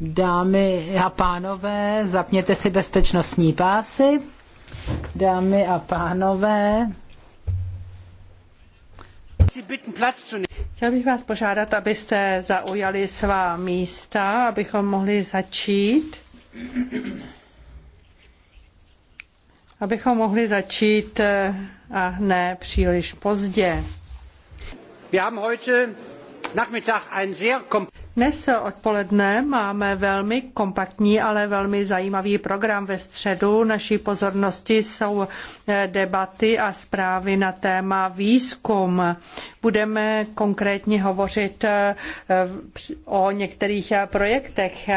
Dámy a pánové, zapněte si bezpečnostní pásy. Dámy a pánové, Chtěl bych vás požádat, abyste zaujali svá místa, abychom mohli začít. Abychom mohli začít eh, a ne příliš pozdě. Wir haben heute nachmittag ein sehr dnes odpoledne máme velmi kompaktní, ale velmi zajímavý program ve středu. Naší pozornosti jsou eh, debaty a zprávy na téma výzkum. Budeme konkrétně hovořit eh, o některých eh, projektech,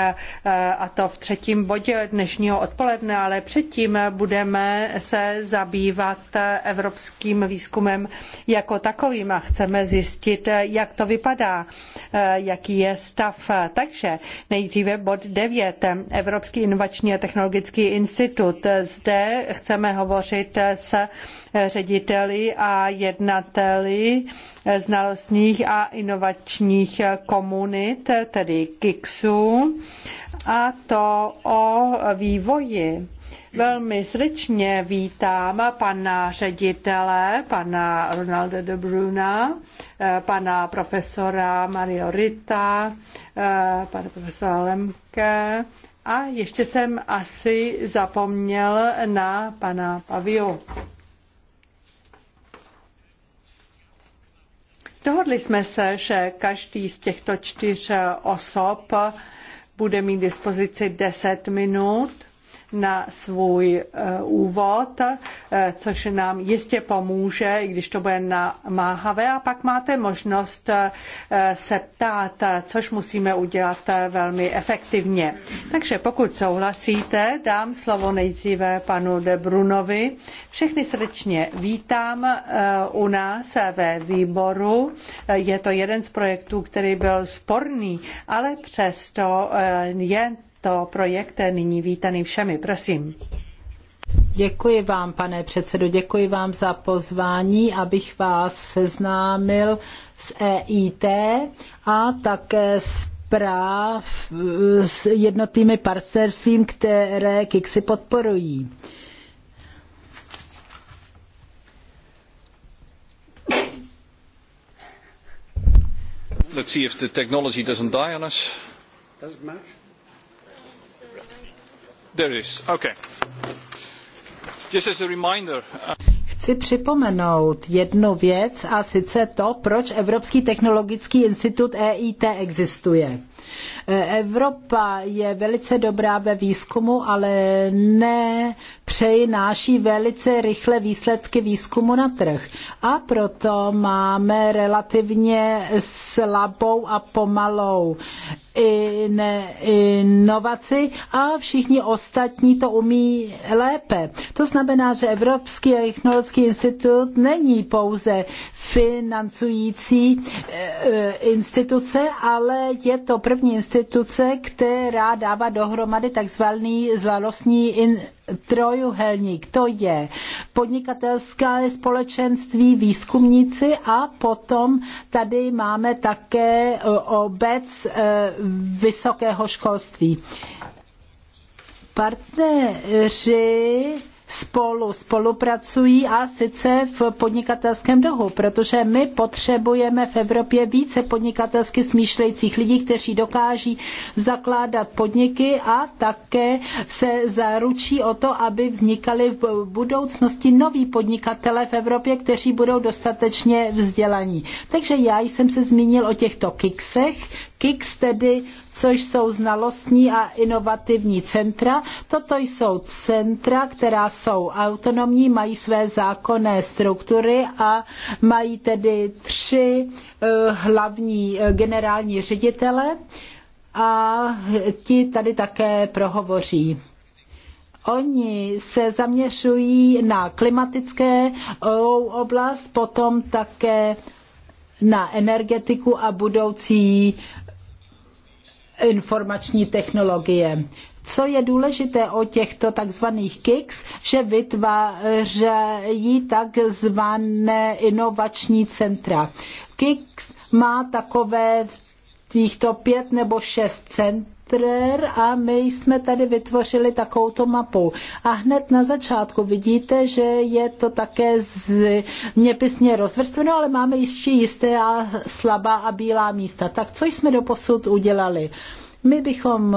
a to v třetím bodě dnešního odpoledne, ale předtím budeme se zabývat evropským výzkumem jako takovým a chceme zjistit, jak to vypadá, jaký je stav. Takže nejdříve bod 9. Evropský inovační a technologický institut. Zde chceme hovořit s řediteli a jednateli znalostních a inovačních komunit, tedy KIXu, a to o vývoji Velmi srdečně vítám pana ředitele, pana Ronalda de Bruna, eh, pana profesora Mario Rita, eh, pana profesora Lemke a ještě jsem asi zapomněl na pana Paviu. Dohodli jsme se, že každý z těchto čtyř osob bude mít dispozici 10 minut na svůj eh, úvod, eh, což nám jistě pomůže, i když to bude namáhavé. A pak máte možnost eh, se ptát, což musíme udělat velmi efektivně. Takže pokud souhlasíte, dám slovo nejdříve panu De Brunovi. Všechny srdečně vítám u nás ve výboru. Je to jeden z projektů, který byl sporný, ale přesto je to projekt je nyní vítaný všemi. Prosím. Děkuji vám, pane předsedo, děkuji vám za pozvání, abych vás seznámil s EIT a také s práv s jednotnými partnerstvím, které KIXy podporují. Let's see if the technology doesn't die on us. Doesn't much. There is. Okay. Just as a reminder. Uh, chci připomenout jednu věc a sice to, proč Evropský technologický institut EIT existuje. E, Evropa je velice dobrá ve výzkumu, ale ne náší velice rychle výsledky výzkumu na trh. A proto máme relativně slabou a pomalou inovaci a všichni ostatní to umí lépe. To znamená, že Evropský technologický Evropský institut není pouze financující eh, eh, instituce, ale je to první instituce, která dává dohromady takzvaný znalostní trojuhelník, to je podnikatelské společenství, výzkumníci a potom tady máme také eh, obec vysokého školství. Partneři spolu spolupracují a sice v podnikatelském duhu, protože my potřebujeme v Evropě více podnikatelsky smýšlejících lidí, kteří dokáží zakládat podniky a také se zaručí o to, aby vznikaly v budoucnosti noví podnikatelé v Evropě, kteří budou dostatečně vzdělaní. Takže já jsem se zmínil o těchto kiksech. Kiks tedy což jsou znalostní a inovativní centra. Toto jsou centra, která jsou autonomní, mají své zákonné struktury a mají tedy tři eh, hlavní eh, generální ředitele a ti tady také prohovoří. Oni se zaměřují na klimatické eh, oblast, potom také na energetiku a budoucí informační technologie. Co je důležité o těchto takzvaných KICS, že vytvářejí takzvané inovační centra. KICS má takové těchto pět nebo šest cent, Prer a my jsme tady vytvořili takovouto mapu. A hned na začátku vidíte, že je to také z měpisně rozvrstveno, ale máme ještě jisté a slabá a bílá místa. Tak co jsme doposud udělali? My bychom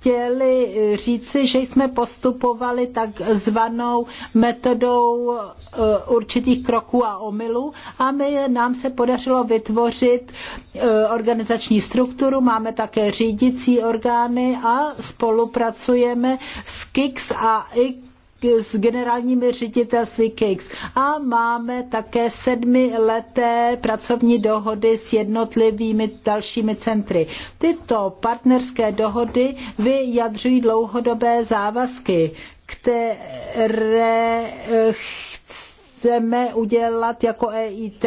chtěli eh, říci, že jsme postupovali takzvanou metodou eh, určitých kroků a omylů a my, eh, nám se podařilo vytvořit organizační strukturu, máme také řídící orgány a spolupracujeme s KIX a IK s generálními ředitelství KIX. A máme také sedmileté pracovní dohody s jednotlivými dalšími centry. Tyto partnerské dohody vyjadřují dlouhodobé závazky, které chci chceme udělat jako EIT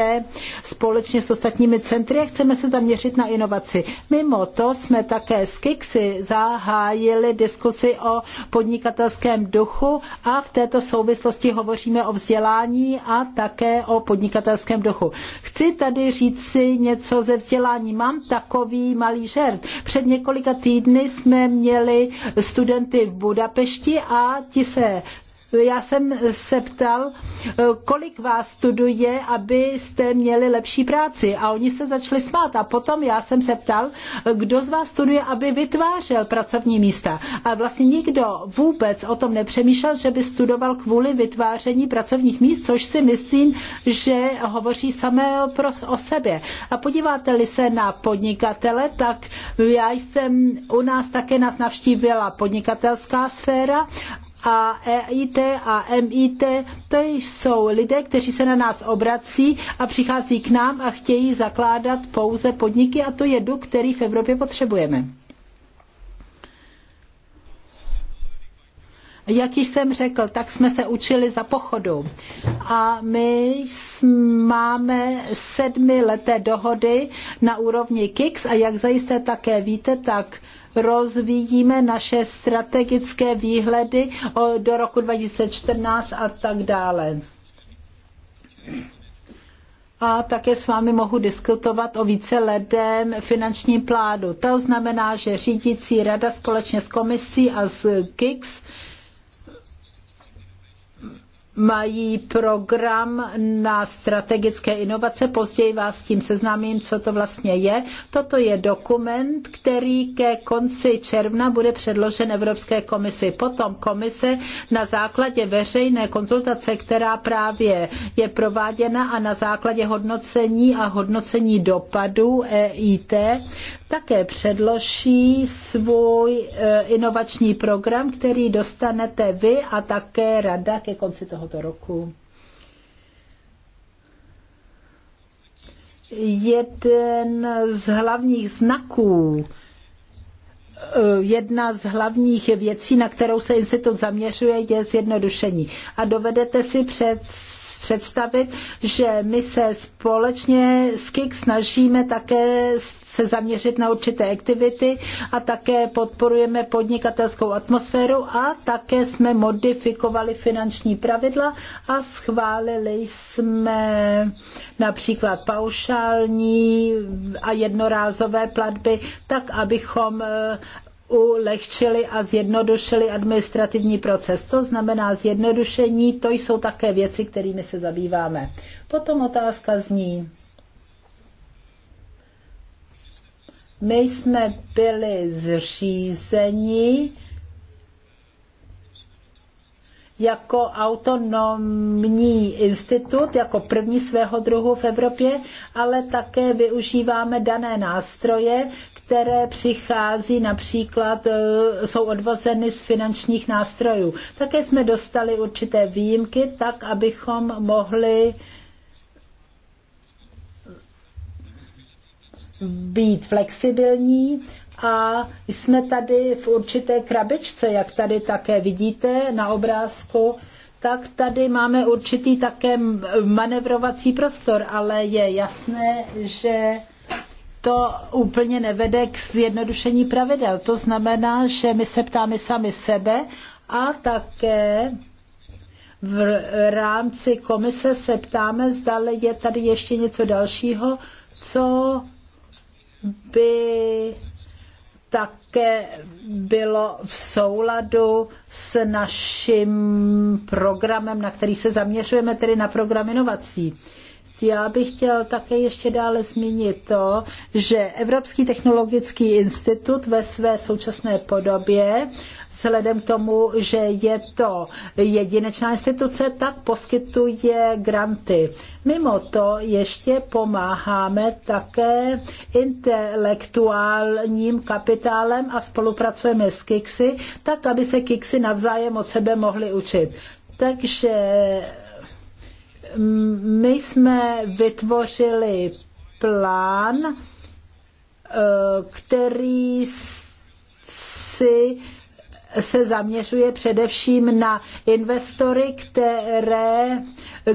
společně s ostatními centry a chceme se zaměřit na inovaci. Mimo to jsme také s Kixy zahájili diskusi o podnikatelském duchu a v této souvislosti hovoříme o vzdělání a také o podnikatelském duchu. Chci tady říct si něco ze vzdělání. Mám takový malý žert. Před několika týdny jsme měli studenty v Budapešti a ti se já jsem se ptal, kolik vás studuje, abyste měli lepší práci. A oni se začali smát. A potom já jsem se ptal, kdo z vás studuje, aby vytvářel pracovní místa. A vlastně nikdo vůbec o tom nepřemýšlel, že by studoval kvůli vytváření pracovních míst, což si myslím, že hovoří samé o sebe. A podíváte-li se na podnikatele, tak já jsem u nás také nás navštívila podnikatelská sféra a EIT a MIT, to jsou lidé, kteří se na nás obrací a přichází k nám a chtějí zakládat pouze podniky a to je duch, který v Evropě potřebujeme. Jak již jsem řekl, tak jsme se učili za pochodu. A my máme sedmileté dohody na úrovni KIX a jak zajisté také víte, tak rozvíjíme naše strategické výhledy do roku 2014 a tak dále. A také s vámi mohu diskutovat o víceletém finančním plánu. To znamená, že řídící rada společně s komisí a s KIX mají program na strategické inovace. Později vás s tím seznámím, co to vlastně je. Toto je dokument, který ke konci června bude předložen Evropské komisi. Potom komise na základě veřejné konzultace, která právě je prováděna a na základě hodnocení a hodnocení dopadů EIT také předloží svůj eh, inovační program, který dostanete vy a také rada ke konci tohoto roku. Jeden z hlavních znaků eh, jedna z hlavních věcí, na kterou se institut zaměřuje, je zjednodušení. A dovedete si před představit, že my se společně s KIK snažíme také se zaměřit na určité aktivity a také podporujeme podnikatelskou atmosféru a také jsme modifikovali finanční pravidla a schválili jsme například paušální a jednorázové platby, tak abychom ulehčili a zjednodušili administrativní proces. To znamená zjednodušení, to jsou také věci, kterými se zabýváme. Potom otázka zní, my jsme byli zřízeni jako autonomní institut, jako první svého druhu v Evropě, ale také využíváme dané nástroje, které přichází například, e, jsou odvozeny z finančních nástrojů. Také jsme dostali určité výjimky, tak abychom mohli být flexibilní a jsme tady v určité krabičce, jak tady také vidíte na obrázku, tak tady máme určitý také manevrovací prostor, ale je jasné, že to úplně nevede k zjednodušení pravidel. To znamená, že my se ptáme sami sebe a také v rámci komise se ptáme, zda je tady ještě něco dalšího, co by také bylo v souladu s naším programem, na který se zaměřujeme, tedy na program inovací. Já bych chtěl také ještě dále zmínit to, že Evropský technologický institut ve své současné podobě vzhledem k tomu, že je to jedinečná instituce, tak poskytuje granty. Mimo to ještě pomáháme také intelektuálním kapitálem a spolupracujeme s Kixy, tak aby se Kixy navzájem od sebe mohli učit. Takže Mm, my jsme vytvořili plán, eh, který si se zaměřuje především na investory, které,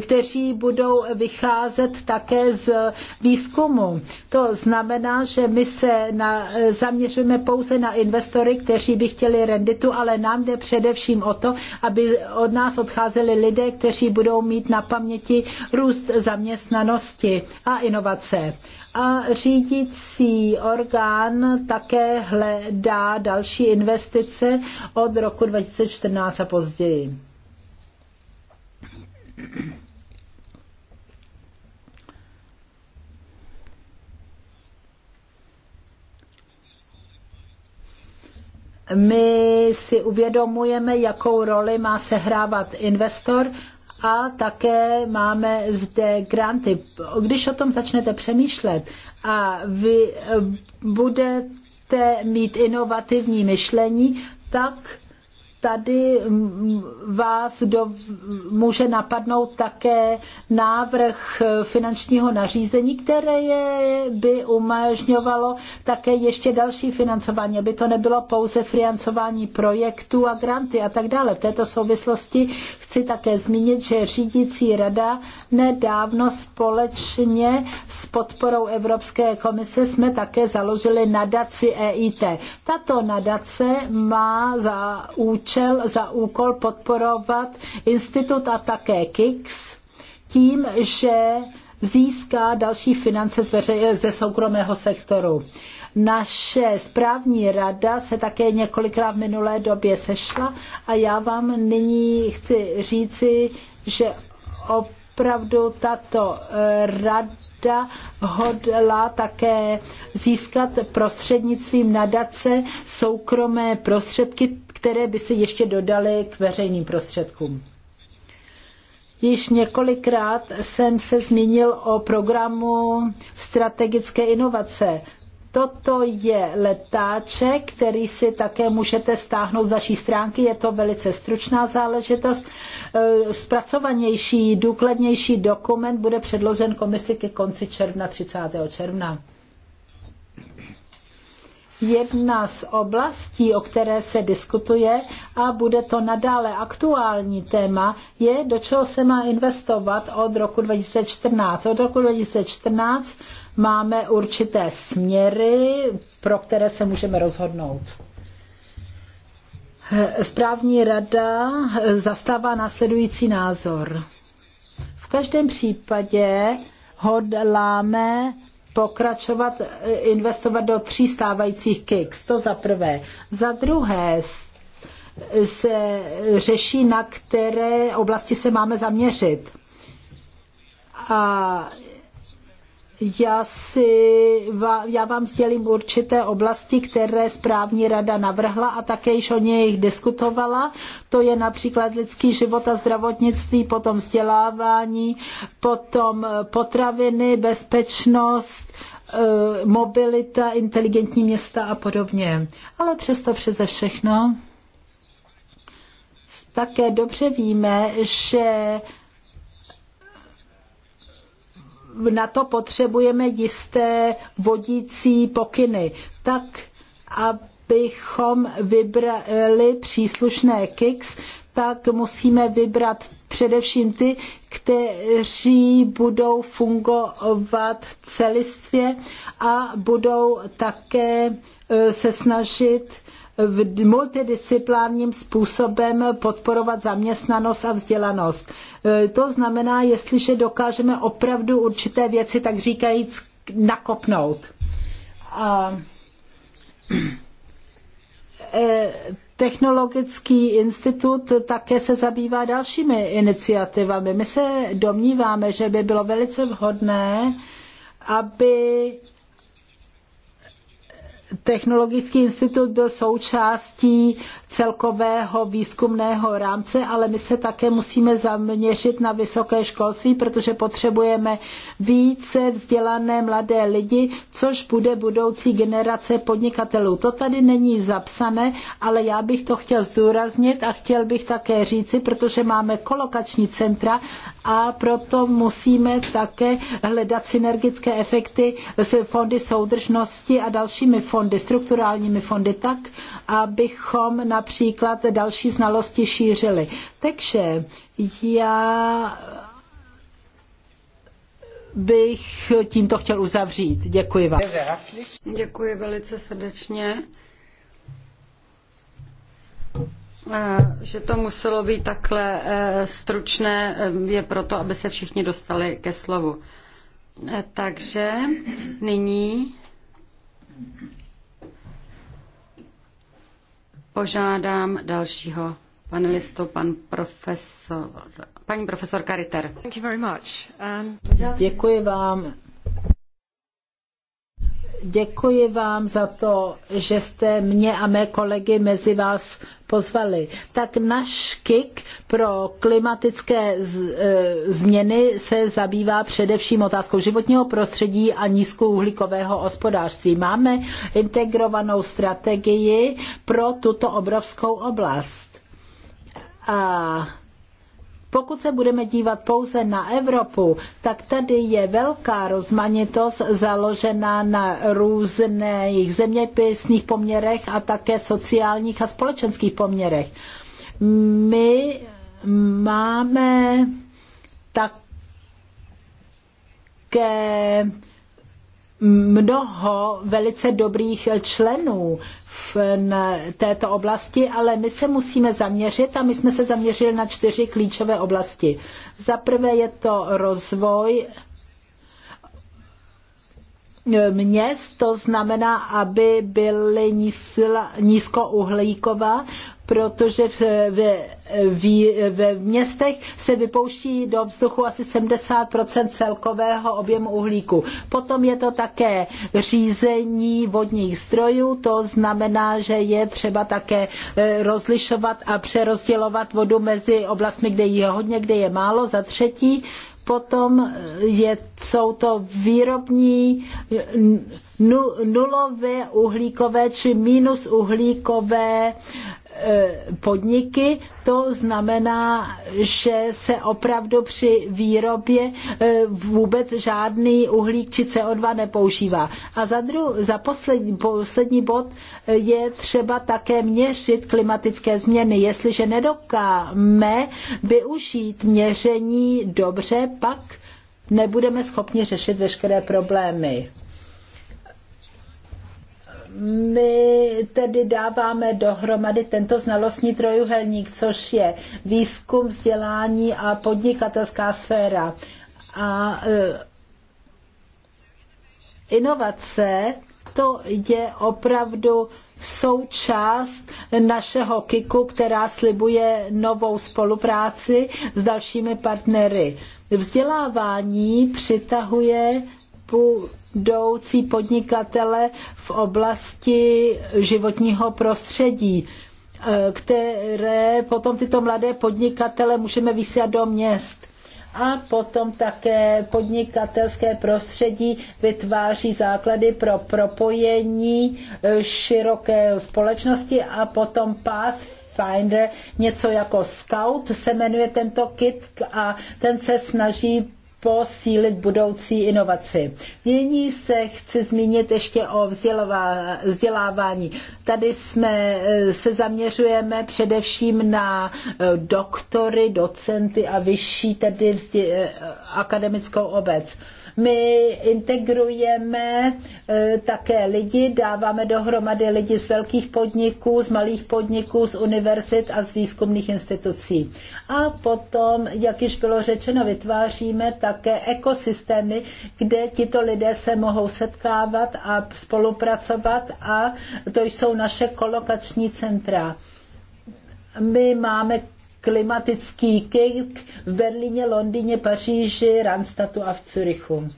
kteří budou vycházet také z výzkumu. To znamená, že my se na, zaměřujeme pouze na investory, kteří by chtěli renditu, ale nám jde především o to, aby od nás odcházeli lidé, kteří budou mít na paměti růst zaměstnanosti a inovace. A řídící orgán také hledá další investice od roku 2014 a později. my si uvědomujeme, jakou roli má sehrávat investor a také máme zde granty. Když o tom začnete přemýšlet a vy eh, budete mít inovativní myšlení, tak tady mm, vás do, může napadnout také návrh finančního nařízení, které je, by umožňovalo také ještě další financování, aby to nebylo pouze financování projektů a granty a tak dále. V této souvislosti chci také zmínit, že řídící rada nedávno společně s podporou Evropské komise jsme také založili nadaci EIT. Tato nadace má za účel našel za úkol podporovat institut a také KIX tím, že získá další finance z ze soukromého sektoru. Naše správní rada se také několikrát v minulé době sešla a já vám nyní chci říci, že op- opravdu tato eh, rada hodla také získat prostřednictvím nadace soukromé prostředky, které by se ještě dodaly k veřejným prostředkům. Již několikrát jsem se zmínil o programu strategické inovace. Toto je letáček, který si také můžete stáhnout z naší stránky. Je to velice stručná záležitost. E, zpracovanější, důkladnější dokument bude předložen komisi ke konci června, 30. června. Jedna z oblastí, o které se diskutuje a bude to nadále aktuální téma, je, do čeho se má investovat od roku 2014. Od roku 2014 máme určité směry, pro které se můžeme rozhodnout. Správní rada zastává následující názor. V každém případě hodláme pokračovat, investovat do tří stávajících KIX, To za prvé. Za druhé se řeší, na které oblasti se máme zaměřit. A já, si, já vám sdělím určité oblasti, které správní rada navrhla a také již o nich diskutovala. To je například lidský život a zdravotnictví, potom vzdělávání, potom eh, potraviny, bezpečnost, eh, mobilita, inteligentní města a podobně. Ale přesto přeze všechno také dobře víme, že na to potřebujeme jisté vodící pokyny, tak abychom vybrali příslušné kicks, tak musíme vybrat především ty, kteří budou fungovat celistvě a budou také e, se snažit v multidisciplinárním způsobem podporovat zaměstnanost a vzdělanost. E, to znamená, jestliže dokážeme opravdu určité věci, tak říkajíc, nakopnout. A e, Technologický institut také se zabývá dalšími iniciativami. My se domníváme, že by bylo velice vhodné, aby Technologický institut byl součástí celkového výzkumného rámce, ale my se také musíme zaměřit na vysoké školství, protože potřebujeme více vzdělané mladé lidi, což bude budoucí generace podnikatelů. To tady není zapsané, ale já bych to chtěl zdůraznit a chtěl bych také říci, protože máme kolokační centra a proto musíme také hledat synergické efekty s fondy soudržnosti a dalšími fondy fondy, strukturálními fondy tak, abychom například další znalosti šířili. Takže já bych tímto chtěl uzavřít. Děkuji vám. Děkuji velice srdečně. Že to muselo být takhle eh, stručné, eh, je proto, aby se všichni dostali ke slovu. Eh, takže nyní Požádám dalšího panelistu, pan profesor, paní profesorka Ritter. Um, Děkuji vám. Děkuji vám za to, že jste mě a mé kolegy mezi vás pozvali. Tak náš KIK pro klimatické z, e, změny se zabývá především otázkou životního prostředí a nízkouhlíkového hospodářství. Máme integrovanou strategii pro tuto obrovskou oblast. A pokud se budeme dívat pouze na Evropu, tak tady je velká rozmanitost založená na různých zeměpisných poměrech a také sociálních a společenských poměrech. My máme také mnoho velice dobrých členů v této oblasti, ale my se musíme zaměřit a my jsme se zaměřili na čtyři klíčové oblasti. Za prvé je to rozvoj měst, to znamená, aby byly nízkouhlíková protože v v, ve městech se vypouští do vzduchu asi 70 celkového objemu uhlíku. Potom je to také řízení vodních zdrojů, to znamená, že je třeba také e, rozlišovat a přerozdělovat vodu mezi oblastmi, kde je hodně, kde je málo. Za třetí, potom je, jsou to výrobní nulové uhlíkové či minus uhlíkové e, podniky. To znamená, že se opravdu při výrobě e, vůbec žádný uhlík či CO2 nepoužívá. A za, dru, za poslední, poslední bod e, je třeba také měřit klimatické změny. Jestliže nedokáme využít měření dobře, pak nebudeme schopni řešit veškeré problémy my tedy dáváme dohromady tento znalostní trojuhelník, což je výzkum, vzdělání a podnikatelská sféra. A e, inovace to je opravdu součást našeho KIKu, která slibuje novou spolupráci s dalšími partnery. Vzdělávání přitahuje budoucí podnikatele v oblasti životního prostředí eh, které potom tyto mladé podnikatele můžeme vysílat do měst. A potom také podnikatelské prostředí vytváří základy pro propojení eh, široké společnosti a potom pás Finder, něco jako Scout se jmenuje tento kit a ten se snaží posílit budoucí inovaci. Nyní se chci zmínit ještě o vzdělávání. Tady jsme, eh, se zaměřujeme především na eh, doktory, docenty a vyšší tedy eh, akademickou obec. My integrujeme eh, také lidi, dáváme dohromady lidi z velkých podniků, z malých podniků, z univerzit a z výzkumných institucí. A potom, jak již bylo řečeno, vytváříme také ekosystémy, kde tito lidé se mohou setkávat a spolupracovat a to jsou naše kolokační centra my máme klimatický kink v Berlíně, Londýně, Paříži, Randstatu a v Curychu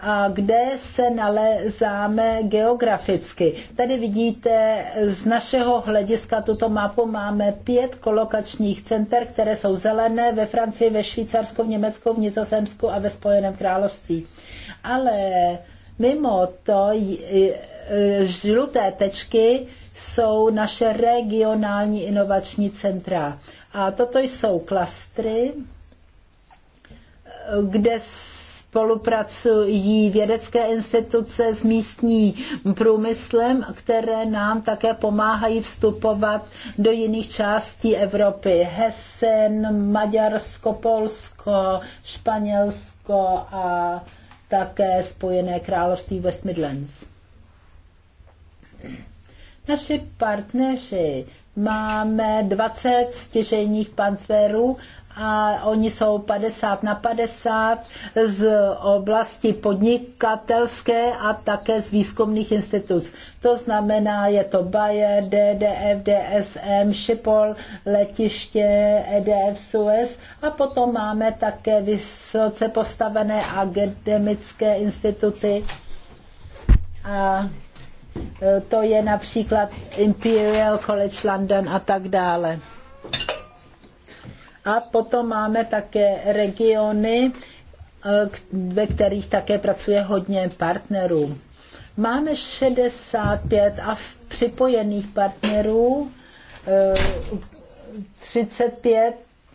a kde se nalezáme geograficky. Tady vidíte z našeho hlediska tuto mapu. Máme pět kolokačních center, které jsou zelené ve Francii, ve Švýcarsku, v Německu, v Nizozemsku a ve Spojeném království. Ale mimo to žluté tečky jsou naše regionální inovační centra. A toto jsou klastry, kde spolupracují vědecké instituce s místním průmyslem, které nám také pomáhají vstupovat do jiných částí Evropy. Hessen, Maďarsko, Polsko, Španělsko a také Spojené království West Midlands. Naši partneři máme 20 stěžejních pancerů a oni jsou 50 na 50 z oblasti podnikatelské a také z výzkumných institucí. To znamená, je to Bayer, DDF, DSM, Šipol, letiště, EDF, Suez a potom máme také vysoce postavené akademické instituty a Eh, to je například Imperial College London a tak dále. A potom máme také regiony, eh, ve kterých také pracuje hodně partnerů. Máme 65 a připojených partnerů, 35,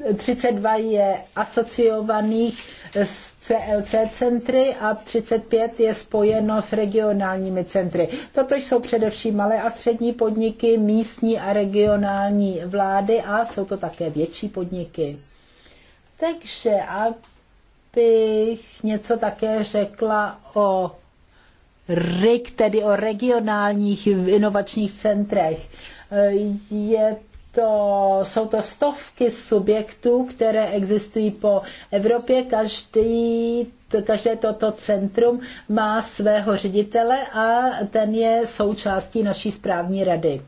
eh, 32 je asociovaných s CLC centry a 35 je spojeno s regionálními centry. Toto jsou především malé a střední podniky, místní a regionální vlády a jsou to také větší podniky. Takže abych něco také řekla o RIG, tedy o regionálních inovačních centrech. Je to, jsou to stovky subjektů, které existují po Evropě. Každý, to, každé toto centrum má svého ředitele a ten je součástí naší správní rady.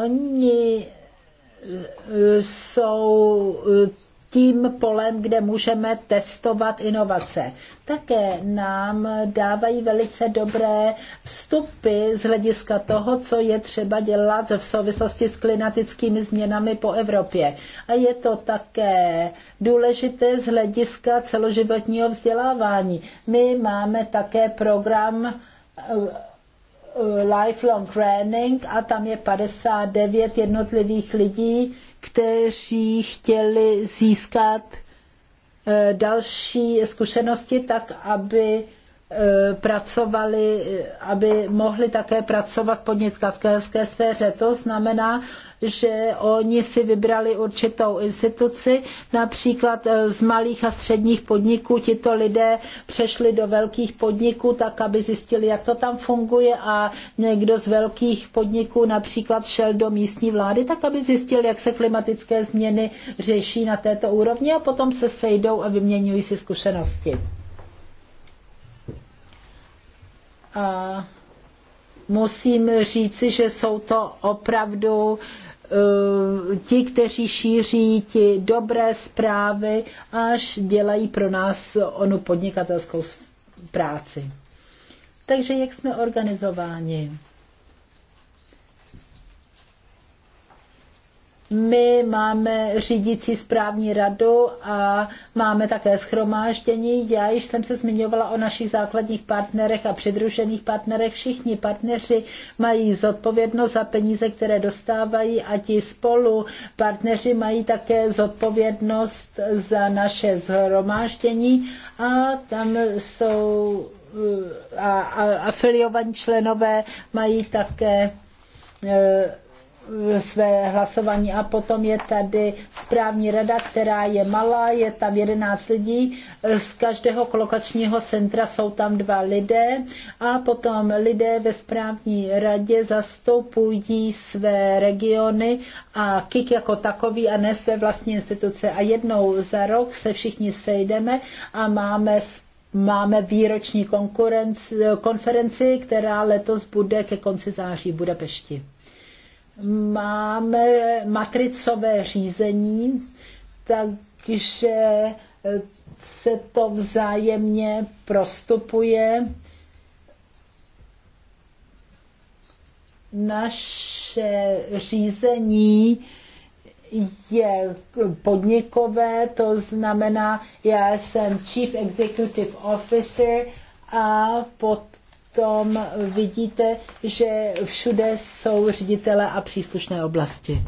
Oni eh, jsou eh, tím polem, kde můžeme testovat inovace. Také nám dávají velice dobré vstupy z hlediska toho, co je třeba dělat v souvislosti s klimatickými změnami po Evropě. A je to také důležité z hlediska celoživotního vzdělávání. My máme také program eh, eh, lifelong learning a tam je 59 jednotlivých lidí, kteří chtěli získat eh, další zkušenosti tak, aby eh, pracovali, eh, aby mohli také pracovat v podnikatelské sféře. To znamená, že oni si vybrali určitou instituci, například eh, z malých a středních podniků tito lidé přešli do velkých podniků, tak aby zjistili, jak to tam funguje a někdo z velkých podniků například šel do místní vlády, tak aby zjistil, jak se klimatické změny řeší na této úrovni a potom se sejdou a vyměňují si zkušenosti. A musím říci, že jsou to opravdu Eh, ti, kteří šíří ti dobré zprávy, až dělají pro nás onu podnikatelskou práci. Takže jak jsme organizováni? My máme řídící správní radu a máme také schromáždění. Já již jsem se zmiňovala o našich základních partnerech a přidružených partnerech. Všichni partneři mají zodpovědnost za peníze, které dostávají a ti spolu partneři mají také zodpovědnost za naše zhromáždění a tam jsou eh, a, a, afiliovaní členové mají také eh, své hlasování a potom je tady správní rada, která je malá, je tam 11 lidí, z každého kolokačního centra jsou tam dva lidé a potom lidé ve správní radě zastupují své regiony a KIK jako takový a ne své vlastní instituce a jednou za rok se všichni sejdeme a máme máme výroční konferenci, která letos bude ke konci září v Budapešti máme matricové řízení, takže eh, se to vzájemně prostupuje. Naše řízení je podnikové, to znamená, já jsem Chief Executive Officer a pod tom vidíte, že všude jsou ředitele a příslušné oblasti.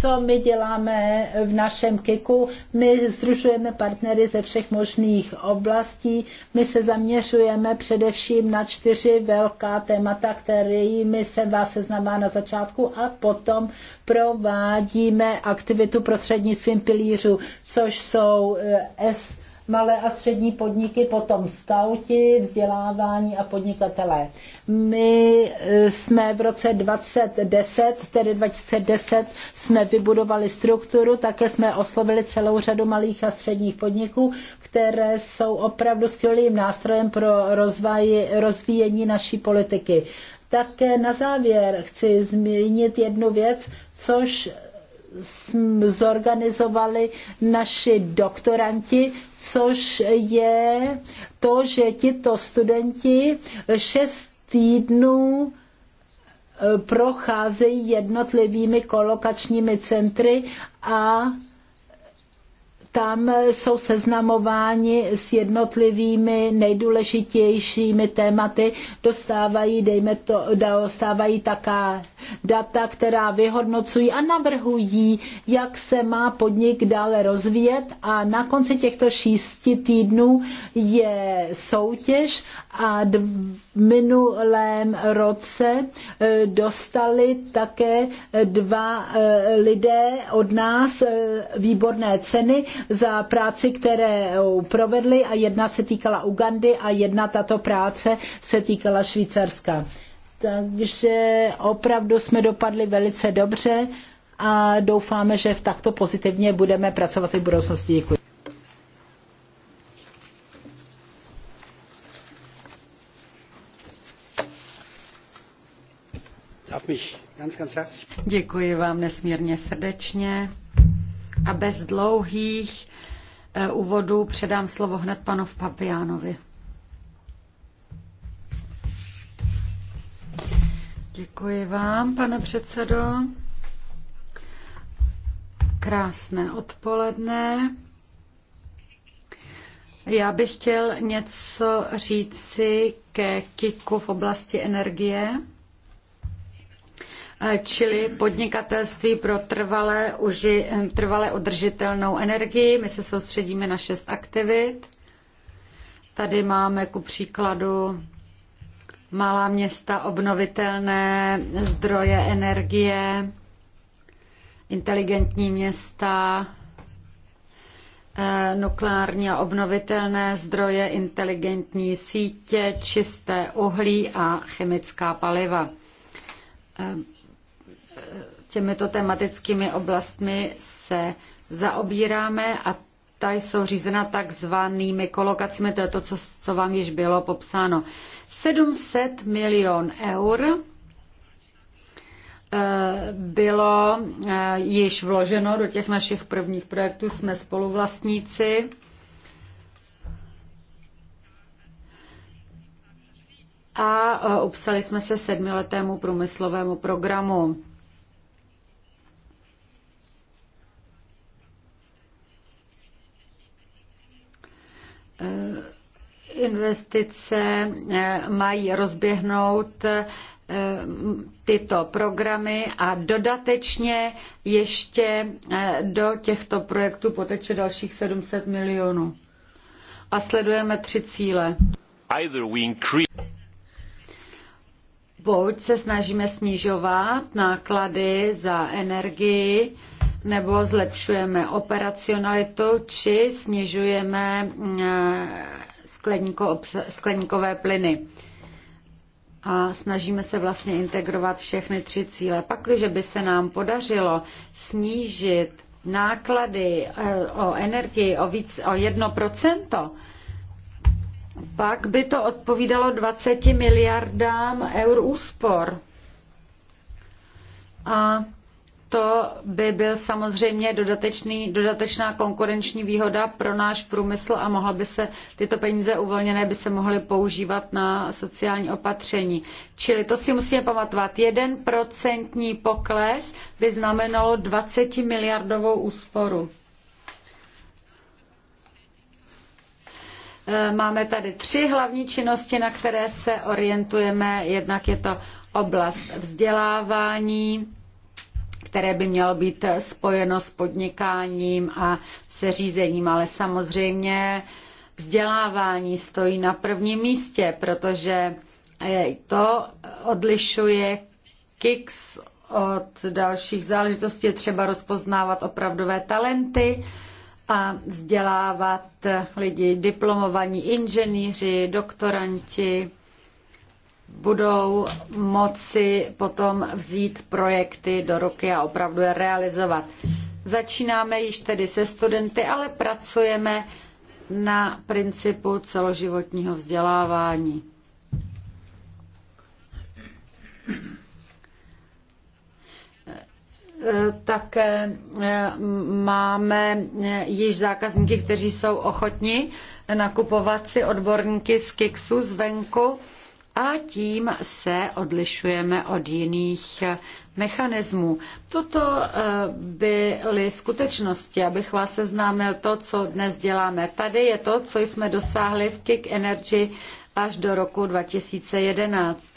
co my děláme v našem KIKu. My združujeme partnery ze všech možných oblastí. My se zaměřujeme především na čtyři velká témata, kterými se vás seznamá na začátku a potom provádíme aktivitu prostřednictvím pilířů, což jsou eh, S malé a střední podniky, potom skauti, vzdělávání a podnikatelé. My e, jsme v roce 2010, tedy 2010, jsme vybudovali strukturu, také jsme oslovili celou řadu malých a středních podniků, které jsou opravdu skvělým nástrojem pro rozvaj, rozvíjení naší politiky. Také na závěr chci zmínit jednu věc, což zorganizovali naši doktoranti, což je to, že tito studenti šest týdnů eh, procházejí jednotlivými kolokačními centry a tam jsou seznamováni s jednotlivými nejdůležitějšími tématy, dostávají, dejme to, dostávají taká data, která vyhodnocují a navrhují, jak se má podnik dále rozvíjet a na konci těchto šesti týdnů je soutěž a dv- minulém roce eh, dostali také eh, dva eh, lidé od nás výborné ceny za práci, které provedli a jedna se týkala Ugandy a jedna tato práce se týkala Švýcarska. Takže opravdu jsme dopadli velice dobře a doufáme, že v takto pozitivně budeme pracovat i v budoucnosti. Děkuji. Děkuji vám nesmírně srdečně a bez dlouhých eh, úvodů předám slovo hned panu Papiánovi. Děkuji vám, pane předsedo. Krásné odpoledne. Já bych chtěl něco říci ke KIKu v oblasti energie. Eh, čili podnikatelství pro trvalé, uži, eh, trvalé udržitelnou energii. My se soustředíme na šest aktivit. Tady máme ku příkladu malá města, obnovitelné zdroje energie, inteligentní města, eh, nukleární a obnovitelné zdroje, inteligentní sítě, čisté uhlí a chemická paliva těmito tematickými oblastmi se zaobíráme a ta jsou řízena takzvanými kolokacemi, to je to, co, co vám již bylo popsáno. 700 milion eur eh, bylo eh, již vloženo do těch našich prvních projektů, jsme spoluvlastníci. A eh, upsali jsme se sedmiletému průmyslovému programu. Eh, investice eh, mají rozběhnout eh, tyto programy a dodatečně ještě do těchto projektů poteče dalších 700 milionů. A sledujeme tři cíle. Buď se snažíme snižovat náklady za energii, nebo zlepšujeme operacionalitu, či snižujeme mm, skleníko, skleníkové plyny. A snažíme se vlastně integrovat všechny tři cíle. Pak, když by se nám podařilo snížit náklady eh, o energii o, víc, o 1%, pak by to odpovídalo 20 miliardám eur úspor. A to by byl samozřejmě dodatečný, dodatečná konkurenční výhoda pro náš průmysl a mohla by se tyto peníze uvolněné by se mohly používat na sociální opatření. Čili to si musíme pamatovat. Jeden procentní pokles by znamenalo 20 miliardovou úsporu. E, máme tady tři hlavní činnosti, na které se orientujeme. Jednak je to oblast vzdělávání, které by mělo být spojeno s podnikáním a se řízením, ale samozřejmě vzdělávání stojí na prvním místě, protože eh, to odlišuje Kix od dalších záležitostí. Je třeba rozpoznávat opravdové talenty a vzdělávat lidi, diplomovaní inženýři, doktoranti, budou moci potom vzít projekty do ruky a opravdu je realizovat. Začínáme již tedy se studenty, ale pracujeme na principu celoživotního vzdělávání. také eh, máme eh, již zákazníky, kteří jsou ochotni nakupovat si odborníky z Kixu zvenku. venku a tím se odlišujeme od jiných mechanismů. Toto eh, byly skutečnosti, abych vás seznámil to, co dnes děláme. Tady je to, co jsme dosáhli v Kick Energy až do roku 2011.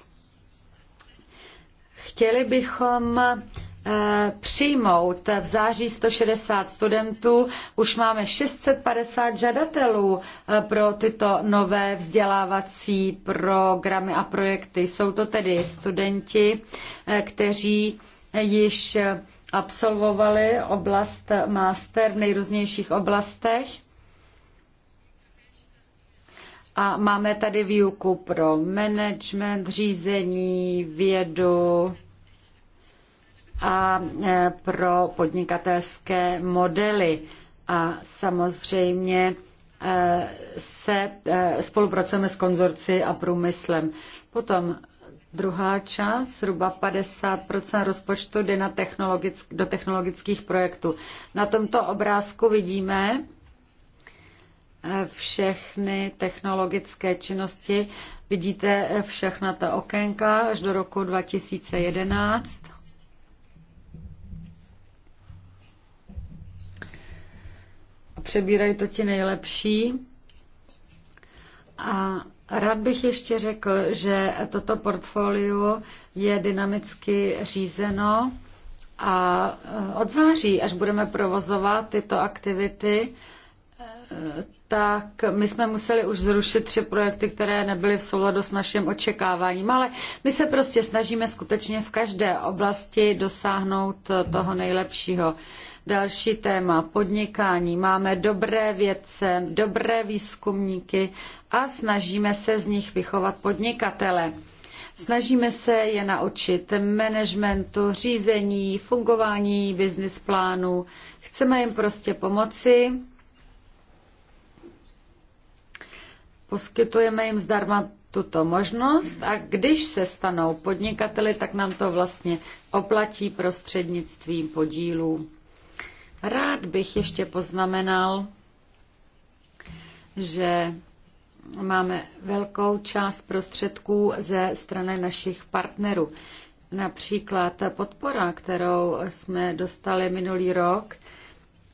Chtěli bychom Eh, přijmout v září 160 studentů. Už máme 650 žadatelů eh, pro tyto nové vzdělávací programy a projekty. Jsou to tedy studenti, eh, kteří již absolvovali oblast master v nejrůznějších oblastech. A máme tady výuku pro management, řízení, vědu, a e, pro podnikatelské modely. A samozřejmě e, se e, spolupracujeme s konzorci a průmyslem. Potom druhá část, zhruba 50 rozpočtu jde na technologick, do technologických projektů. Na tomto obrázku vidíme všechny technologické činnosti. Vidíte všechna ta okénka až do roku 2011. přebírají to ti nejlepší. A rád bych ještě řekl, že toto portfolio je dynamicky řízeno a e, od září, až budeme provozovat tyto aktivity, tak my jsme museli už zrušit tři projekty, které nebyly v souladu s naším očekáváním, ale my se prostě snažíme skutečně v každé oblasti dosáhnout toho nejlepšího. Další téma, podnikání. Máme dobré vědce, dobré výzkumníky a snažíme se z nich vychovat podnikatele. Snažíme se je naučit managementu, řízení, fungování business plánu. Chceme jim prostě pomoci Poskytujeme jim zdarma tuto možnost a když se stanou podnikateli, tak nám to vlastně oplatí prostřednictvím podílů. Rád bych ještě poznamenal, že máme velkou část prostředků ze strany našich partnerů. Například ta podpora, kterou jsme dostali minulý rok,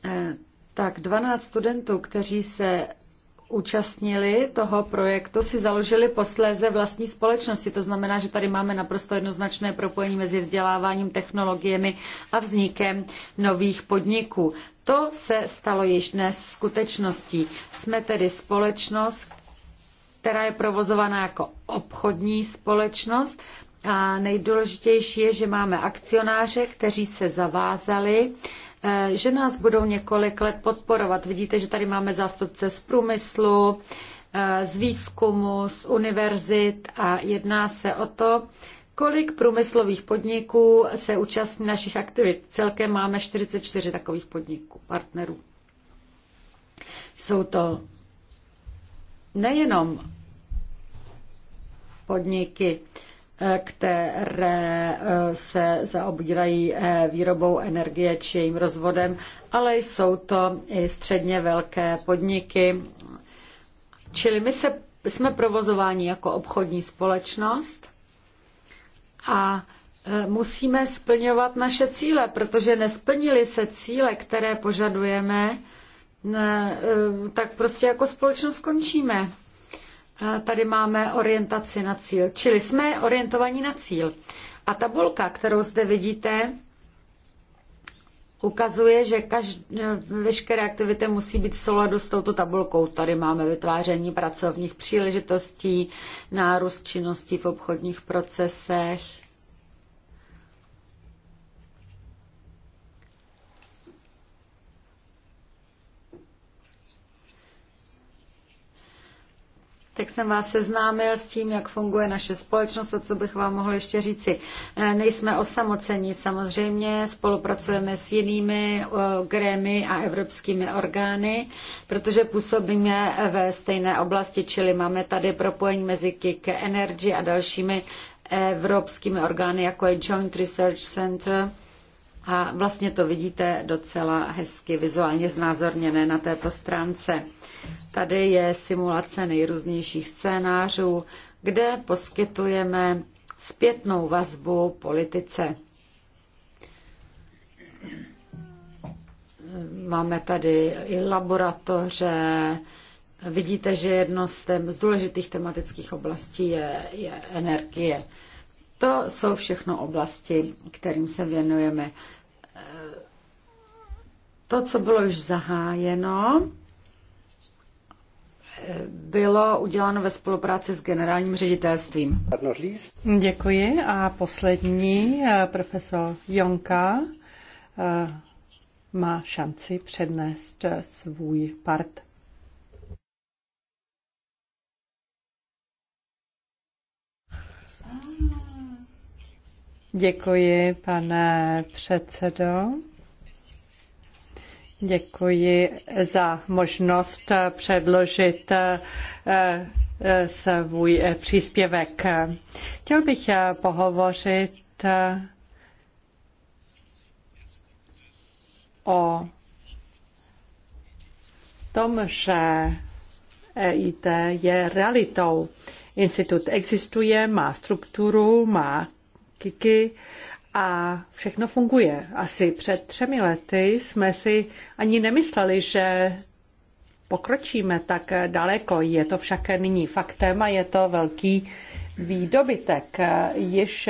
eh, tak 12 studentů, kteří se účastnili toho projektu, si založili posléze vlastní společnosti. To znamená, že tady máme naprosto jednoznačné propojení mezi vzděláváním, technologiemi a vznikem nových podniků. To se stalo již dnes skutečností. Jsme tedy společnost, která je provozována jako obchodní společnost a nejdůležitější je, že máme akcionáře, kteří se zavázali, Eh, že nás budou několik let podporovat. Vidíte, že tady máme zástupce z průmyslu, eh, z výzkumu, z univerzit a jedná se o to, kolik průmyslových podniků se účastní našich aktivit. Celkem máme 44 takových podniků, partnerů. Jsou to nejenom podniky, které eh, se zaobírají eh, výrobou energie či jejím rozvodem, ale jsou to i středně velké podniky. Čili my se, jsme provozováni jako obchodní společnost a eh, musíme splňovat naše cíle, protože nesplnili se cíle, které požadujeme, tak prostě jako společnost končíme tady máme orientaci na cíl. Čili jsme orientovaní na cíl. A tabulka, kterou zde vidíte, ukazuje, že každé, veškeré aktivity musí být v souladu s touto tabulkou. Tady máme vytváření pracovních příležitostí, nárůst činností v obchodních procesech, tak jsem vás seznámil s tím, jak funguje naše společnost a co bych vám mohl ještě říci. Eh, nejsme osamocení, samozřejmě, spolupracujeme s jinými eh, grémy a evropskými orgány, protože působíme ve stejné oblasti, čili máme tady propojení mezi KIK Energy a dalšími evropskými orgány, jako je Joint Research Center, a vlastně to vidíte docela hezky vizuálně znázorněné na této stránce. Tady je simulace nejrůznějších scénářů, kde poskytujeme zpětnou vazbu politice. Máme tady i laboratoře. Vidíte, že jedno z, tém, z důležitých tematických oblastí je, je energie. To jsou všechno oblasti, kterým se věnujeme. To, co bylo již zahájeno, bylo uděláno ve spolupráci s generálním ředitelstvím. Děkuji. A poslední, eh, profesor Jonka eh, má šanci přednést eh, svůj part. Děkuji, pane předsedo. Děkuji za možnost předložit eh, eh, svůj eh, příspěvek. Chtěl bych pohovořit o tom, že EIT je realitou. Institut existuje, má strukturu, má kiky, a všechno funguje. Asi před třemi lety jsme si ani nemysleli, že pokročíme tak daleko. Je to však nyní faktem a je to velký výdobytek. Již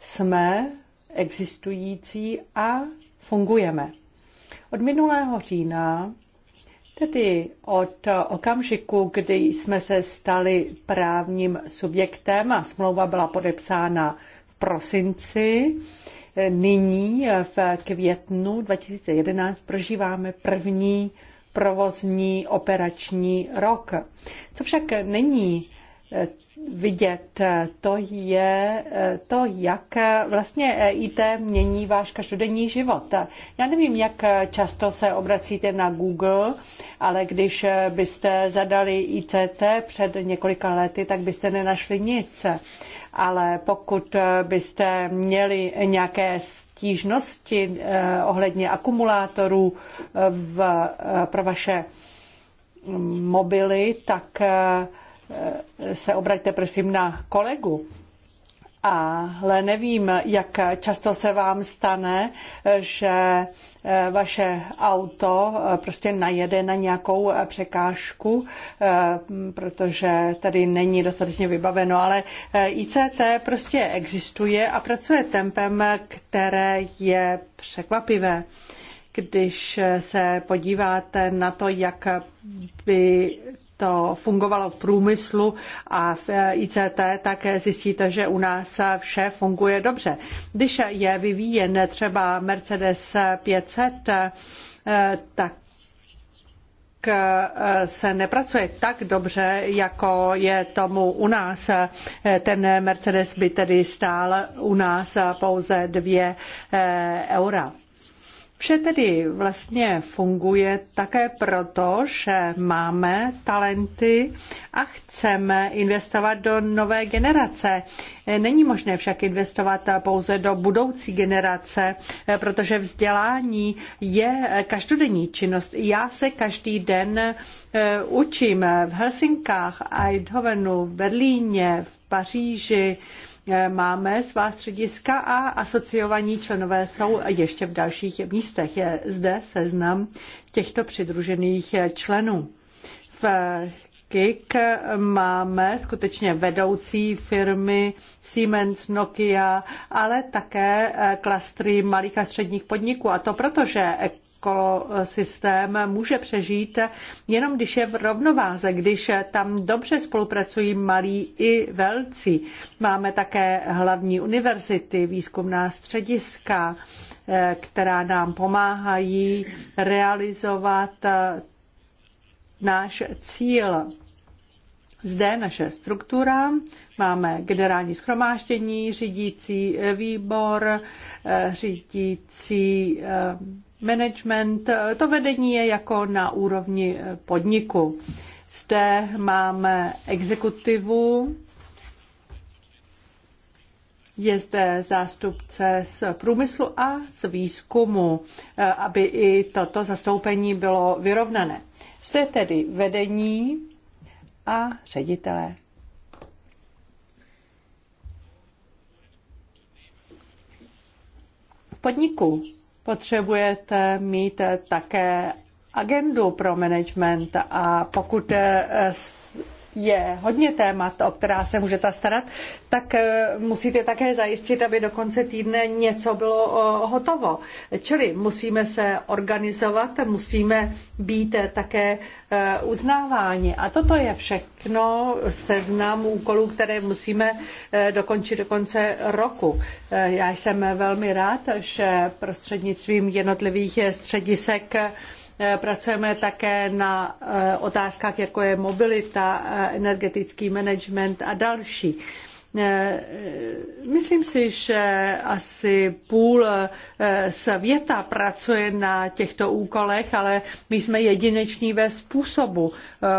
jsme existující a fungujeme. Od minulého října, tedy od okamžiku, kdy jsme se stali právním subjektem a smlouva byla podepsána prosinci. Nyní v květnu 2011 prožíváme první provozní operační rok. Co však není eh, vidět, to je eh, to, jak eh, vlastně e IT mění váš každodenní život. Já nevím, jak často se obracíte na Google, ale když byste zadali ICT před několika lety, tak byste nenašli nic ale pokud eh, byste měli nějaké stížnosti eh, ohledně akumulátorů eh, v, pro vaše mobily, tak se obraťte prosím na kolegu ale nevím, jak často se vám stane, že eh, vaše auto eh, prostě najede na nějakou eh, překážku, protože tady není dostatečně vybaveno, ale ICT prostě existuje a pracuje tempem, které je překvapivé. Když se podíváte na to, jak by to fungovalo v průmyslu a v eh, ICT, tak zjistíte, že u nás vše funguje dobře. Když je vyvíjen třeba Mercedes 500, eh, tak eh, se nepracuje tak dobře, jako je tomu u nás. Ten Mercedes by tedy stál u nás pouze dvě eura. Vše tedy vlastně funguje také proto, že máme talenty a chceme investovat do nové generace. Není možné však investovat pouze do budoucí generace, protože vzdělání je každodenní činnost. Já se každý den eh, učím v Helsinkách, Eidhovenu, v Berlíně, v Paříži, Eh, máme svá střediska a asociovaní členové jsou ještě v dalších místech. Je zde seznam těchto přidružených členů. V KIK máme skutečně vedoucí firmy Siemens, Nokia, ale také eh, klastry malých a středních podniků. A to proto, že kolo systém může přežít jenom když je v rovnováze, když tam dobře spolupracují malí i velcí. Máme také hlavní univerzity, výzkumná střediska, eh, která nám pomáhají realizovat eh, náš cíl. Zde naše struktura, máme generální schromáždění, řídící eh, výbor, řídící management, to vedení je jako na úrovni podniku. Zde máme exekutivu, je zde zástupce z průmyslu a z výzkumu, aby i toto zastoupení bylo vyrovnané. Zde tedy vedení a ředitelé. V podniku potřebujete mít také agendu pro management a pokud eh, je hodně témat, o která se můžete starat, tak eh, musíte také zajistit, aby do konce týdne něco bylo eh, hotovo. Čili musíme se organizovat, musíme být eh, také uznáváni. A toto je všechno seznam úkolů, které musíme dokončit do konce roku. Já jsem velmi rád, že prostřednictvím jednotlivých středisek E, pracujeme také na e, otázkách, jako je mobilita, e, energetický management a další. Myslím si, že asi půl světa pracuje na těchto úkolech, ale my jsme jedineční ve způsobu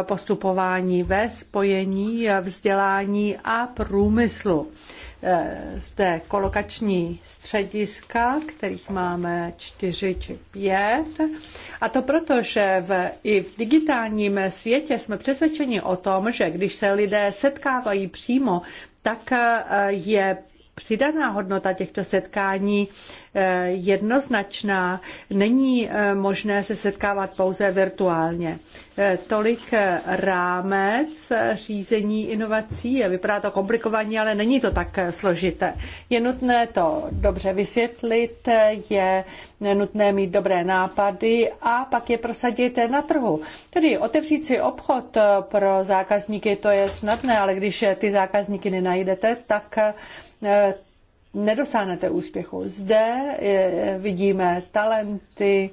postupování, ve spojení vzdělání a průmyslu. Eh, zde kolokační střediska, kterých máme čtyři či pět. A to proto, že v, i v digitálním světě jsme přesvědčeni o tom, že když se lidé setkávají přímo, tak eh, je přidaná hodnota těchto setkání eh, jednoznačná. Není eh, možné se setkávat pouze virtuálně. Eh, tolik rámec řízení inovací. Vypadá to komplikovaně, ale není to tak složité. Je nutné to dobře vysvětlit, je nutné mít dobré nápady a pak je prosadit na trhu. Tedy otevřít si obchod pro zákazníky, to je snadné, ale když ty zákazníky nenajdete, tak Eh, nedosáhnete úspěchu. Zde eh, vidíme talenty,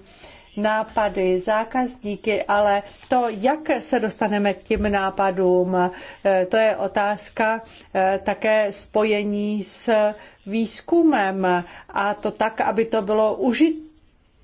nápady, zákazníky, ale to, jak se dostaneme k těm nápadům, eh, to je otázka také spojení s výzkumem a to tak, aby to bylo užit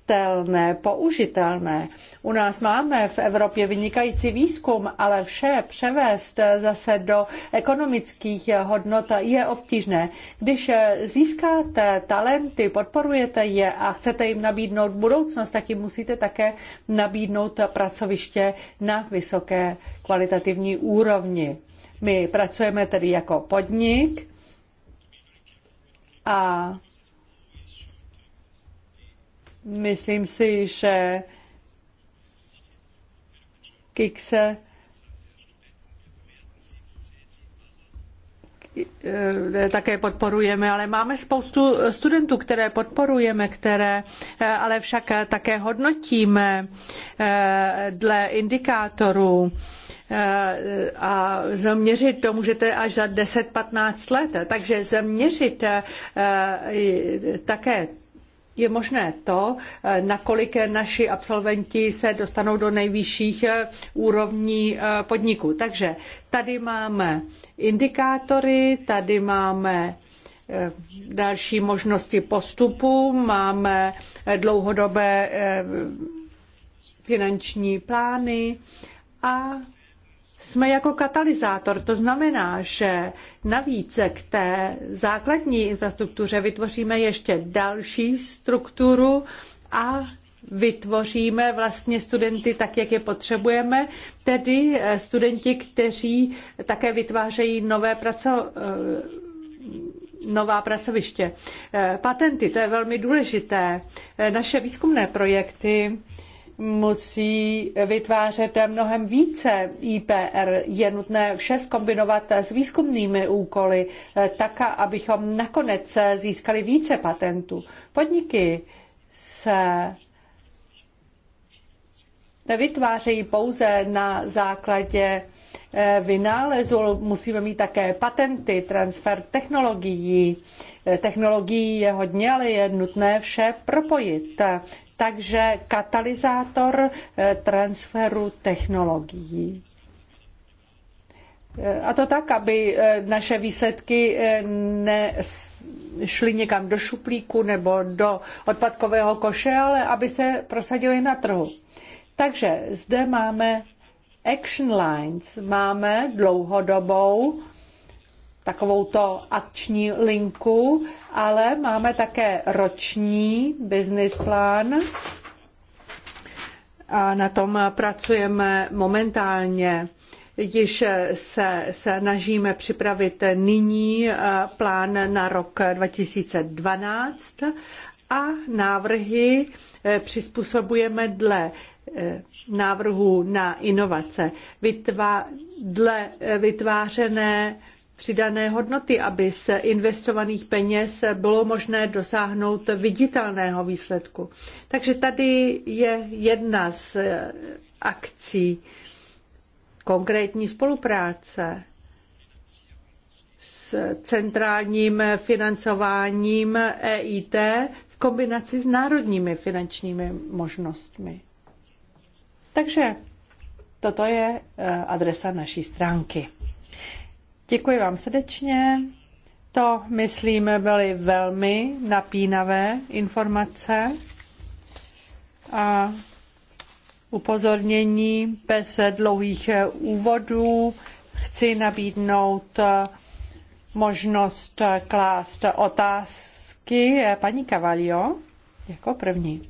použitelné, použitelné. U nás máme v Evropě vynikající výzkum, ale vše převést zase do ekonomických hodnot je obtížné. Když získáte talenty, podporujete je a chcete jim nabídnout budoucnost, tak jim musíte také nabídnout pracoviště na vysoké kvalitativní úrovni. My pracujeme tedy jako podnik a Myslím si, že Kikse eh, také podporujeme, ale máme spoustu studentů, které podporujeme, které eh, ale však také hodnotíme eh, dle indikátorů a zaměřit to můžete až za 10-15 let. Takže zaměřit také je možné to, eh, nakolik naši absolventi se dostanou do nejvyšších eh, úrovní eh, podniků. Takže tady máme indikátory, tady máme další možnosti postupu, máme dlouhodobé finanční plány a jsme jako katalyzátor. To znamená, že navíc k té základní infrastruktuře vytvoříme ještě další strukturu a vytvoříme vlastně studenty tak, jak je potřebujeme, tedy eh, studenti, kteří také vytvářejí nové praco, eh, nová pracoviště. Eh, patenty, to je velmi důležité. Naše výzkumné projekty musí vytvářet mnohem více IPR. Je nutné vše skombinovat s výzkumnými úkoly, eh, tak, abychom nakonec eh, získali více patentů. Podniky se nevytvářejí pouze na základě Eh, vynálezu musíme mít také patenty, transfer technologií. Eh, technologií je hodně, ale je nutné vše propojit. Takže katalyzátor eh, transferu technologií. A to tak, aby naše výsledky nešly někam do šuplíku nebo do odpadkového koše, ale aby se prosadily na trhu. Takže zde máme Action Lines. Máme dlouhodobou takovouto akční linku, ale máme také roční business plán a na tom pracujeme momentálně. Již se se nažíme připravit nyní eh, plán na rok 2012 a návrhy eh, přizpůsobujeme dle Eh, návrhů na inovace, vytvá, dle eh, vytvářené přidané hodnoty, aby z investovaných peněz bylo možné dosáhnout viditelného výsledku. Takže tady je jedna z eh, akcí konkrétní spolupráce s centrálním financováním EIT v kombinaci s národními finančními možnostmi. Takže toto je eh, adresa naší stránky. Děkuji vám srdečně. To, myslím, byly velmi napínavé informace a upozornění bez dlouhých eh, úvodů. Chci nabídnout eh, možnost klást otázky paní Cavalio jako první.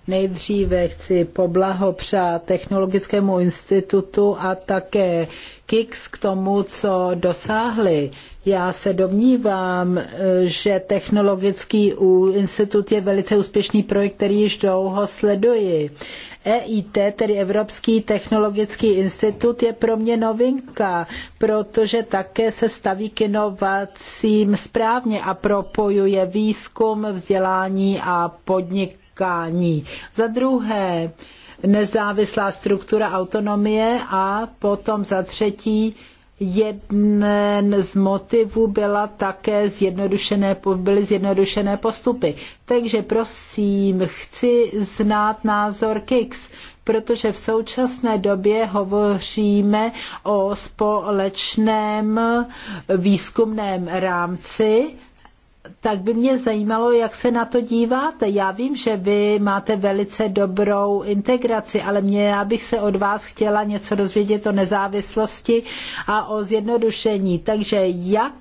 Nejdříve chci poblahopřát Technologickému institutu a také KIX k tomu, co dosáhli. Já se domnívám, že Technologický institut je velice úspěšný projekt, který již dlouho sleduji. EIT, tedy Evropský technologický institut, je pro mě novinka, protože také se staví k inovacím správně a propojuje výzkum, vzdělání a podnik podnikání. Za druhé, nezávislá struktura autonomie a potom za třetí jeden z motivů byla také zjednodušené, byly zjednodušené postupy. Takže prosím, chci znát názor KIX, protože v současné době hovoříme o společném výzkumném rámci tak by mě zajímalo, jak se na to díváte. Já vím, že vy máte velice dobrou integraci, ale mě, já bych se od vás chtěla něco dozvědět o nezávislosti a o zjednodušení. Takže jak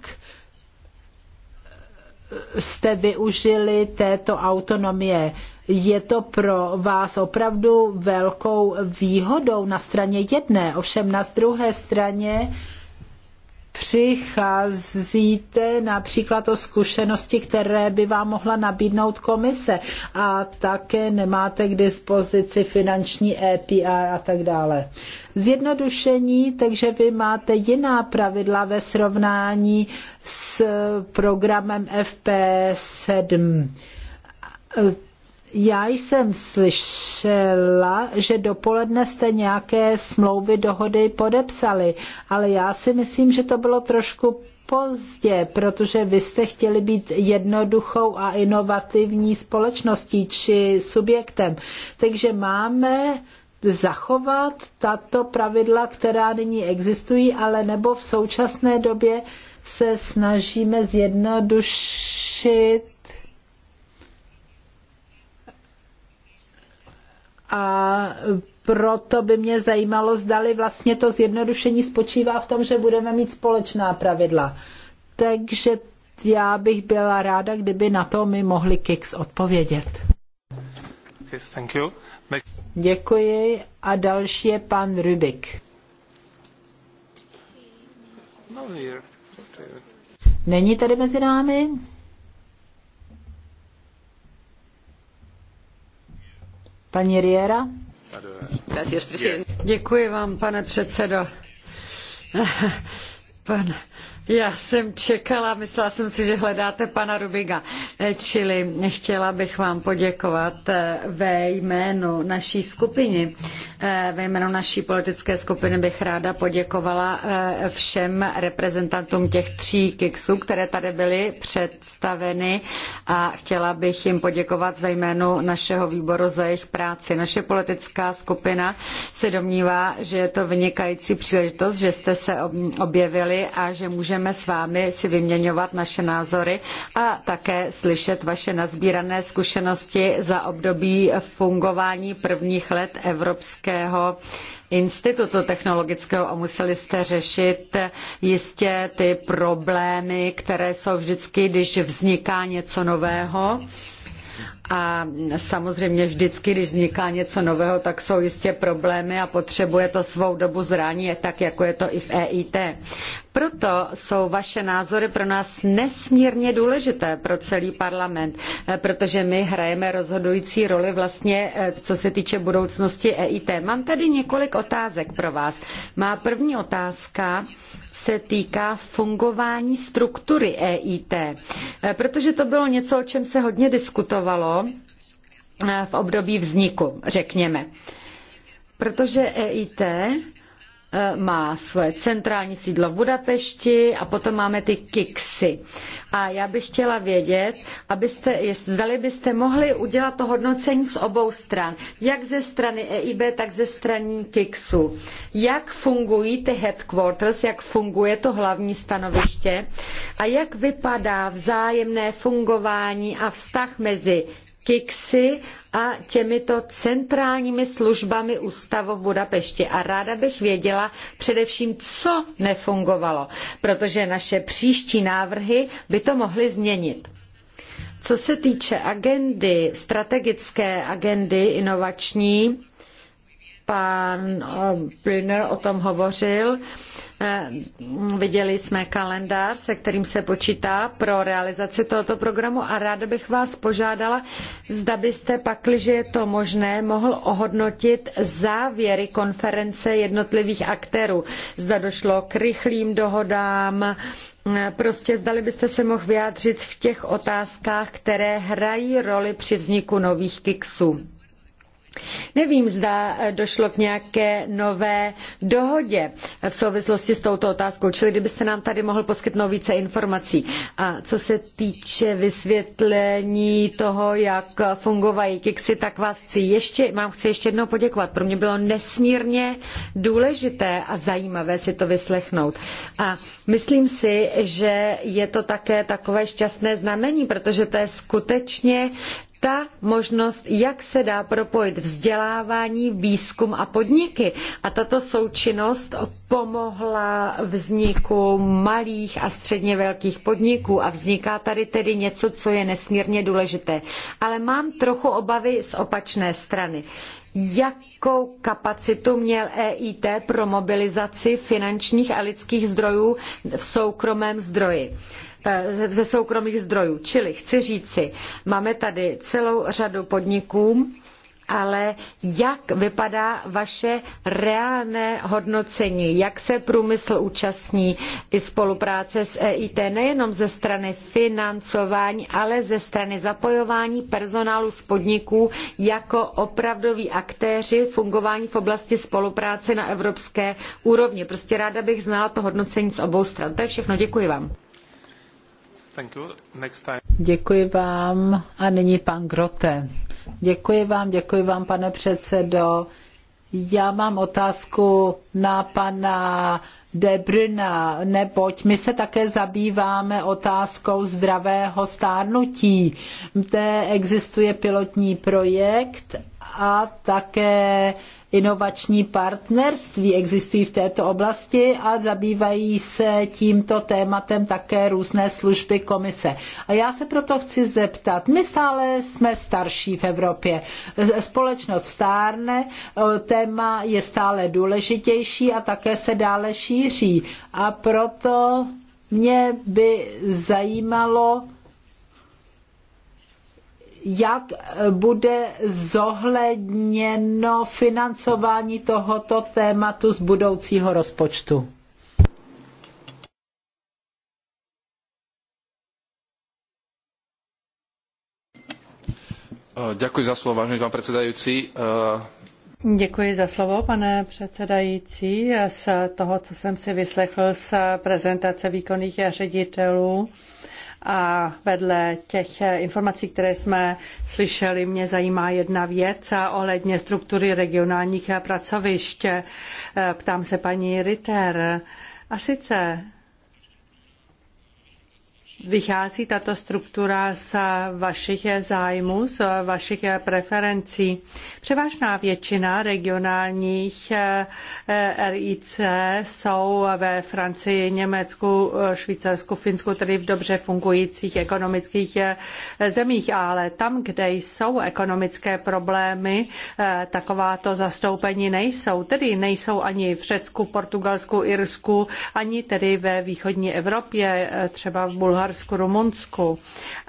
jste využili této autonomie? je to pro vás opravdu velkou výhodou na straně jedné, ovšem na druhé straně přicházíte například o zkušenosti, které by vám mohla nabídnout komise a také nemáte k dispozici finanční EPR a tak dále. Zjednodušení, takže vy máte jiná pravidla ve srovnání s programem FP7 já jsem slyšela, že dopoledne jste nějaké smlouvy, dohody podepsali, ale já si myslím, že to bylo trošku pozdě, protože vy jste chtěli být jednoduchou a inovativní společností či subjektem. Takže máme zachovat tato pravidla, která nyní existují, ale nebo v současné době se snažíme zjednodušit a proto by mě zajímalo, zdali vlastně to zjednodušení spočívá v tom, že budeme mít společná pravidla. Takže já bych byla ráda, kdyby na to mi mohli Kix odpovědět. thank you. Děkuji a další je pan Rubik. Není tady mezi námi? Paní Riera? Děkuji vám, pane předsedo. pane. Já jsem čekala, myslela jsem si, že hledáte pana Rubiga, eh, čili chtěla bych vám poděkovat eh, ve jménu naší skupiny. Eh, ve jménu naší politické skupiny bych ráda poděkovala všem reprezentantům těch tří kiksů, které tady byly představeny a chtěla bych jim poděkovat ve jménu našeho výboru za jejich práci. Naše politická skupina se domnívá, že je to vynikající příležitost, že jste se objevili a že můžeme můžeme s vámi si vyměňovat naše názory a také slyšet vaše nazbírané zkušenosti za období fungování prvních let Evropského institutu technologického a museli jste řešit jistě ty problémy, které jsou vždycky, když vzniká něco nového. A samozřejmě vždycky, když vzniká něco nového, tak jsou jistě problémy a potřebuje to svou dobu zrání, tak jako je to i v EIT. Proto jsou vaše názory pro nás nesmírně důležité pro celý parlament, eh, protože my hrajeme rozhodující roli vlastně, eh, co se týče budoucnosti EIT. Mám tady několik otázek pro vás. Má první otázka se týká fungování struktury EIT, eh, protože to bylo něco, o čem se hodně diskutovalo eh, v období vzniku, řekněme. Protože EIT Eh, má své centrální sídlo v Budapešti a potom máme ty Kixy. A já bych chtěla vědět, abyste, zdali byste mohli udělat to hodnocení z obou stran, jak ze strany EIB, tak ze strany Kixu. Jak fungují ty headquarters, jak funguje to hlavní stanoviště a jak vypadá vzájemné fungování a vztah mezi KIXy a těmito centrálními službami ústavu v Budapešti. A ráda bych věděla především, co nefungovalo, protože naše příští návrhy by to mohly změnit. Co se týče agendy, strategické agendy inovační, Pan Brunner o tom hovořil. Eh, viděli jsme kalendář, se kterým se počítá pro realizaci tohoto programu a ráda bych vás požádala, zda byste když je to možné, mohl ohodnotit závěry konference jednotlivých aktérů. Zda došlo k rychlým dohodám, eh, Prostě zdali byste se mohl vyjádřit v těch otázkách, které hrají roli při vzniku nových kiksů. Nevím, zda eh, došlo k nějaké nové dohodě v souvislosti s touto otázkou, čili kdybyste nám tady mohl poskytnout více informací. A co se týče vysvětlení toho, jak fungovají kiksy, tak vás chci ještě, mám chci ještě jednou poděkovat. Pro mě bylo nesmírně důležité a zajímavé si to vyslechnout. A myslím si, že je to také takové šťastné znamení, protože to je skutečně ta možnost, jak se dá propojit vzdělávání, výzkum a podniky. A tato součinnost pomohla vzniku malých a středně velkých podniků a vzniká tady tedy něco, co je nesmírně důležité. Ale mám trochu obavy z opačné strany. Jakou kapacitu měl EIT pro mobilizaci finančních a lidských zdrojů v soukromém zdroji? Eh, ze soukromých zdrojů. Čili chci říci, máme tady celou řadu podniků, ale jak vypadá vaše reálné hodnocení, jak se průmysl účastní i spolupráce s EIT nejenom ze strany financování, ale ze strany zapojování personálu z podniků jako opravdoví aktéři fungování v oblasti spolupráce na evropské úrovni. Prostě ráda bych znala to hodnocení z obou stran. To je všechno, děkuji vám. Děkuji vám a nyní pan Grote. Děkuji vám, děkuji vám, pane předsedo. Já mám otázku na pana De neboť my se také zabýváme otázkou zdravého stárnutí. Zde existuje pilotní projekt a také inovační partnerství existují v této oblasti a zabývají se tímto tématem také různé služby komise. A já se proto chci zeptat, my stále jsme starší v Evropě, společnost stárne, téma je stále důležitější a také se dále šíří. A proto mě by zajímalo, jak eh, bude zohledněno financování tohoto tématu z budoucího rozpočtu. Eh, děkuji za slovo, vážený pan předsedající. Eh, děkuji za slovo, pane předsedající. Z toho, co jsem si vyslechl z prezentace výkonných ředitelů, a vedle těch eh, informací, které jsme slyšeli, mě zajímá jedna věc a ohledně struktury regionálních pracovišť. Eh, ptám se paní Ritter. A sice Vychází tato struktura z vašich zájmů, z vašich preferencí. Převážná většina regionálních eh, RIC jsou ve Francii, Německu, eh, Švýcarsku, Finsku, tedy v dobře fungujících ekonomických eh, zemích, ale tam, kde jsou ekonomické problémy, takováto zastoupení nejsou. Tedy nejsou ani v Řecku, Portugalsku, Irsku, ani tedy ve východní Evropě, třeba v Bulharsku Bulharsko, Rumunsku.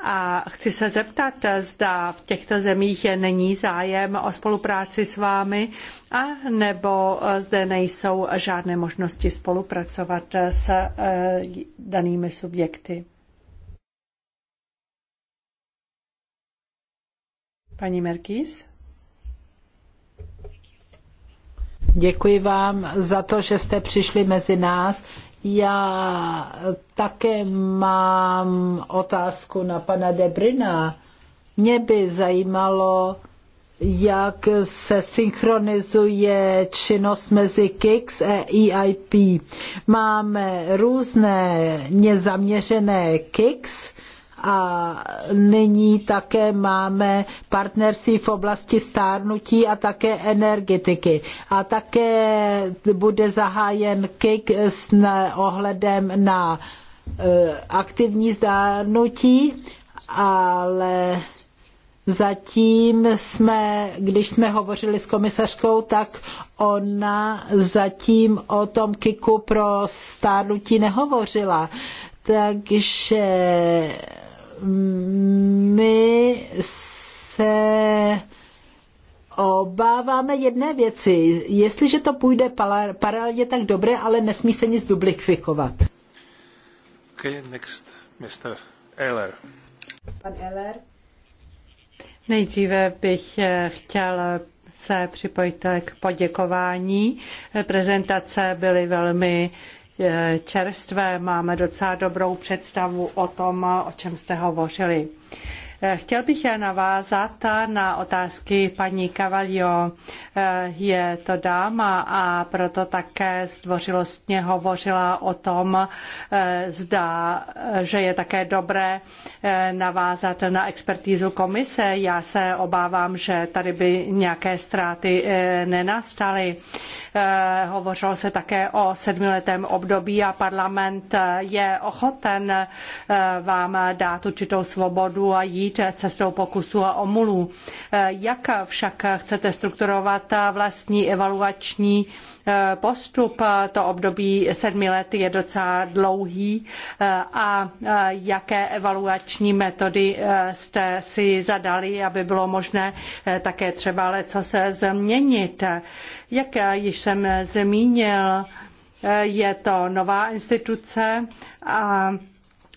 A chci se zeptat, zda v těchto zemích není zájem o spolupráci s vámi, a nebo zde nejsou žádné možnosti spolupracovat s eh, danými subjekty. Paní Merkis? Děkuji vám za to, že jste přišli mezi nás. Já také mám otázku na pana Debrina. Mě by zajímalo, jak se synchronizuje činnost mezi KIX a EIP. Máme různé nezaměřené KICS a nyní také máme partnerství v oblasti stárnutí a také energetiky. A také bude zahájen KIK s ohledem na eh, aktivní zdárnutí, ale zatím jsme, když jsme hovořili s komisařkou, tak ona zatím o tom kiku pro stárnutí nehovořila. Takže my se obáváme jedné věci. Jestliže to půjde paralelně, tak dobré, ale nesmí se nic duplifikovat. Okay, next, Mr. Eller. Pan Eller. Nejdříve bych eh, chtěl se připojit k poděkování. Prezentace byly velmi čerstvé, máme docela dobrou představu o tom, o čem jste hovořili. Chtěl bych navázat na otázky paní Cavalio. Je to dáma a proto také zdvořilostně hovořila o tom, zda, že je také dobré navázat na expertízu komise. Já se obávám, že tady by nějaké ztráty eh, nenastaly. Eh, hovořilo se také o sedmiletém období a parlament eh, je ochoten vám dát určitou svobodu a jít jít cestou pokusu a omulů. Eh, jak však chcete strukturovat vlastní evaluační eh, postup? To období sedmi let je docela dlouhý eh, a jaké evaluační metody jste si zadali, aby bylo možné také třeba ale co se změnit. Jak již jsem zmínil, je to nová instituce a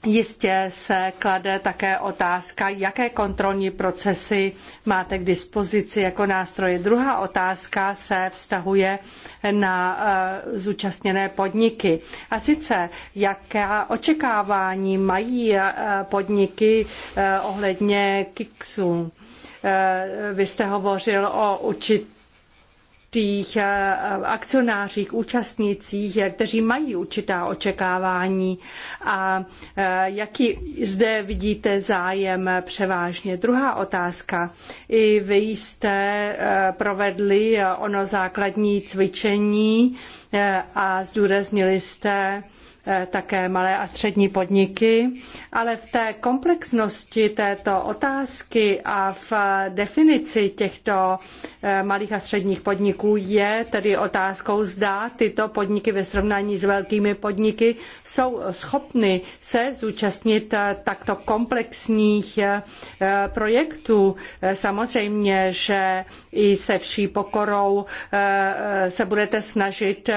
Jistě se klade také otázka, jaké kontrolní procesy máte k dispozici jako nástroje. Druhá otázka se vztahuje na eh, zúčastněné podniky. A sice, jaká očekávání mají eh, podniky eh, ohledně KIXu? Vy jste hovořil o určitě těch eh, akcionářích, účastnících, eh, kteří mají určitá očekávání a eh, jaký zde vidíte zájem převážně. Druhá otázka. I vy jste provedli ono základní cvičení a zdůraznili jste Eh, také malé a střední podniky, ale v té komplexnosti této otázky a v eh, definici těchto eh, malých a středních podniků je tedy otázkou, zda tyto podniky ve srovnání s velkými podniky jsou schopny se zúčastnit takto komplexních projektů. Samozřejmě, že i se vší pokorou se budete snažit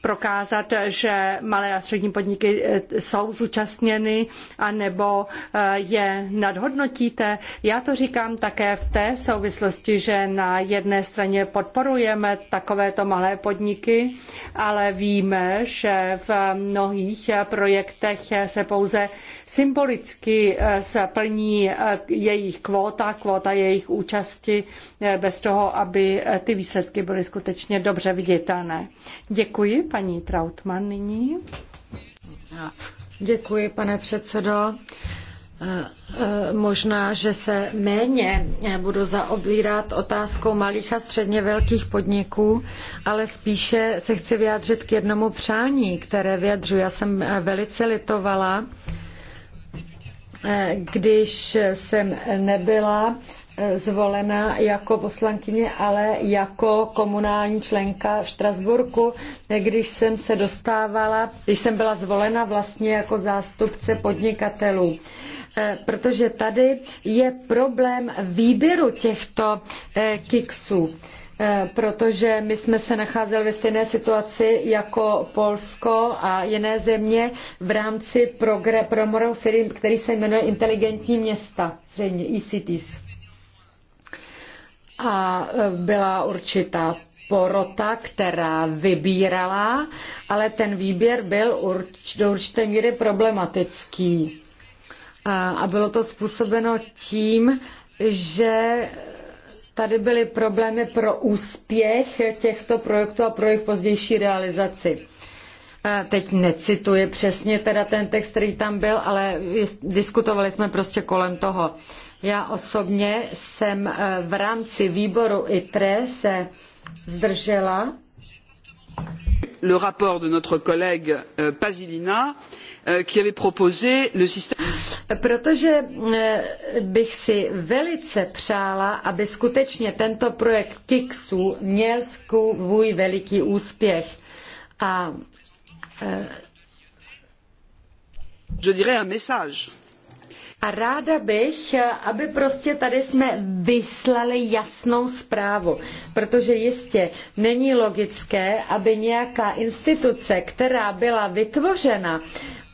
prokázat, že malé a střední střední podniky eh, jsou zúčastněny anebo eh, je nadhodnotíte. Já to říkám také v té souvislosti, že na jedné straně podporujeme takovéto malé podniky, ale víme, že v mnohých projektech se pouze symbolicky eh, splní jejich kvóta, kvóta jejich účasti bez toho, aby ty výsledky byly skutečně dobře viditelné. Děkuji, paní Trautmann nyní. Děkuji, pane předsedo. Eh, eh, možná, že se méně budu zaobírat otázkou malých a středně velkých podniků, ale spíše se chci vyjádřit k jednomu přání, které vyjadřuji. Já jsem velice litovala, eh, když jsem nebyla Eh, zvolena jako poslankyně, ale jako komunální členka v Štrasburku, eh, když jsem se dostávala, když jsem byla zvolena vlastně jako zástupce podnikatelů. Eh, protože tady je problém výběru těchto kiksů protože my jsme se nacházeli ve stejné situaci jako Polsko a jiné země v rámci programu, který se jmenuje Inteligentní města, zřejmě e-cities a e, byla určitá porota, která vybírala, ale ten výběr byl urč, do určité míry problematický. A, a bylo to způsobeno tím, že tady byly problémy pro úspěch těchto projektů a pro jejich pozdější realizaci. A teď necituji přesně teda ten text, který tam byl, ale diskutovali jsme prostě kolem toho. Já osobně jsem eh, v rámci výboru ITRE se zdržela. Le rapport de notre collègue eh, Pasilina eh, qui avait proposé le système. Protože bych si velice přála, aby skutečně tento projekt KIXu měl svůj veliký úspěch. A je dirais un message a ráda bych, aby prostě tady jsme vyslali jasnou zprávu, protože jistě není logické, aby nějaká instituce, která byla vytvořena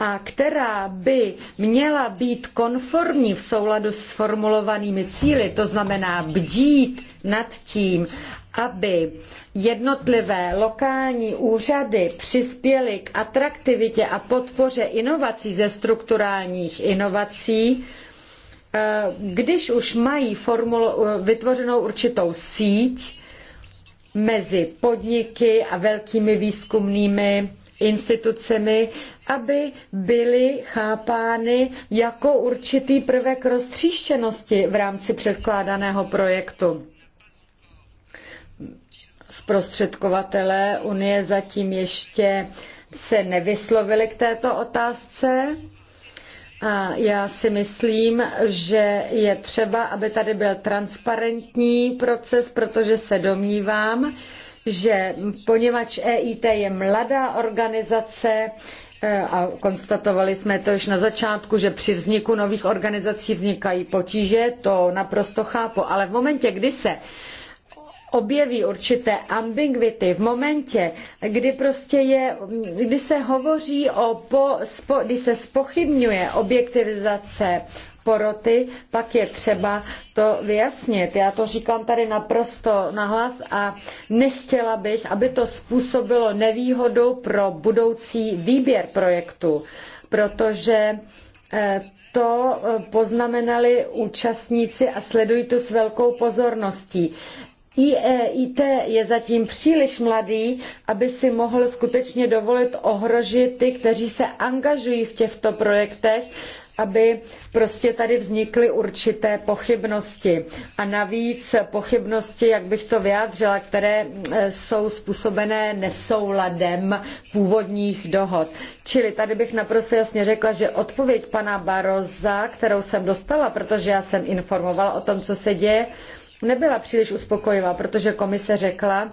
a která by měla být konformní v souladu s formulovanými cíli, to znamená bdít nad tím, aby jednotlivé lokální úřady přispěly k atraktivitě a podpoře inovací ze strukturálních inovací, eh, když už mají formulo, eh, vytvořenou určitou síť mezi podniky a velkými výzkumnými institucemi, aby byly chápány jako určitý prvek roztříštěnosti v rámci předkládaného projektu zprostředkovatelé Unie zatím ještě se nevyslovili k této otázce. A já si myslím, že je třeba, aby tady byl transparentní proces, protože se domnívám, že poněvadž EIT je mladá organizace, eh, a konstatovali jsme to již na začátku, že při vzniku nových organizací vznikají potíže, to naprosto chápu, ale v momentě, kdy se objeví určité ambiguity v momentě, kdy prostě je, kdy se hovoří o, po, spo, kdy se spochybňuje objektivizace poroty, pak je třeba to vyjasnit. Já to říkám tady naprosto nahlas a nechtěla bych, aby to způsobilo nevýhodu pro budoucí výběr projektu, protože eh, to eh, poznamenali účastníci a sledují to s velkou pozorností. IEIT je zatím příliš mladý, aby si mohl skutečně dovolit ohrožit ty, kteří se angažují v těchto projektech, aby prostě tady vznikly určité pochybnosti. A navíc pochybnosti, jak bych to vyjádřila, které jsou způsobené nesouladem původních dohod. Čili tady bych naprosto jasně řekla, že odpověď pana Baroza, kterou jsem dostala, protože já jsem informovala o tom, co se děje, nebyla příliš uspokojivá, protože komise řekla,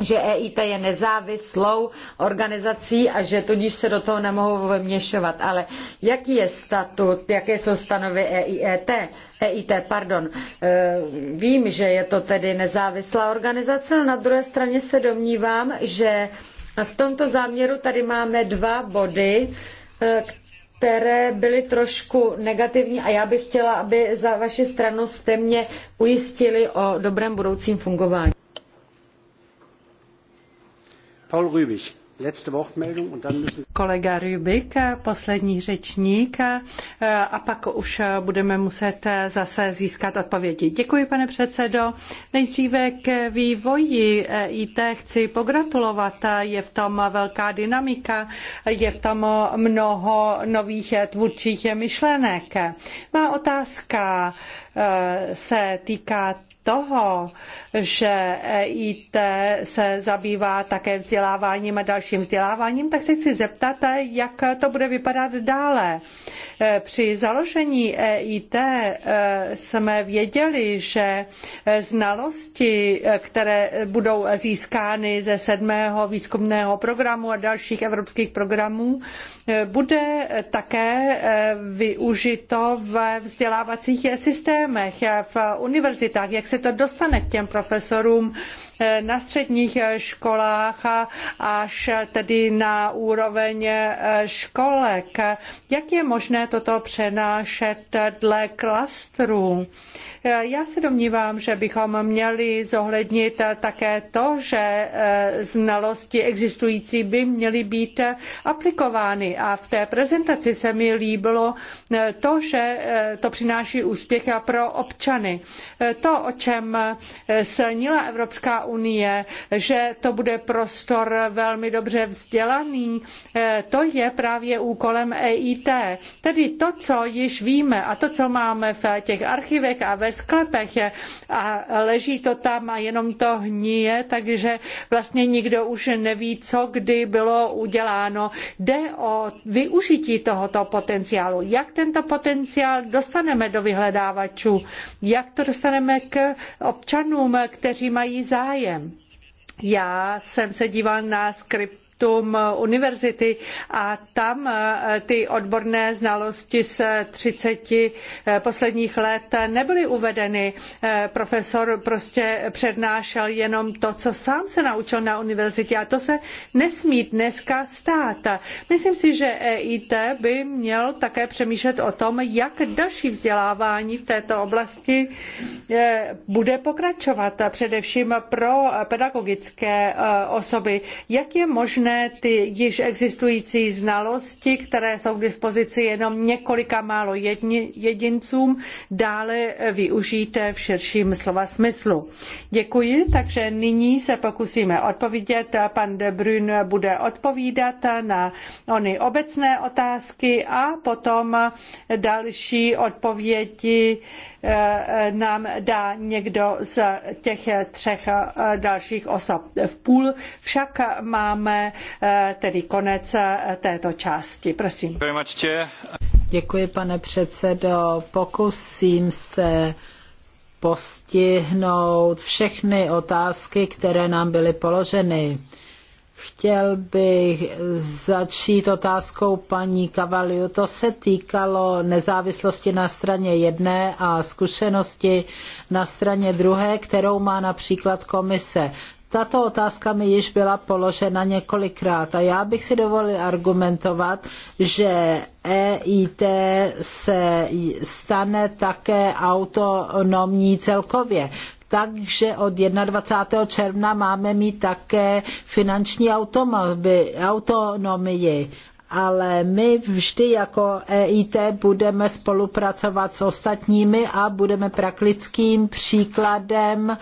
že EIT je nezávislou organizací a že tudíž se do toho nemohou vměšovat. Ale jaký je statut, jaké jsou stanovy EIT? EIT, pardon. E, vím, že je to tedy nezávislá organizace, ale na druhé straně se domnívám, že v tomto záměru tady máme dva body, e, které byly trošku negativní a já bych chtěla, aby za vaši stranu jste mě ujistili o dobrém budoucím fungování. Paul Rübig. Kolega Rybik, poslední řečník, a pak už budeme muset zase získat odpovědi. Děkuji, pane předsedo. Nejdříve k vývoji e IT chci pogratulovat. Je v tom velká dynamika, je v tom mnoho nových tvůrčích myšlenek. Má otázka eh, se týká toho, že EIT se zabývá také vzděláváním a dalším vzděláváním, tak se chci zeptat, jak to bude vypadat dále. E, při založení EIT e, jsme věděli, že znalosti, e, které budou získány ze sedmého výzkumného programu a dalších evropských programů, bude také využito ve vzdělávacích systémech, v univerzitách, jak se to dostane k těm profesorům Eh, na středních eh, školách až tedy na úroveň eh, školek. Jak je možné toto přenášet dle klastrů? Já se domnívám, že bychom měli zohlednit také to, že znalosti existující by měly být aplikovány. A v té prezentaci se mi líbilo to, že to přináší úspěch pro občany. To, o čem snila Evropská unie, že to bude prostor velmi dobře vzdělaný, eh, to je právě úkolem EIT. Tedy to, co již víme a to, co máme v těch archivech a ve sklepech a leží to tam a jenom to hníje, takže vlastně nikdo už neví, co kdy bylo uděláno. Jde o využití tohoto potenciálu. Jak tento potenciál dostaneme do vyhledávačů? Jak to dostaneme k občanům, kteří mají zájem? zájem. Já jsem se díval na skript projektům eh, univerzity a tam eh, ty odborné znalosti z 30 eh, posledních let nebyly uvedeny. Profesor prostě přednášel jenom to, co sám se naučil na univerzitě a to se nesmí dneska stát. Myslím si, že EIT by měl také přemýšlet o tom, jak další vzdělávání v této oblasti bude pokračovat, především pro pedagogické osoby. Jak je možné nutné ty již existující znalosti, které jsou k dispozici jenom několika málo jedincům, dále využít v širším slova smyslu. Děkuji, takže nyní se pokusíme odpovědět. Pan de Brun bude odpovídat na ony obecné otázky a potom další odpovědi Eh, eh, nám dá někdo z těch třech eh, dalších osob v půl. Však máme tedy konec této části. Prosím. Děkuji, pane předsedo. Pokusím se postihnout všechny otázky, které nám byly položeny. Chtěl bych začít otázkou paní Kavaliu. To se týkalo nezávislosti na straně jedné a zkušenosti na straně druhé, kterou má například komise. Tato otázka mi již byla položena několikrát a já bych si dovolil argumentovat, že EIT se stane také autonomní celkově takže od 21. června máme mít také finanční autonomii. Ale my vždy jako EIT budeme spolupracovat s ostatními a budeme praktickým příkladem e,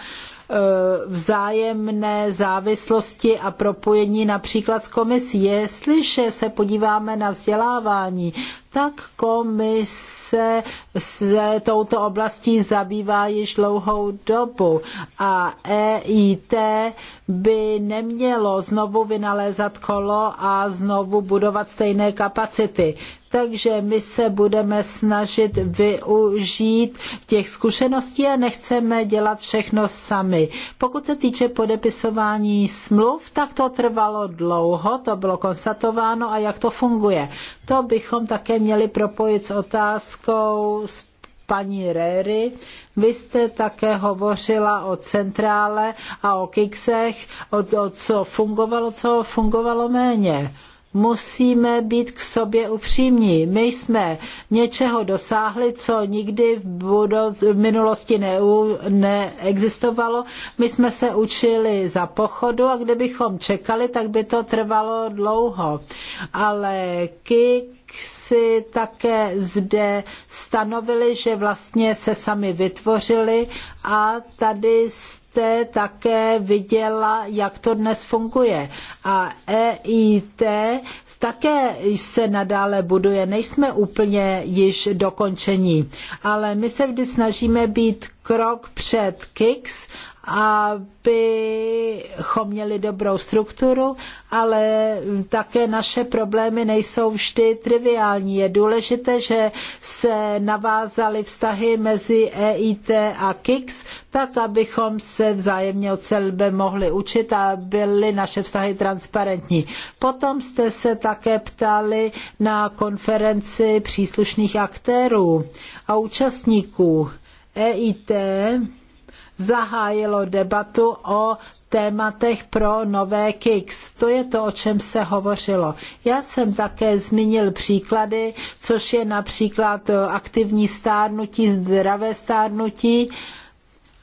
vzájemné závislosti a propojení například s komisí. Jestliže se podíváme na vzdělávání, tak komise se touto oblastí zabývá již dlouhou dobu a EIT by nemělo znovu vynalézat kolo a znovu budovat stejné kapacity. Takže my se budeme snažit využít těch zkušeností a nechceme dělat všechno sami. Pokud se týče podepisování smluv, tak to trvalo dlouho, to bylo konstatováno a jak to funguje. To bychom také měli propojit s otázkou s paní Réry. Vy jste také hovořila o centrále a o kiksech, o, o co fungovalo, co fungovalo méně musíme být k sobě upřímní. My jsme něčeho dosáhli, co nikdy v, minulosti ne, neexistovalo. My jsme se učili za pochodu a kdybychom čekali, tak by to trvalo dlouho. Ale KIK si také zde stanovili, že vlastně se sami vytvořili a tady jste také viděla, jak to dnes funguje. A EIT také se nadále buduje. Nejsme úplně již dokončení, ale my se vždy snažíme být krok před KIX abychom měli dobrou strukturu, ale také naše problémy nejsou vždy triviální. Je důležité, že se navázaly vztahy mezi EIT a KIX, tak abychom se vzájemně od sebe mohli učit a byly naše vztahy transparentní. Potom jste se také ptali na konferenci příslušných aktérů a účastníků. EIT zahájilo debatu o tématech pro nové KICS. To je to, o čem se hovořilo. Já jsem také zmínil příklady, což je například eh, aktivní stárnutí, zdravé stárnutí,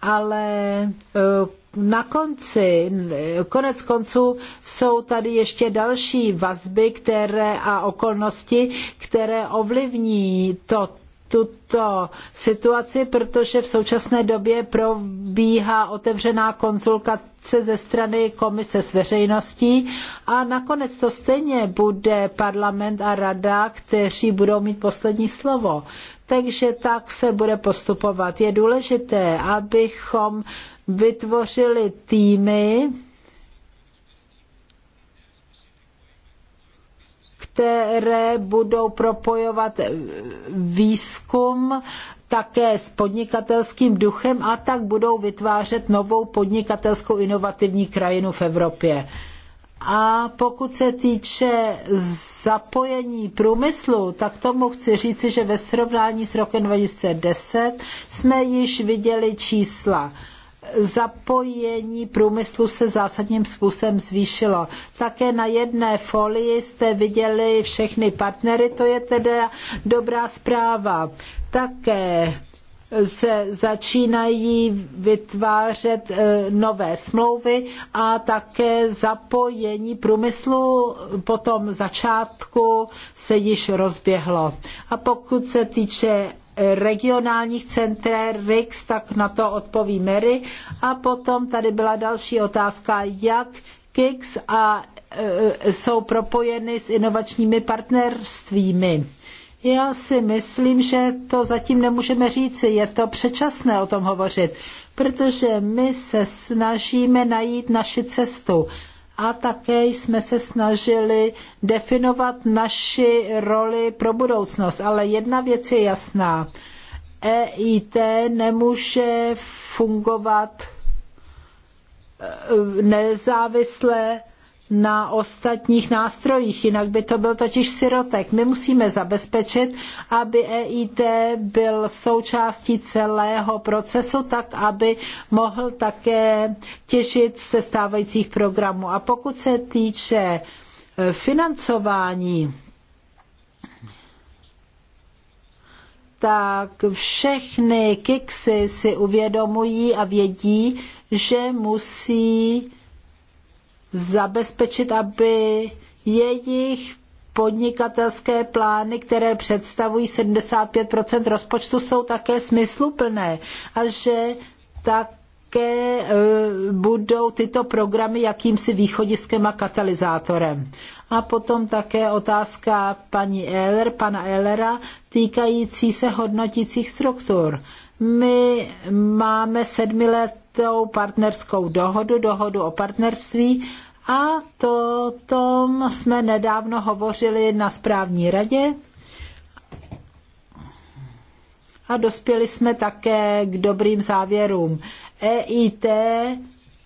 ale eh, na konci, eh, konec konců jsou tady ještě další vazby které, a okolnosti, které ovlivní to, tuto situaci, protože v současné době probíhá otevřená konzultace ze strany komise s veřejností a nakonec to stejně bude parlament a rada, kteří budou mít poslední slovo. Takže tak se bude postupovat. Je důležité, abychom vytvořili týmy, které budou propojovat výzkum také s podnikatelským duchem a tak budou vytvářet novou podnikatelskou inovativní krajinu v Evropě. A pokud se týče zapojení průmyslu, tak tomu chci říci, že ve srovnání s rokem 2010 jsme již viděli čísla zapojení průmyslu se zásadním způsobem zvýšilo. Také na jedné folii jste viděli všechny partnery, to je tedy dobrá zpráva. Také se začínají vytvářet e, nové smlouvy a také zapojení průmyslu po tom začátku se již rozběhlo. A pokud se týče regionálních center RIX, tak na to odpoví Mary. A potom tady byla další otázka, jak KIX a e, jsou propojeny s inovačními partnerstvími. Já si myslím, že to zatím nemůžeme říci, je to předčasné o tom hovořit, protože my se snažíme najít naši cestu a také jsme se snažili definovat naši roli pro budoucnost. Ale jedna věc je jasná. EIT nemůže fungovat e, nezávisle na ostatních nástrojích, jinak by to byl totiž sirotek. My musíme zabezpečit, aby EIT byl součástí celého procesu, tak aby mohl také těžit se stávajících programů. A pokud se týče e, financování, tak všechny kiksy si uvědomují a vědí, že musí zabezpečit, aby jejich podnikatelské plány, které představují 75 rozpočtu, jsou také smysluplné a že také eh, budou tyto programy jakýmsi východiskem a katalyzátorem. A potom také otázka paní Eller, pana Ellera, týkající se hodnotících struktur. My máme sedmiletou partnerskou dohodu, dohodu o partnerství a to tom jsme nedávno hovořili na správní radě a dospěli jsme také k dobrým závěrům. EIT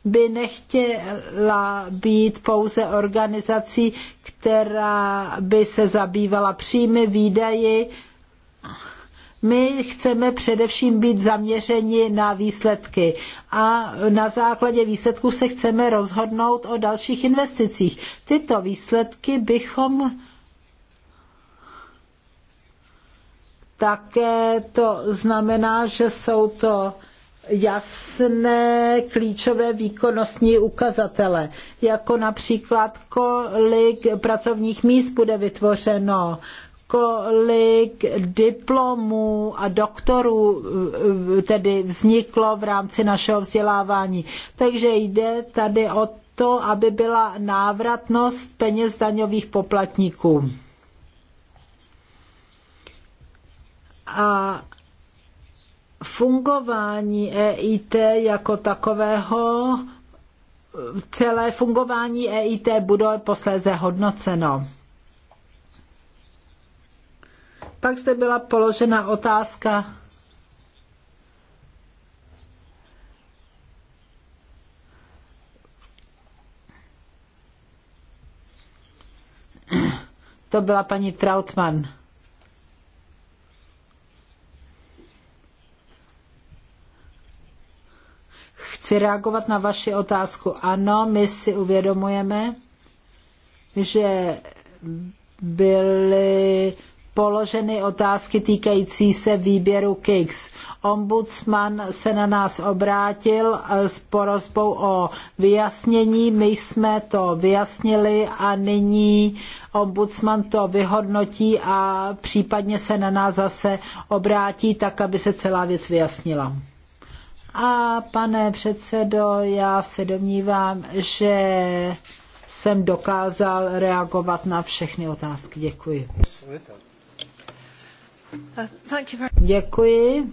by nechtěla být pouze organizací, která by se zabývala příjmy, výdaji my chceme především být zaměřeni na výsledky a na základě výsledků se chceme rozhodnout o dalších investicích. Tyto výsledky bychom také to znamená, že jsou to jasné klíčové výkonnostní ukazatele, jako například kolik pracovních míst bude vytvořeno, kolik diplomů a doktorů eh, tedy vzniklo v rámci našeho vzdělávání. Takže jde tady o to, aby byla návratnost peněz daňových poplatníků. A fungování EIT jako takového, celé fungování EIT bude posléze hodnoceno. Pak zde byla položena otázka To byla paní Trautmann. Chci reagovat na vaši otázku. Ano, my si uvědomujeme, že byly položeny otázky týkající se výběru KICS. Ombudsman se na nás obrátil e, s porozbou o vyjasnění. My jsme to vyjasnili a nyní ombudsman to vyhodnotí a případně se na nás zase obrátí tak, aby se celá věc vyjasnila. A pane předsedo, já se domnívám, že jsem dokázal reagovat na všechny otázky. Děkuji. Děkuji.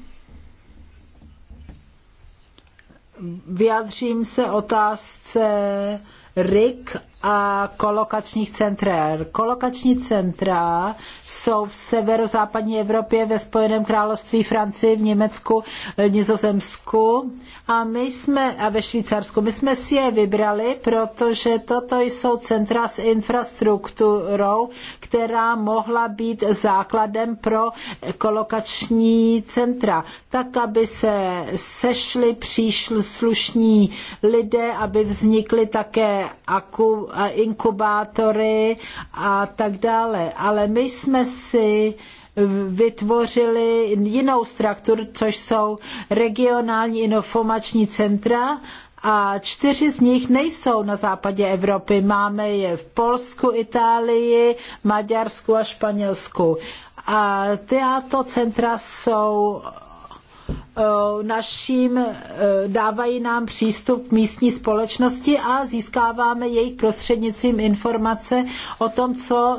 Vyjádřím se otázce Rick a kolokačních centrér. Kolokační centra jsou v severozápadní Evropě, ve Spojeném království, Francii, v Německu, eh, Nizozemsku a my jsme, a ve Švýcarsku. My jsme si je vybrali, protože toto jsou centra s infrastrukturou, která mohla být základem pro kolokační centra, tak, aby se sešli příšl slušní lidé, aby vznikly také akum a inkubátory a tak dále. Ale my jsme si vytvořili jinou strukturu, což jsou regionální informační centra, a čtyři z nich nejsou na západě Evropy. Máme je v Polsku, Itálii, Maďarsku a Španělsku. A tato centra jsou Eh, naším, eh, dávají nám přístup k místní společnosti a získáváme jejich prostřednictvím informace o tom, co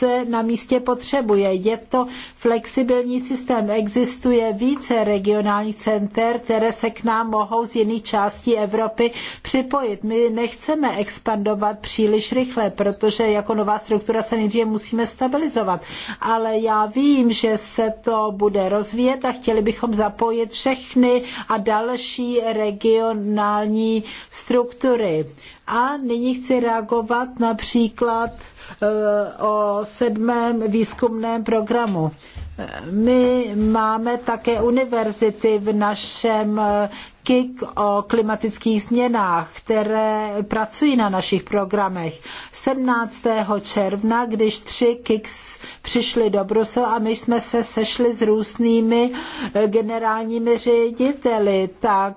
se na místě potřebuje. Je to flexibilní systém. Existuje více regionálních center, které se k nám mohou z jiných částí Evropy připojit. My nechceme expandovat příliš rychle, protože jako nová struktura se nejdříve musíme stabilizovat. Ale já vím, že se to bude rozvíjet a chtěli bychom zapojit všechny a další regionální struktury. A nyní chci reagovat například eh, o sedmém výzkumném programu. Eh, my máme také univerzity v našem eh, KIK o klimatických změnách, které pracují na našich programech. 17. června, když tři KICS přišli do Bruselu a my jsme se sešli s různými eh, generálními řediteli, tak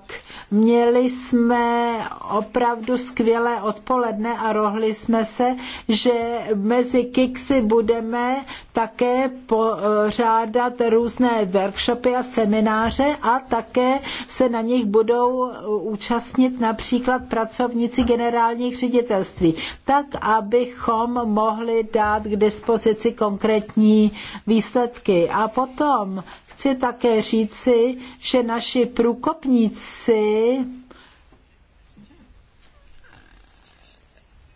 měli jsme opravdu skvělé odpoledne a rohli jsme se, že mezi KICSy budeme také pořádat různé workshopy a semináře a také se na nich budeme budou účastnit například pracovníci generálních ředitelství, tak abychom mohli dát k dispozici konkrétní výsledky. A potom chci také říci, že naši průkopníci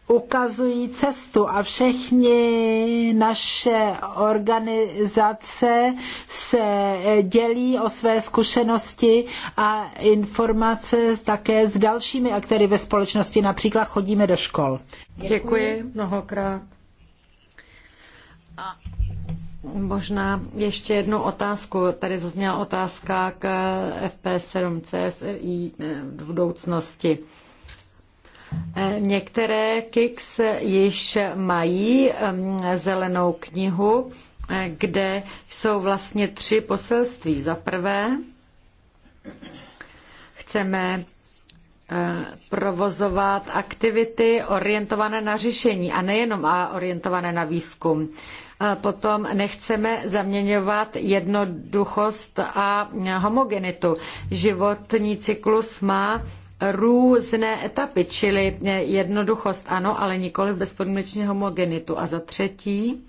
ukazují cestu a všechny naše organizace se dělí o své zkušenosti a informace také s dalšími aktéry ve společnosti. Například chodíme do škol. Děkuji, Děkuji mnohokrát. A možná ještě jednu otázku. Tady zazněla otázka k FP7 CSRI eh, v budoucnosti. Eh, některé KIX již mají zelenou knihu, eh, kde jsou vlastně tři poselství. Za prvé, chceme eh, provozovat aktivity orientované na řešení a nejenom a orientované na výzkum. A potom nechceme zaměňovat jednoduchost a homogenitu. Životní cyklus má různé etapy, čili jednoduchost ano, ale nikoli bezpodmínečně homogenitu. A za třetí,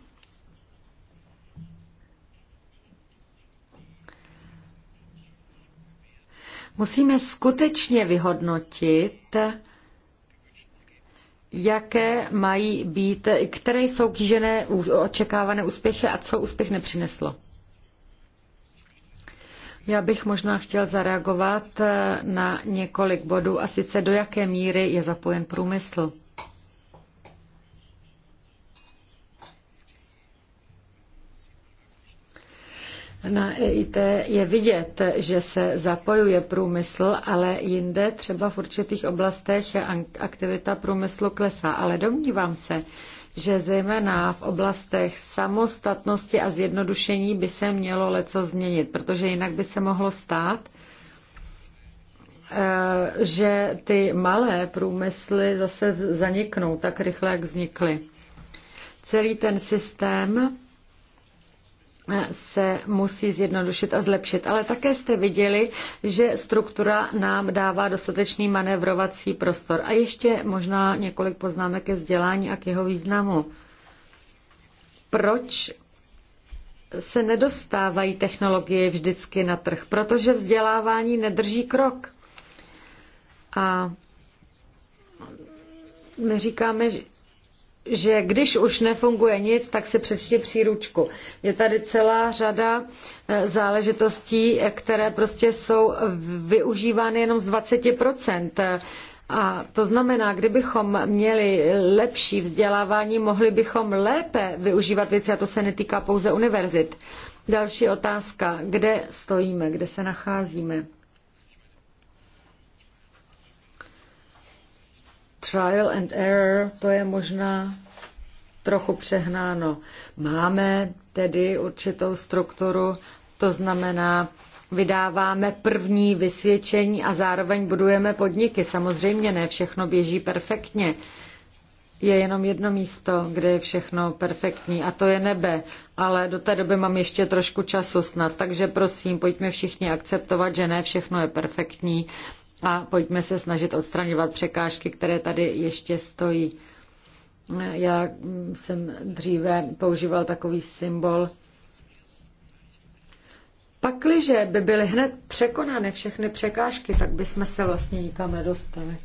musíme skutečně vyhodnotit, jaké mají být, které jsou kýžené očekávané úspěchy a co úspěch nepřineslo. Já bych možná chtěl zareagovat eh, na několik bodů, a sice do jaké míry je zapojen průmysl. Na EIT je vidět, že se zapojuje průmysl, ale jinde třeba v určitých oblastech aktivita průmyslu klesá. Ale domnívám se, že zejména v oblastech samostatnosti a zjednodušení by se mělo leco změnit, protože jinak by se mohlo stát, eh, že ty malé průmysly zase zaniknou tak rychle, jak vznikly. Celý ten systém se musí zjednodušit a zlepšit. Ale také jste viděli, že struktura nám dává dostatečný manevrovací prostor. A ještě možná několik poznámek ke vzdělání a k jeho významu. Proč se nedostávají technologie vždycky na trh? Protože vzdělávání nedrží krok. A my říkáme, že když už nefunguje nic, tak si přečti příručku. Je tady celá řada eh, záležitostí, které prostě jsou využívány jenom z 20%. A to znamená, kdybychom měli lepší vzdělávání, mohli bychom lépe využívat věci, a to se netýká pouze univerzit. Další otázka, kde stojíme, kde se nacházíme? trial and error, to je možná trochu přehnáno. Máme tedy určitou strukturu, to znamená, vydáváme první vysvědčení a zároveň budujeme podniky. Samozřejmě ne všechno běží perfektně. Je jenom jedno místo, kde je všechno perfektní a to je nebe, ale do té doby mám ještě trošku času snad, takže prosím, pojďme všichni akceptovat, že ne všechno je perfektní a pojďme se snažit odstraňovat překážky, které tady ještě stojí. Já jsem dříve používal takový symbol. Pakliže by byly hned překonány všechny překážky, tak bychom se vlastně nikam nedostali.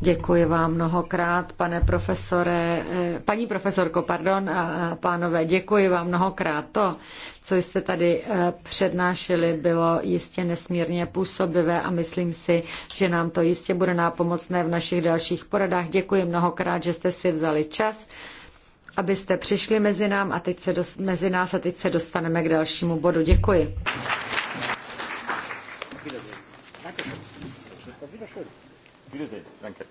Děkuji vám mnohokrát, pane profesore, eh, paní profesorko, pardon, a pánové, děkuji vám mnohokrát. To, co jste tady eh, přednášeli, bylo jistě nesmírně působivé a myslím si, že nám to jistě bude nápomocné v našich dalších poradách. Děkuji mnohokrát, že jste si vzali čas abyste přišli mezi, nám a teď se dost, mezi nás a teď se dostaneme k dalšímu bodu. Děkuji. Wiedersehen. Danke.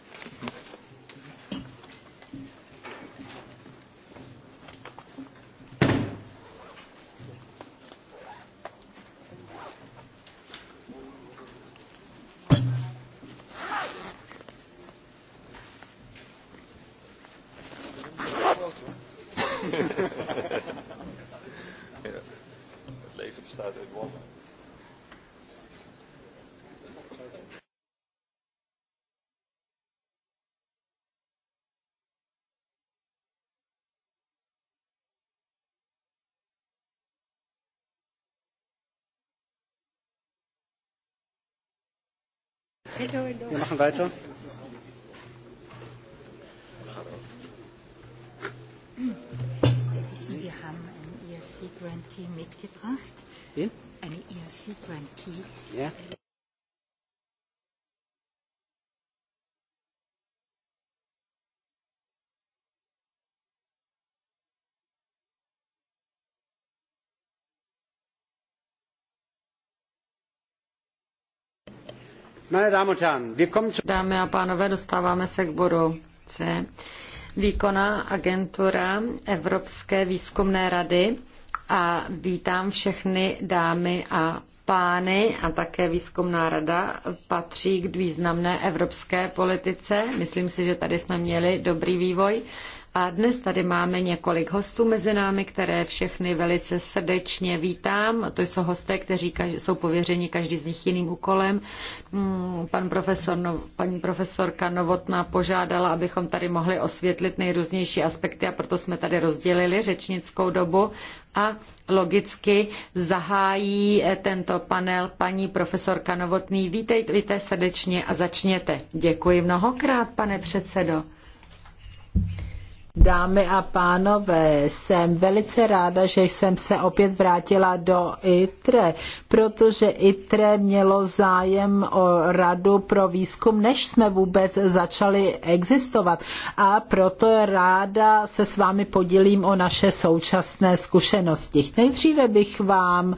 Hello, hello. Wir machen weiter. Sie wissen, wir haben ein ERC-Grantee mitgebracht. Wen? Eine ERC-Grantee. Ja. Dámy a pánové, dostáváme se k bodu C. Výkonná agentura Evropské výzkumné rady a vítám všechny dámy a pány a také výzkumná rada patří k významné evropské politice. Myslím si, že tady jsme měli dobrý vývoj a dnes tady máme několik hostů mezi námi, které všechny velice srdečně vítám. To jsou hosté, kteří jsou pověřeni každý z nich jiným úkolem. Hmm, pan profesor, no, paní profesorka Novotná požádala, abychom tady mohli osvětlit nejrůznější aspekty a proto jsme tady rozdělili řečnickou dobu a logicky zahájí eh, tento panel paní profesorka Novotný. Vítejte, vítejte srdečně a začněte. Děkuji mnohokrát, pane předsedo. Dámy a pánové, jsem velice ráda, že jsem se opět vrátila do ITRE, protože ITRE mělo zájem o radu pro výzkum, než jsme vůbec začali existovat. A proto ráda se s vámi podělím o naše současné zkušenosti. Nejdříve bych vám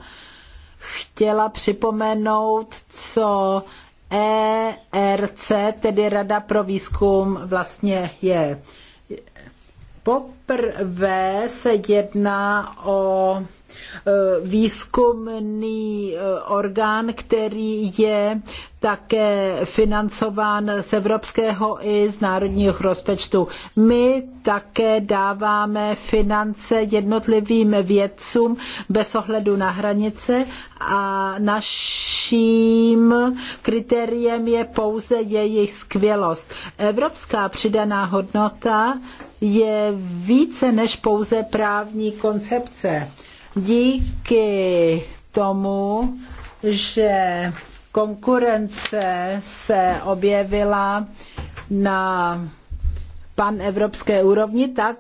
chtěla připomenout, co ERC, tedy Rada pro výzkum, vlastně je Poprvé se jedná o Eh, výzkumný eh, orgán, který je také financován z evropského i z národního rozpočtu. My také dáváme finance jednotlivým vědcům bez ohledu na hranice a naším kritériem je pouze jejich skvělost. Evropská přidaná hodnota je více než pouze právní koncepce díky tomu, že konkurence se objevila na pan evropské úrovni, tak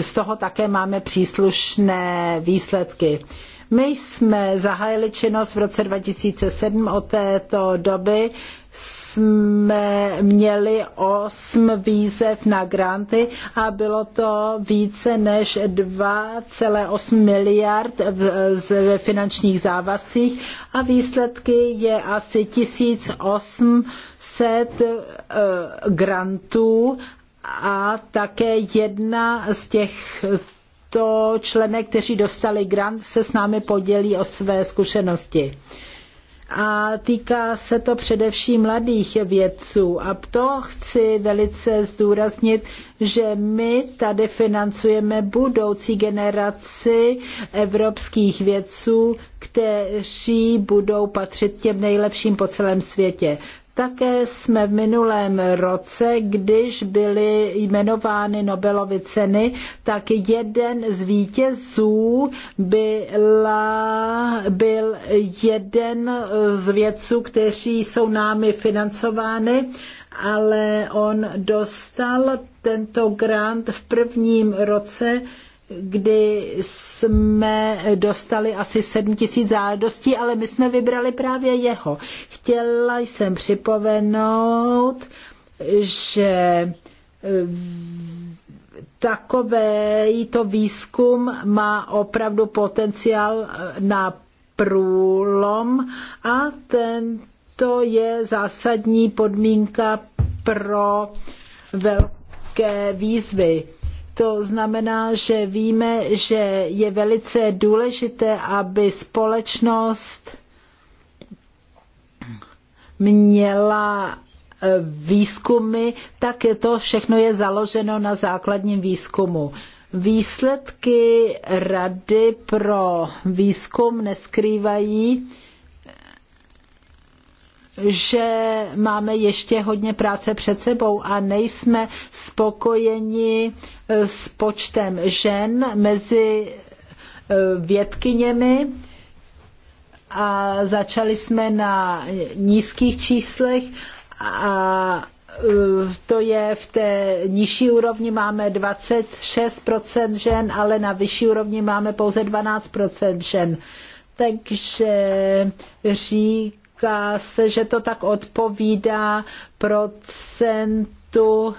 z toho také máme příslušné výsledky. My jsme zahájili činnost v roce 2007, od této doby jsme měli osm výzev na granty a bylo to více než 2,8 miliard ve finančních závazcích a výsledky je asi 1800 eh, grantů a také jedna z těch to členek, kteří dostali grant, se s námi podělí o své zkušenosti a týká se to především mladých vědců. A to chci velice zdůraznit, že my tady financujeme budoucí generaci evropských vědců, kteří budou patřit těm nejlepším po celém světě. Také jsme v minulém roce, když byly jmenovány Nobelovy ceny, tak jeden z vítězů byla, byl jeden z vědců, kteří jsou námi financovány, ale on dostal tento grant v prvním roce kdy jsme dostali asi 7 tisíc žádostí, ale my jsme vybrali právě jeho. Chtěla jsem připomenout, že eh, to výzkum má opravdu potenciál eh, na průlom a tento je zásadní podmínka pro velké výzvy to znamená, že víme, že je velice důležité, aby společnost měla e, výzkumy, tak to všechno je založeno na základním výzkumu. Výsledky Rady pro výzkum neskrývají, že máme ještě hodně práce před sebou a nejsme spokojeni eh, s počtem žen mezi eh, vědkyněmi a začali jsme na nízkých číslech a eh, to je v té nižší úrovni máme 26% žen, ale na vyšší úrovni máme pouze 12% žen. Takže řík říká se, že to tak odpovídá procentu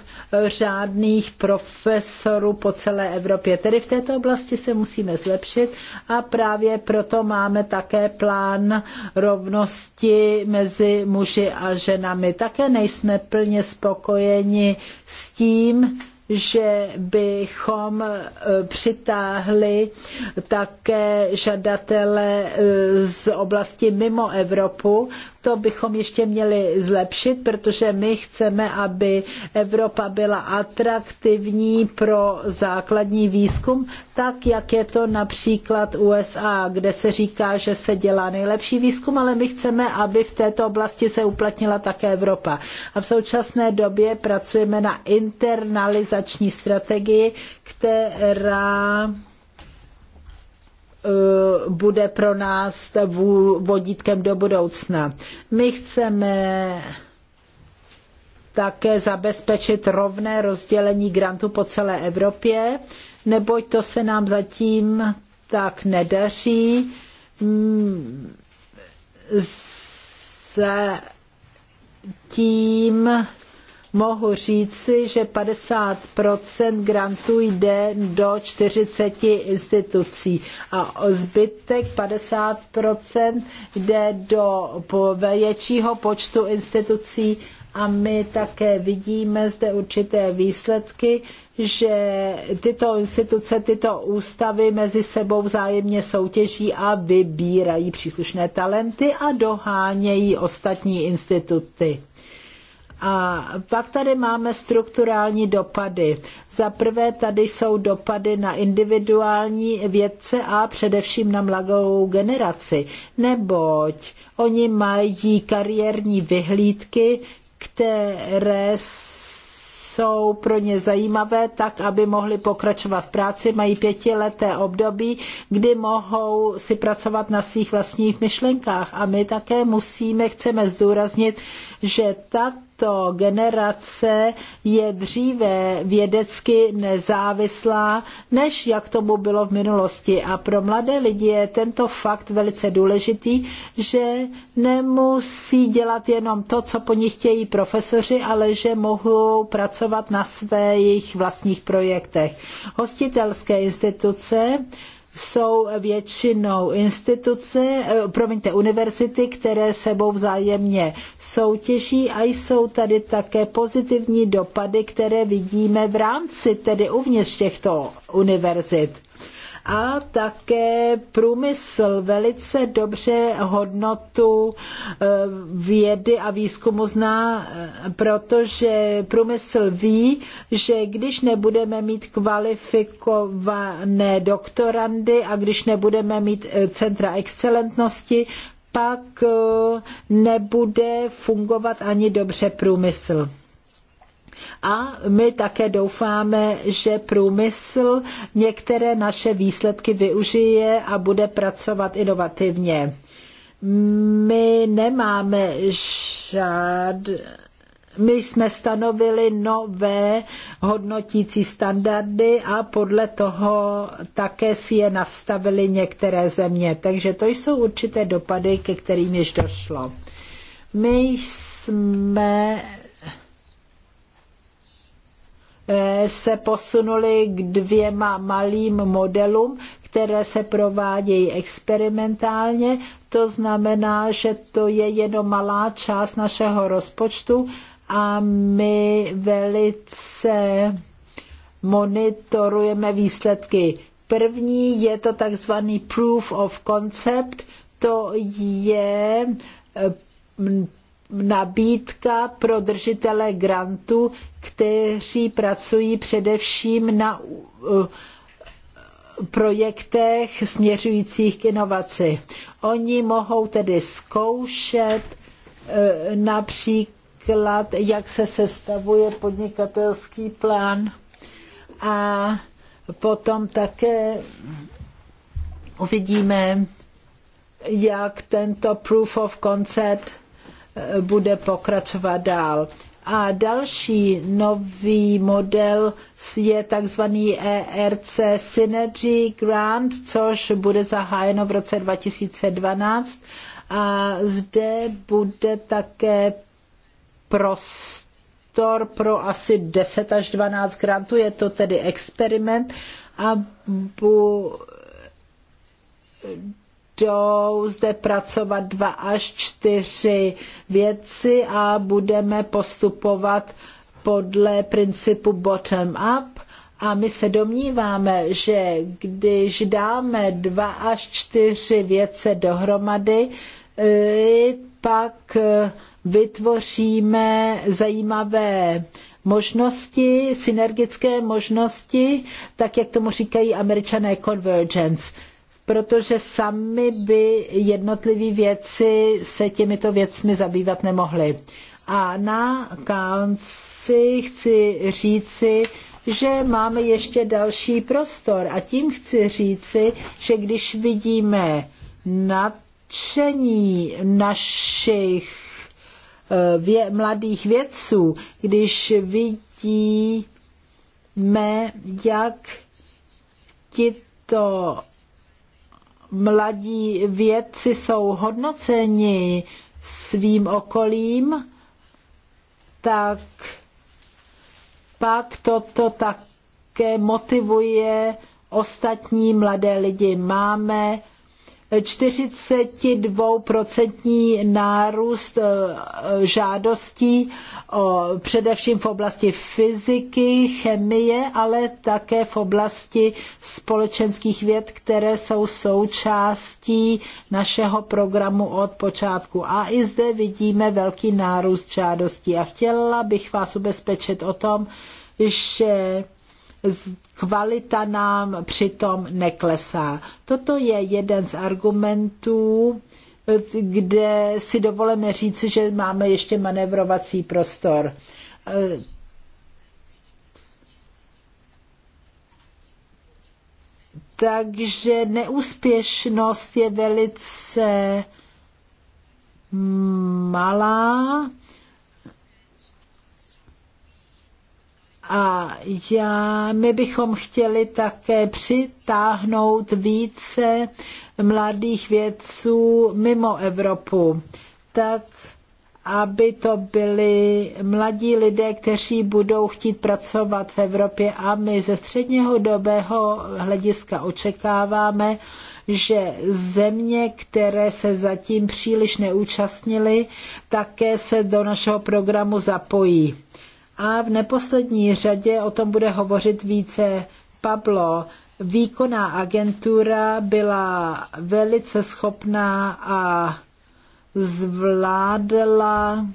řádných profesorů po celé Evropě. Tedy v této oblasti se musíme zlepšit a právě proto máme také plán rovnosti mezi muži a ženami. Také nejsme plně spokojeni s tím, že bychom e, přitáhli také žadatele e, z oblasti mimo Evropu. To bychom ještě měli zlepšit, protože my chceme, aby Evropa byla atraktivní pro základní výzkum, tak jak je to například USA, kde se říká, že se dělá nejlepší výzkum, ale my chceme, aby v této oblasti se uplatnila také Evropa. A v současné době pracujeme na internalizaci komunikační strategii, která e, bude pro nás vodítkem do budoucna. My chceme také zabezpečit rovné rozdělení grantů po celé Evropě, neboť to se nám zatím tak nedaří. Zatím mohu říci, že 50% grantů jde do 40 institucí a zbytek 50% jde do většího počtu institucí a my také vidíme zde určité výsledky, že tyto instituce, tyto ústavy mezi sebou vzájemně soutěží a vybírají příslušné talenty a dohánějí ostatní instituty. A pak tady máme strukturální dopady. Za prvé tady jsou dopady na individuální vědce a především na mladou generaci, neboť oni mají kariérní vyhlídky, které jsou pro ně zajímavé, tak aby mohli pokračovat v práci. Mají pětileté období, kdy mohou si pracovat na svých vlastních myšlenkách. A my také musíme, chceme zdůraznit, že tak tato generace je dříve vědecky nezávislá, než jak tomu bylo v minulosti. A pro mladé lidi je tento fakt velice důležitý, že nemusí dělat jenom to, co po nich chtějí profesoři, ale že mohou pracovat na svých vlastních projektech. Hostitelské instituce jsou většinou instituce, eh, promiňte, univerzity, které sebou vzájemně soutěží a jsou tady také pozitivní dopady, které vidíme v rámci, tedy uvnitř těchto univerzit a také průmysl velice dobře hodnotu eh, vědy a výzkumu zná, eh, protože průmysl ví, že když nebudeme mít kvalifikované doktorandy a když nebudeme mít eh, centra excelentnosti, pak nebude fungovat ani dobře průmysl. A my také doufáme, že průmysl některé naše výsledky využije a bude pracovat inovativně. My nemáme žád, my jsme stanovili nové hodnotící standardy a podle toho také si je nastavili některé země. Takže to jsou určité dopady, ke kterým již došlo. My jsme Eh, se posunuli k dvěma malým modelům, které se provádějí experimentálně. To znamená, že to je jenom malá část našeho rozpočtu a my velice monitorujeme výsledky. První je to takzvaný proof of concept, to je eh, nabídka pro držitele grantu, kteří pracují především na eh, projektech směřujících k inovaci. Oni mohou tedy zkoušet eh, například, jak se sestavuje podnikatelský plán a potom také uvidíme, jak tento proof of concept Eh, bude pokračovat dál. A další nový model je takzvaný ERC Synergy Grant, což bude zahájeno v roce 2012 a zde bude také prostor pro asi 10 až 12 grantů, je to tedy experiment a bu, budou zde pracovat dva až čtyři věci a budeme postupovat podle principu bottom-up. A my se domníváme, že když dáme dva až čtyři věce dohromady, eh, pak eh, vytvoříme zajímavé možnosti, synergické možnosti, tak jak tomu říkají američané convergence protože sami by jednotliví věci se těmito věcmi zabývat nemohli. A na konci chci říci, že máme ještě další prostor. A tím chci říci, že když vidíme nadšení našich eh, vě, mladých vědců, když vidíme, jak tito mladí vědci jsou hodnoceni svým okolím, tak pak toto také motivuje ostatní mladé lidi. Máme 42% nárůst eh, žádostí o, především v oblasti fyziky, chemie, ale také v oblasti společenských věd, které jsou součástí našeho programu od počátku. A i zde vidíme velký nárůst žádostí. A chtěla bych vás ubezpečit o tom, že kvalita nám přitom neklesá. Toto je jeden z argumentů, kde si dovolíme říci, že máme ještě manevrovací prostor. Takže neúspěšnost je velice malá A já, my bychom chtěli také přitáhnout více mladých vědců mimo Evropu, tak aby to byli mladí lidé, kteří budou chtít pracovat v Evropě a my ze středního dobého hlediska očekáváme, že země, které se zatím příliš neúčastnily, také se do našeho programu zapojí. A v neposlední řadě o tom bude hovořit více Pablo. Výkonná agentura byla velice schopná a zvládla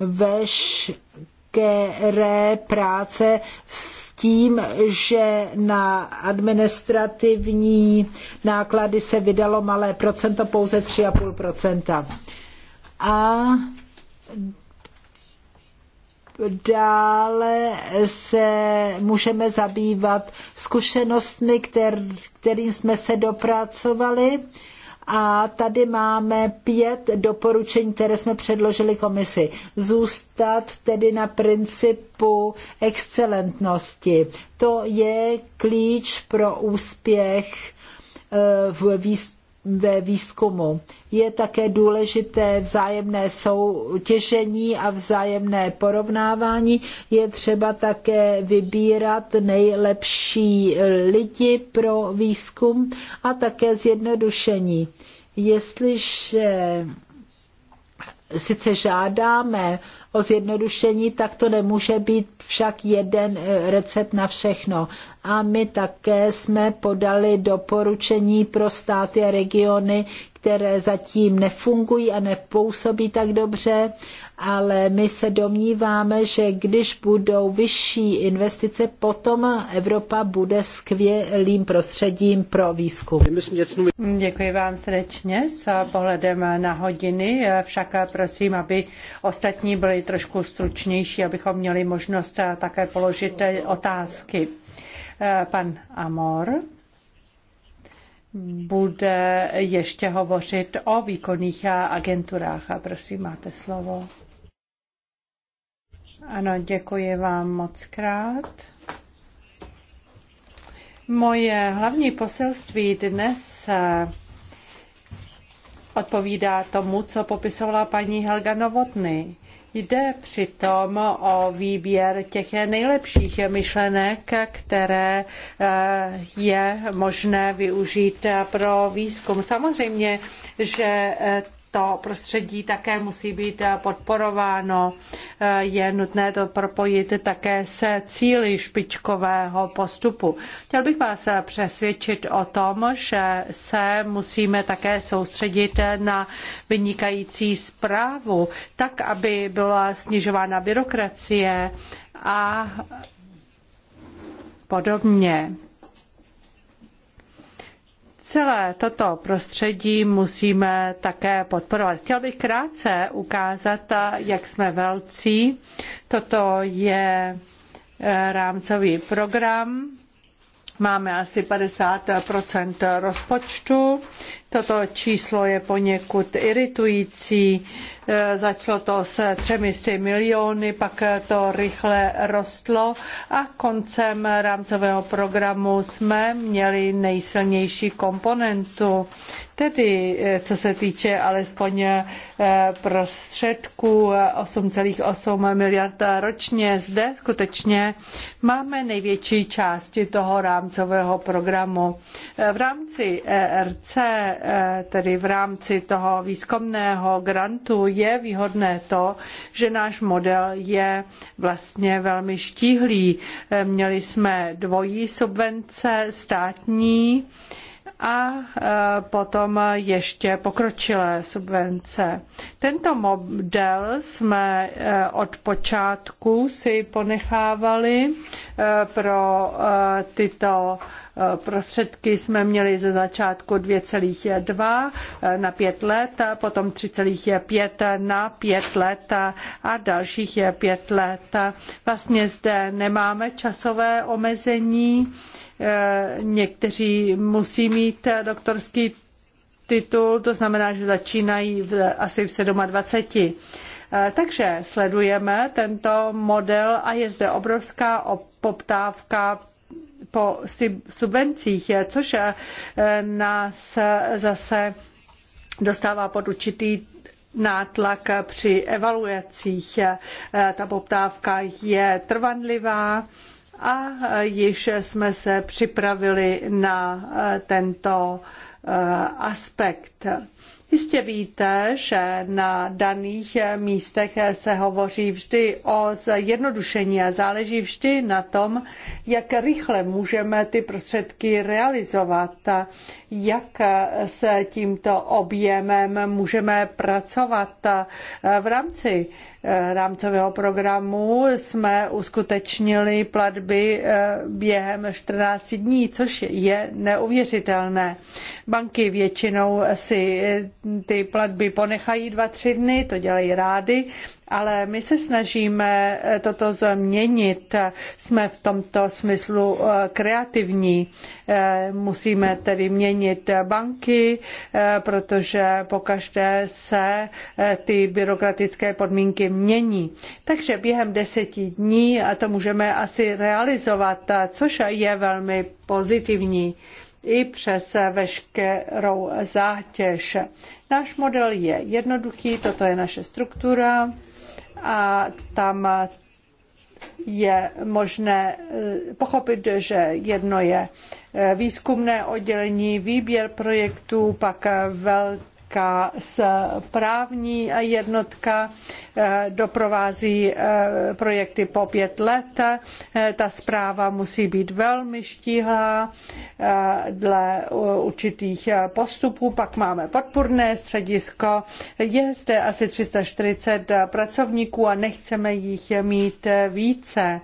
veškeré práce s tím, že na administrativní náklady se vydalo malé procento, pouze 3,5%. A Dále se můžeme zabývat zkušenostmi, kter, kterým jsme se dopracovali. A tady máme pět doporučení, které jsme předložili komisi. Zůstat tedy na principu excelentnosti. To je klíč pro úspěch eh, v výzkumu ve výzkumu. Je také důležité vzájemné soutěžení a vzájemné porovnávání. Je třeba také vybírat nejlepší lidi pro výzkum a také zjednodušení. Jestliže sice žádáme o zjednodušení, tak to nemůže být však jeden eh, recept na všechno. A my také jsme podali doporučení pro státy a regiony, které zatím nefungují a nepůsobí tak dobře ale my se domníváme, že když budou vyšší investice, potom Evropa bude skvělým prostředím pro výzkum. Děkuji vám srdečně s pohledem na hodiny, však prosím, aby ostatní byli trošku stručnější, abychom měli možnost také položit otázky. Pan Amor bude ještě hovořit o výkonných agenturách. prosím, máte slovo. Ano, děkuji vám moc krát. Moje hlavní poselství dnes eh, odpovídá tomu, co popisovala paní Helga Novotny. Jde přitom o výběr těch nejlepších myšlenek, které eh, je možné využít pro výzkum. Samozřejmě, že eh, to prostředí také musí být eh, podporováno. Eh, je nutné to propojit také se cíly špičkového postupu. Chtěl bych vás eh, přesvědčit o tom, že se musíme také soustředit na vynikající zprávu, tak, aby byla snižována byrokracie a podobně. Celé toto prostředí musíme také podporovat. Chtěl bych krátce ukázat, jak jsme velcí. Toto je eh, rámcový program. Máme asi 50 rozpočtu. Toto číslo je poněkud iritující E, začalo to s třemi miliony, pak to rychle rostlo a koncem rámcového programu jsme měli nejsilnější komponentu. Tedy, e, co se týče alespoň e, prostředků 8,8 miliard ročně, zde skutečně máme největší části toho rámcového programu. V rámci ERC, tedy v rámci toho výzkumného grantu, je výhodné to, že náš model je vlastně velmi štíhlý. Eh, měli jsme dvojí subvence státní a eh, potom ještě pokročilé subvence. Tento model jsme eh, od počátku si ponechávali pro tyto Prostředky jsme měli ze začátku 2,2 na 5 let, potom 3,5 na 5 let a dalších 5 let. Vlastně zde nemáme časové omezení. Někteří musí mít doktorský titul, to znamená, že začínají v, asi v 27. Takže sledujeme tento model a je zde obrovská poptávka po subvencích, což eh, nás zase dostává pod určitý nátlak při evaluacích. Eh, ta poptávka je trvanlivá a eh, již jsme se připravili na tento aspekt. Jistě víte, že na daných místech se hovoří vždy o zjednodušení a záleží vždy na tom, jak rychle můžeme ty prostředky realizovat, jak se tímto objemem můžeme pracovat v rámci eh, rámcového programu jsme uskutečnili platby eh, během 14 dní, což je neuvěřitelné. Banky většinou si ty platby ponechají dva, tři dny, to dělají rády, ale my se snažíme eh, toto změnit. Jsme v tomto smyslu eh, kreativní. Eh, musíme tedy měnit banky, protože pokaždé se ty byrokratické podmínky mění. Takže během deseti dní to můžeme asi realizovat, což je velmi pozitivní i přes veškerou zátěž. Náš model je jednoduchý, toto je naše struktura a tam je možné eh, pochopit, že jedno je eh, výzkumné oddělení, výběr projektů, pak velký jednotka, správní jednotka eh, doprovází eh, projekty po pět let. Eh, ta zpráva musí být velmi štíhlá dle určitých postupů. Pak máme podpůrné středisko. Je zde asi 340 pracovníků a nechceme jich mít více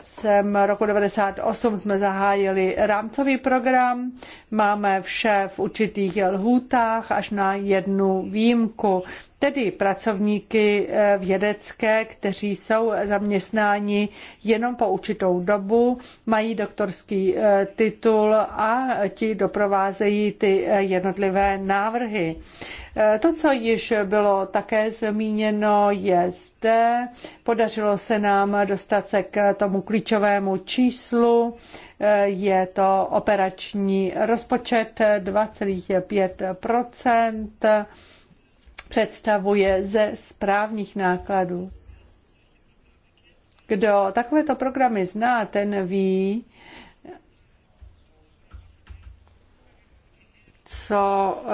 koncem roku 98 jsme zahájili rámcový program, máme vše v určitých lhůtách až na jednu výjimku tedy pracovníky eh, vědecké, kteří jsou zaměstnáni jenom po určitou dobu, mají doktorský eh, titul a ti doprovázejí ty eh, jednotlivé návrhy. To, co již bylo také zmíněno, je zde. Podařilo se nám dostat se k tomu klíčovému číslu. Je to operační rozpočet 2,5 představuje ze správních nákladů. Kdo takovéto programy zná, ten ví, co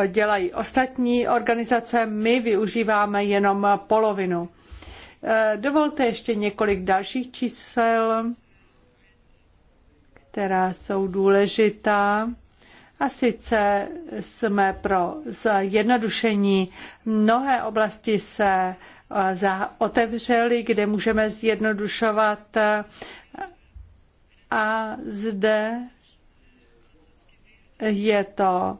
dělají ostatní organizace. My využíváme jenom polovinu. Eh, dovolte ještě několik dalších čísel, která jsou důležitá. A sice jsme pro zjednodušení. Mnohé oblasti se eh, otevřely, kde můžeme zjednodušovat a zde je to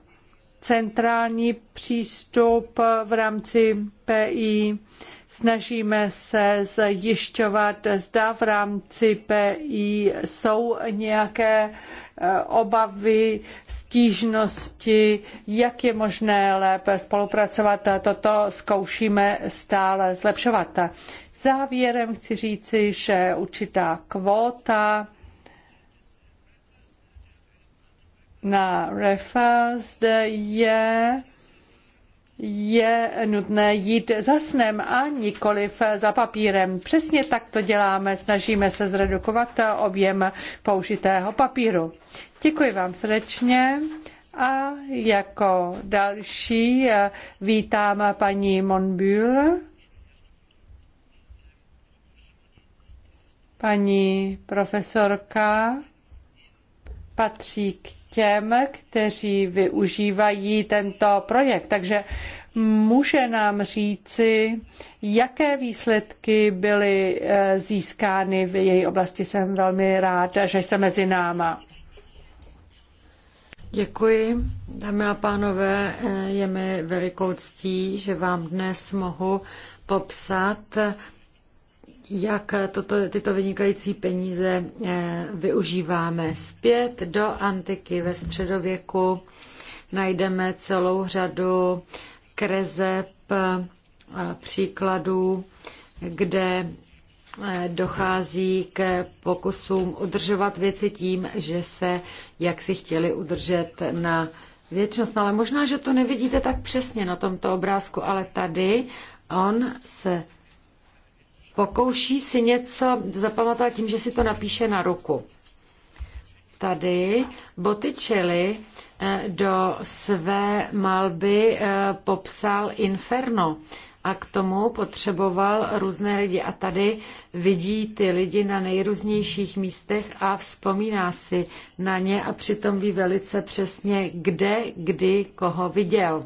centrální přístup v rámci PI Snažíme se zjišťovat, zda v rámci PI jsou nějaké e, obavy, stížnosti, jak je možné lépe spolupracovat. Toto zkoušíme stále zlepšovat. Závěrem chci říci, že určitá kvóta na refa zde je je nutné jít za snem a nikoliv za papírem. Přesně tak to děláme, snažíme se zredukovat objem použitého papíru. Děkuji vám srdečně a jako další eh, vítám paní Monbul, paní profesorka patří k těm, kteří využívají tento projekt. Takže může nám říci, jaké výsledky byly eh, získány v její oblasti. Jsem velmi ráda, že jste mezi náma. Děkuji. Dámy a pánové, eh, je mi velikou ctí, že vám dnes mohu popsat jak toto, tyto vynikající peníze eh, využíváme zpět do antiky ve středověku. Najdeme celou řadu krezeb, eh, příkladů, kde eh, dochází k pokusům udržovat věci tím, že se jak si chtěli udržet na věčnost. No, ale možná, že to nevidíte tak přesně na tomto obrázku, ale tady on se pokouší si něco zapamatovat tím, že si to napíše na ruku. Tady Botticelli eh, do své malby eh, popsal Inferno a k tomu potřeboval různé lidi. A tady vidí ty lidi na nejrůznějších místech a vzpomíná si na ně a přitom ví velice přesně, kde, kdy, koho viděl.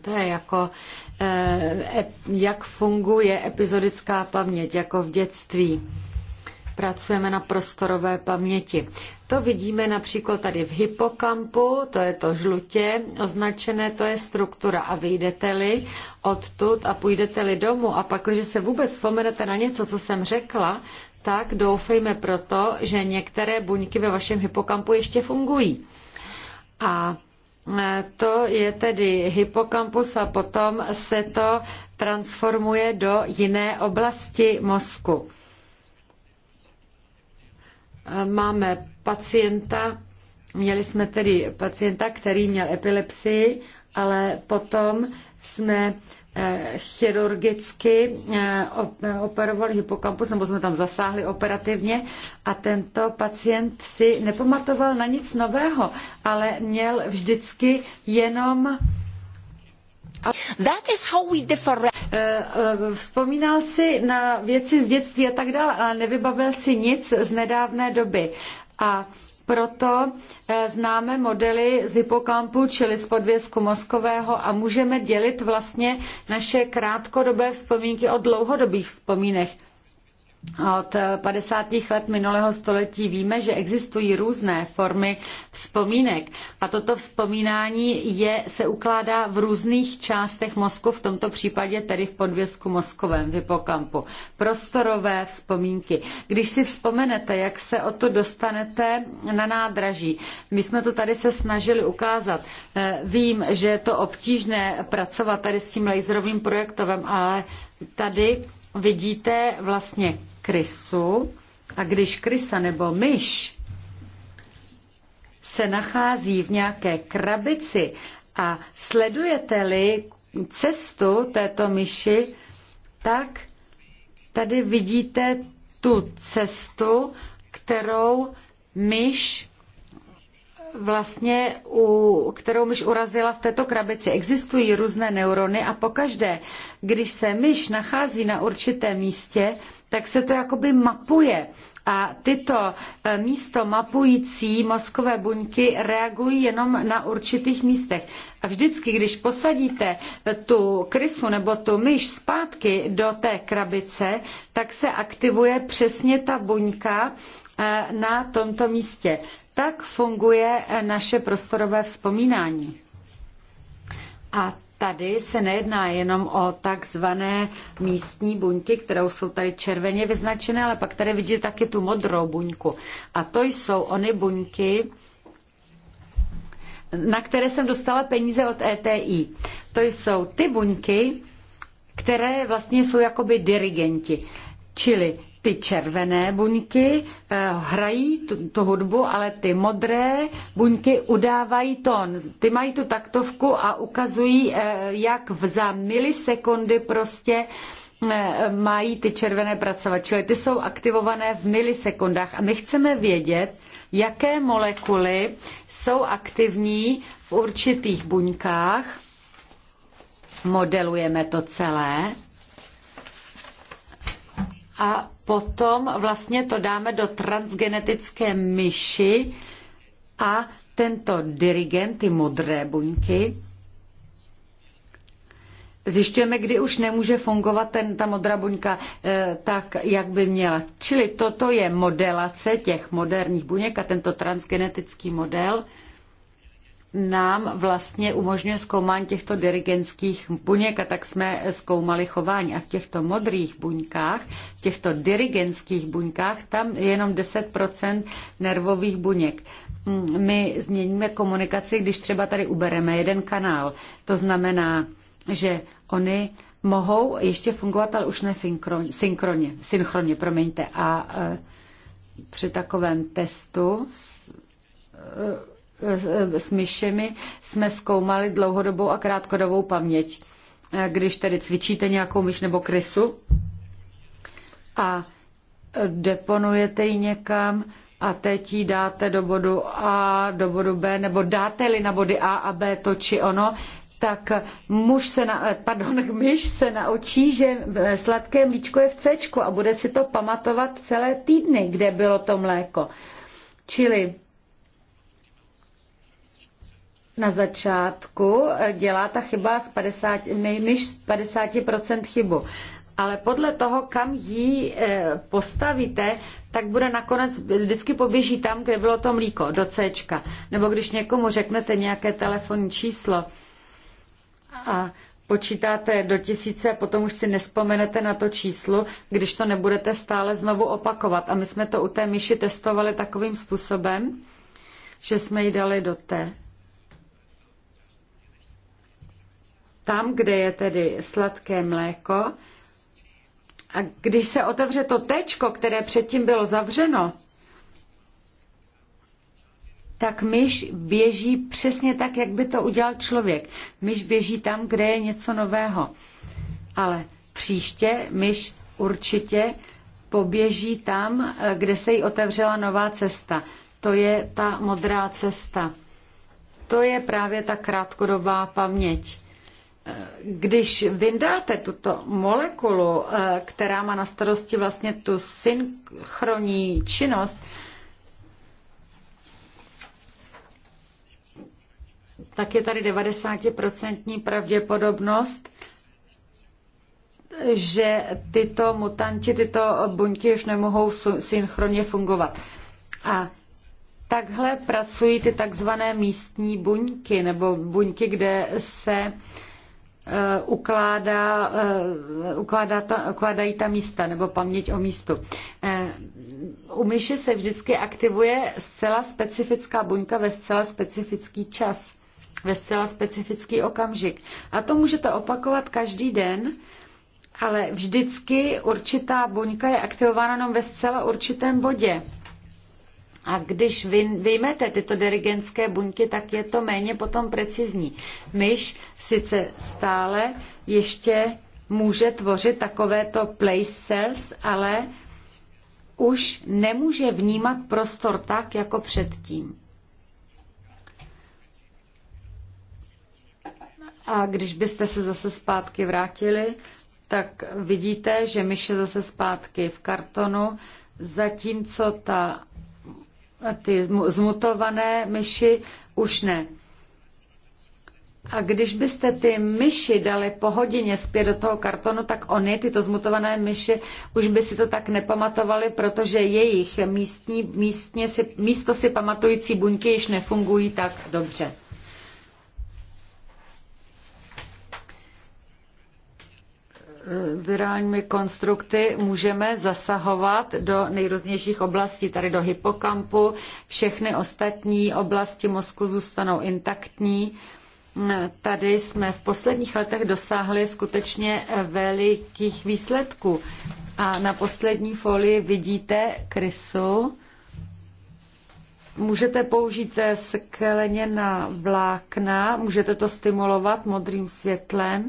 To je jako Eh, jak funguje epizodická paměť, jako v dětství. Pracujeme na prostorové paměti. To vidíme například tady v hypokampu, to je to žlutě označené, to je struktura. A vyjdete-li odtud a půjdete-li domů a pak, když se vůbec vzpomenete na něco, co jsem řekla, tak doufejme proto, že některé buňky ve vašem hypokampu ještě fungují. A Eh, to je tedy hypokampus a potom se to transformuje do jiné oblasti mozku. Eh, máme pacienta, měli jsme tedy pacienta, který měl epilepsii, ale potom jsme chirurgicky eh, eh, operoval hypokampus, nebo jsme tam zasáhli operativně a tento pacient si nepamatoval na nic nového, ale měl vždycky jenom That is how we differ. Uh, eh, uh, Vzpomínal si na věci z dětství a tak dále, ale nevybavil si nic z nedávné doby. A uh, proto eh, známe modely z hypokampu, čili z podvězku mozkového a můžeme dělit vlastně naše krátkodobé vzpomínky od dlouhodobých vzpomínek. Od 50. Eh, let minulého století víme, že existují různé formy vzpomínek a toto vzpomínání je, se ukládá v různých částech mozku, v tomto případě tedy v podvězku mozkovém, v hypokampu. Prostorové vzpomínky. Když si vzpomenete, jak se o to dostanete na nádraží, my jsme to tady se snažili ukázat. Eh, vím, že je to obtížné pracovat tady s tím laserovým projektovem, ale tady vidíte vlastně krysu a když krysa nebo myš se nachází v nějaké krabici a sledujete-li cestu této myši, tak tady vidíte tu cestu, kterou myš vlastně, u, kterou myš urazila v této krabici. Existují různé neurony a pokaždé, když se myš nachází na určitém místě, tak se to jakoby mapuje. A tyto e, místo mapující mozkové buňky reagují jenom na určitých místech. A vždycky, když posadíte e, tu krysu nebo tu myš zpátky do té krabice, tak se aktivuje přesně ta buňka e, na tomto místě tak funguje naše prostorové vzpomínání. A tady se nejedná jenom o takzvané místní buňky, kterou jsou tady červeně vyznačené, ale pak tady vidíte taky tu modrou buňku. A to jsou ony buňky, na které jsem dostala peníze od ETI. To jsou ty buňky, které vlastně jsou jakoby dirigenti. Čili ty červené buňky eh, hrají tu, tu hudbu, ale ty modré buňky udávají tón. Ty mají tu taktovku a ukazují, eh, jak za milisekundy prostě eh, mají ty červené pracovat. Čili ty jsou aktivované v milisekundách a my chceme vědět, jaké molekuly jsou aktivní v určitých buňkách. Modelujeme to celé a potom vlastně to dáme do transgenetické myši a tento dirigent, ty modré buňky, zjišťujeme, kdy už nemůže fungovat ten, ta modrá buňka e, tak, jak by měla. Čili toto je modelace těch moderních buněk a tento transgenetický model nám vlastně umožňuje zkoumání těchto dirigentských buněk a tak jsme zkoumali chování. A v těchto modrých buňkách, v těchto dirigentských buňkách, tam je jenom 10% nervových buněk. Mm, my změníme komunikaci, když třeba tady ubereme jeden kanál. To znamená, že oni mohou ještě fungovat, ale už ne synchronně, synchronně promiňte. A e, při takovém testu e, s myšemi jsme zkoumali dlouhodobou a krátkodobou paměť. Eh, když tedy cvičíte nějakou myš nebo krysu a deponujete ji někam, a teď ji dáte do bodu A, do bodu B, nebo dáte-li na body A a B to či ono, tak muž se na, eh, pardon, myš se naučí, že eh, sladké mlíčko je v C a bude si to pamatovat celé týdny, kde bylo to mléko. Čili na začátku eh, dělá ta chyba z 50, nejmíž z 50% chybu. Ale podle toho, kam ji eh, postavíte, tak bude nakonec, vždycky poběží tam, kde bylo to mlíko, do C. Nebo když někomu řeknete nějaké telefonní číslo a počítáte do tisíce a potom už si nespomenete na to číslo, když to nebudete stále znovu opakovat. A my jsme to u té myši testovali takovým způsobem, že jsme ji dali do té tam, kde je tedy sladké mléko, a když se otevře to tečko, které předtím bylo zavřeno, tak myš běží přesně tak, jak by to udělal člověk. Myš běží tam, kde je něco nového. Ale příště myš určitě poběží tam, kde se jí otevřela nová cesta. To je ta modrá cesta. To je právě ta krátkodobá paměť když vyndáte tuto molekulu, eh, která má na starosti vlastně tu synchronní činnost, tak je tady 90% pravděpodobnost, že tyto mutanti, tyto buňky už nemohou synchronně fungovat. A takhle pracují ty takzvané místní buňky, nebo buňky, kde se uh, Eh, ukládá, eh, ukládá ta, ukládají ta místa nebo paměť o místu. Eh, u myši se vždycky aktivuje zcela specifická buňka ve zcela specifický čas, ve zcela specifický okamžik. A to můžete opakovat každý den, ale vždycky určitá buňka je aktivována jenom ve zcela určitém bodě. A když vy, vyjmete tyto dirigentské buňky, tak je to méně potom precizní. Myš sice stále ještě může tvořit takovéto place cells, ale už nemůže vnímat prostor tak, jako předtím. A když byste se zase zpátky vrátili, tak vidíte, že myš je zase zpátky v kartonu, zatímco ta ty zmutované myši už ne. A když byste ty myši dali po hodině zpět do toho kartonu, tak oni, tyto zmutované myši, už by si to tak nepamatovali, protože jejich místní, místně si, místo si pamatující buňky již nefungují tak dobře. Eh, virálními konstrukty můžeme zasahovat do nejrůznějších oblastí, tady do hypokampu. Všechny ostatní oblasti mozku zůstanou intaktní. Eh, tady jsme v posledních letech dosáhli skutečně velikých výsledků. A na poslední folii vidíte krysu. Můžete použít eh, skleněná vlákna, můžete to stimulovat modrým světlem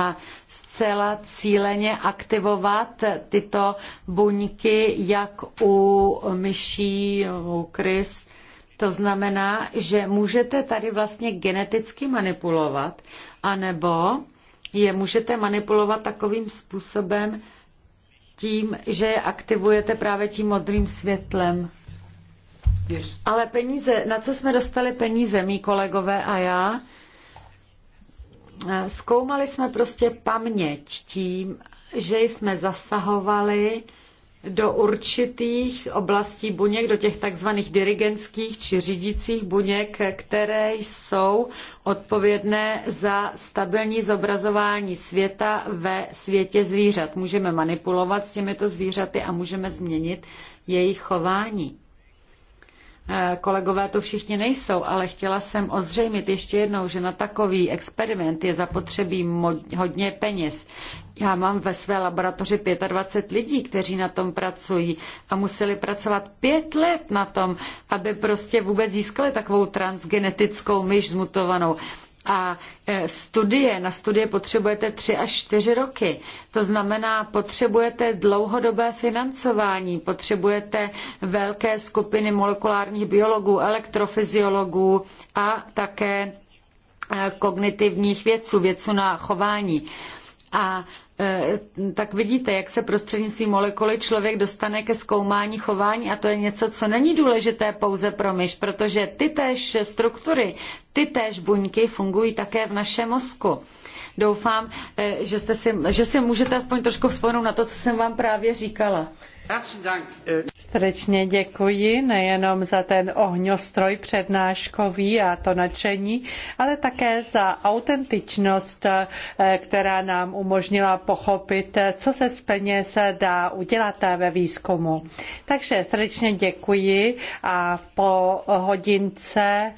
a zcela cíleně aktivovat tyto buňky, jak u myší, u krys. To znamená, že můžete tady vlastně geneticky manipulovat, anebo je můžete manipulovat takovým způsobem tím, že je aktivujete právě tím modrým světlem. Ale peníze, na co jsme dostali peníze, mý kolegové a já, Eh, zkoumali jsme prostě paměť tím, že jsme zasahovali do určitých oblastí buněk, do těch takzvaných dirigentských či řídících buněk, které jsou odpovědné za stabilní zobrazování světa ve světě zvířat. Můžeme manipulovat s těmito zvířaty a můžeme změnit jejich chování. Eh, kolegové to všichni nejsou, ale chtěla jsem ozřejmit ještě jednou, že na takový experiment je zapotřebí hodně peněz. Já mám ve své laboratoři 25 lidí, kteří na tom pracují a museli pracovat pět let na tom, aby prostě vůbec získali takovou transgenetickou myš zmutovanou. A e, studie, na studie potřebujete tři až čtyři roky. To znamená, potřebujete dlouhodobé financování, potřebujete velké skupiny molekulárních biologů, elektrofyziologů a také e, kognitivních vědců, vědců na chování. A Eh, tak vidíte, jak se prostřednictvím molekuly člověk dostane ke zkoumání chování a to je něco, co není důležité pouze pro myš, protože ty též struktury, ty též buňky fungují také v našem mozku. Doufám, eh, že, jste si, že si můžete aspoň trošku vzpomenout na to, co jsem vám právě říkala. Srdečně děkuji nejenom za ten ohňostroj přednáškový a to nadšení, ale také za autentičnost, eh, která nám umožnila pochopit, eh, co se z peněz dá udělat eh, ve výzkumu. Takže srdečně děkuji a po hodince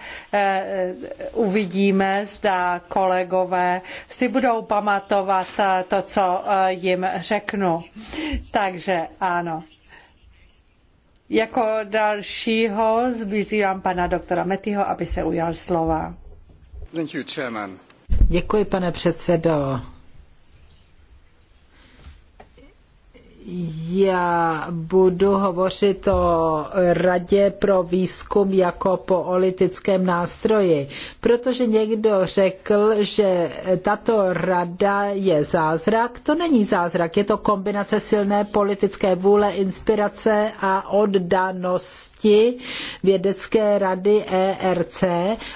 uvidíme, zda kolegové si budou pamatovat to, co jim řeknu. Takže ano. Jako dalšího vyzývám pana doktora Metyho, aby se ujal slova. Děkuji, pane předsedo. Já budu hovořit o Radě pro výzkum jako po politickém nástroji, protože někdo řekl, že tato rada je zázrak. To není zázrak, je to kombinace silné politické vůle, inspirace a oddanosti vědecké rady ERC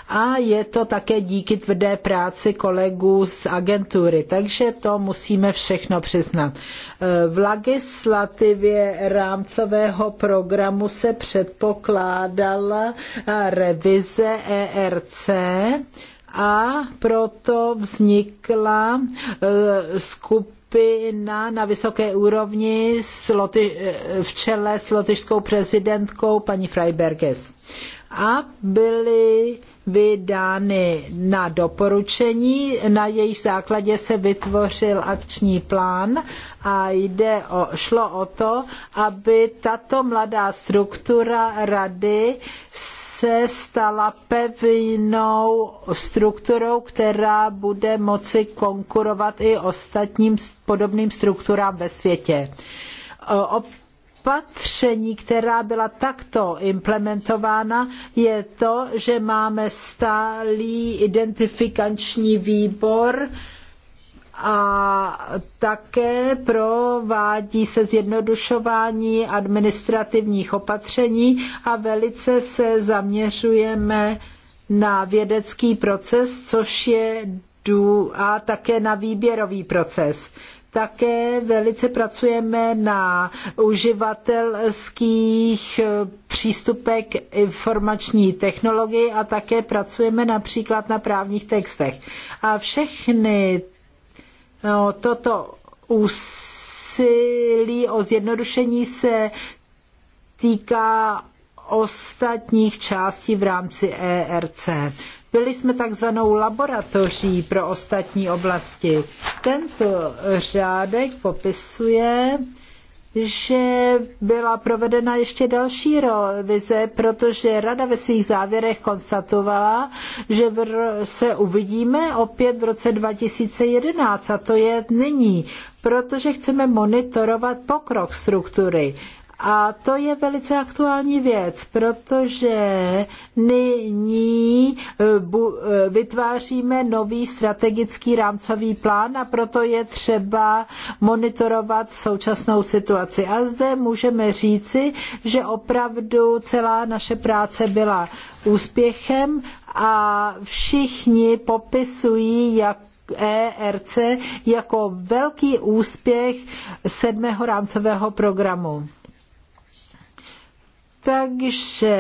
a je to také díky tvrdé práci kolegů z agentury, takže to musíme všechno přiznat. V Lagis legislativě rámcového programu se předpokládala revize ERC a proto vznikla eh, skupina na, na vysoké úrovni eh, v čele s lotyšskou prezidentkou paní Freiberges. A byly vydány na doporučení, na jejich základě se vytvořil akční plán a jde o, šlo o to, aby tato mladá struktura rady se stala pevnou strukturou, která bude moci konkurovat i ostatním podobným strukturám ve světě opatření, která byla takto implementována, je to, že máme stálý identifikační výbor a také provádí se zjednodušování administrativních opatření a velice se zaměřujeme na vědecký proces, což je a také na výběrový proces. Také velice pracujeme na uživatelských eh, přístupech k informační technologii a také pracujeme například na právních textech. A všechny no, toto úsilí o zjednodušení se týká ostatních částí v rámci ERC. Byli jsme takzvanou laboratoří pro ostatní oblasti. Tento řádek popisuje, že byla provedena ještě další revize, protože Rada ve svých závěrech konstatovala, že se uvidíme opět v roce 2011 a to je nyní, protože chceme monitorovat pokrok struktury. A to je velice aktuální věc, protože nyní eh, eh, vytváříme nový strategický rámcový plán a proto je třeba monitorovat současnou situaci. A zde můžeme říci, že opravdu celá naše práce byla úspěchem a všichni popisují, jak ERC jako velký úspěch sedmého rámcového programu. Takže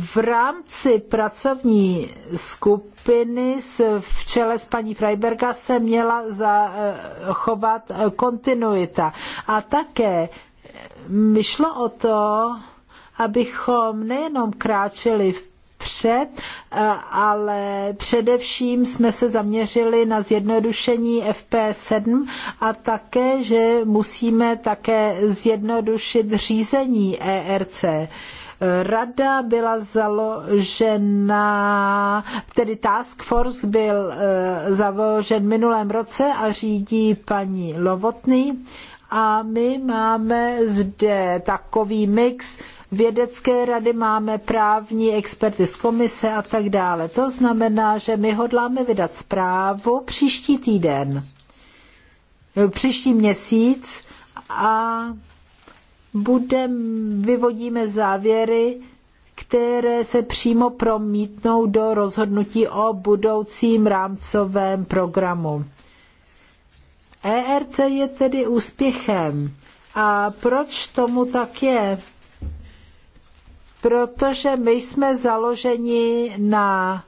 v rámci pracovní skupiny v čele s paní Freiberga se měla zachovat kontinuita. A také mi šlo o to, abychom nejenom kráčeli v před, eh, ale především jsme se zaměřili na zjednodušení FP7 a také, že musíme také zjednodušit řízení ERC. Rada byla založena, tedy Task Force byl eh, založen minulém roce a řídí paní Lovotný. A my máme zde takový mix vědecké rady, máme právní experty z komise a tak dále. To znamená, že my hodláme vydat zprávu příští týden, eh, příští měsíc a budem, vyvodíme závěry, které se přímo promítnou do rozhodnutí o budoucím rámcovém programu. ERC je tedy úspěchem. A proč tomu tak je? protože my jsme založeni na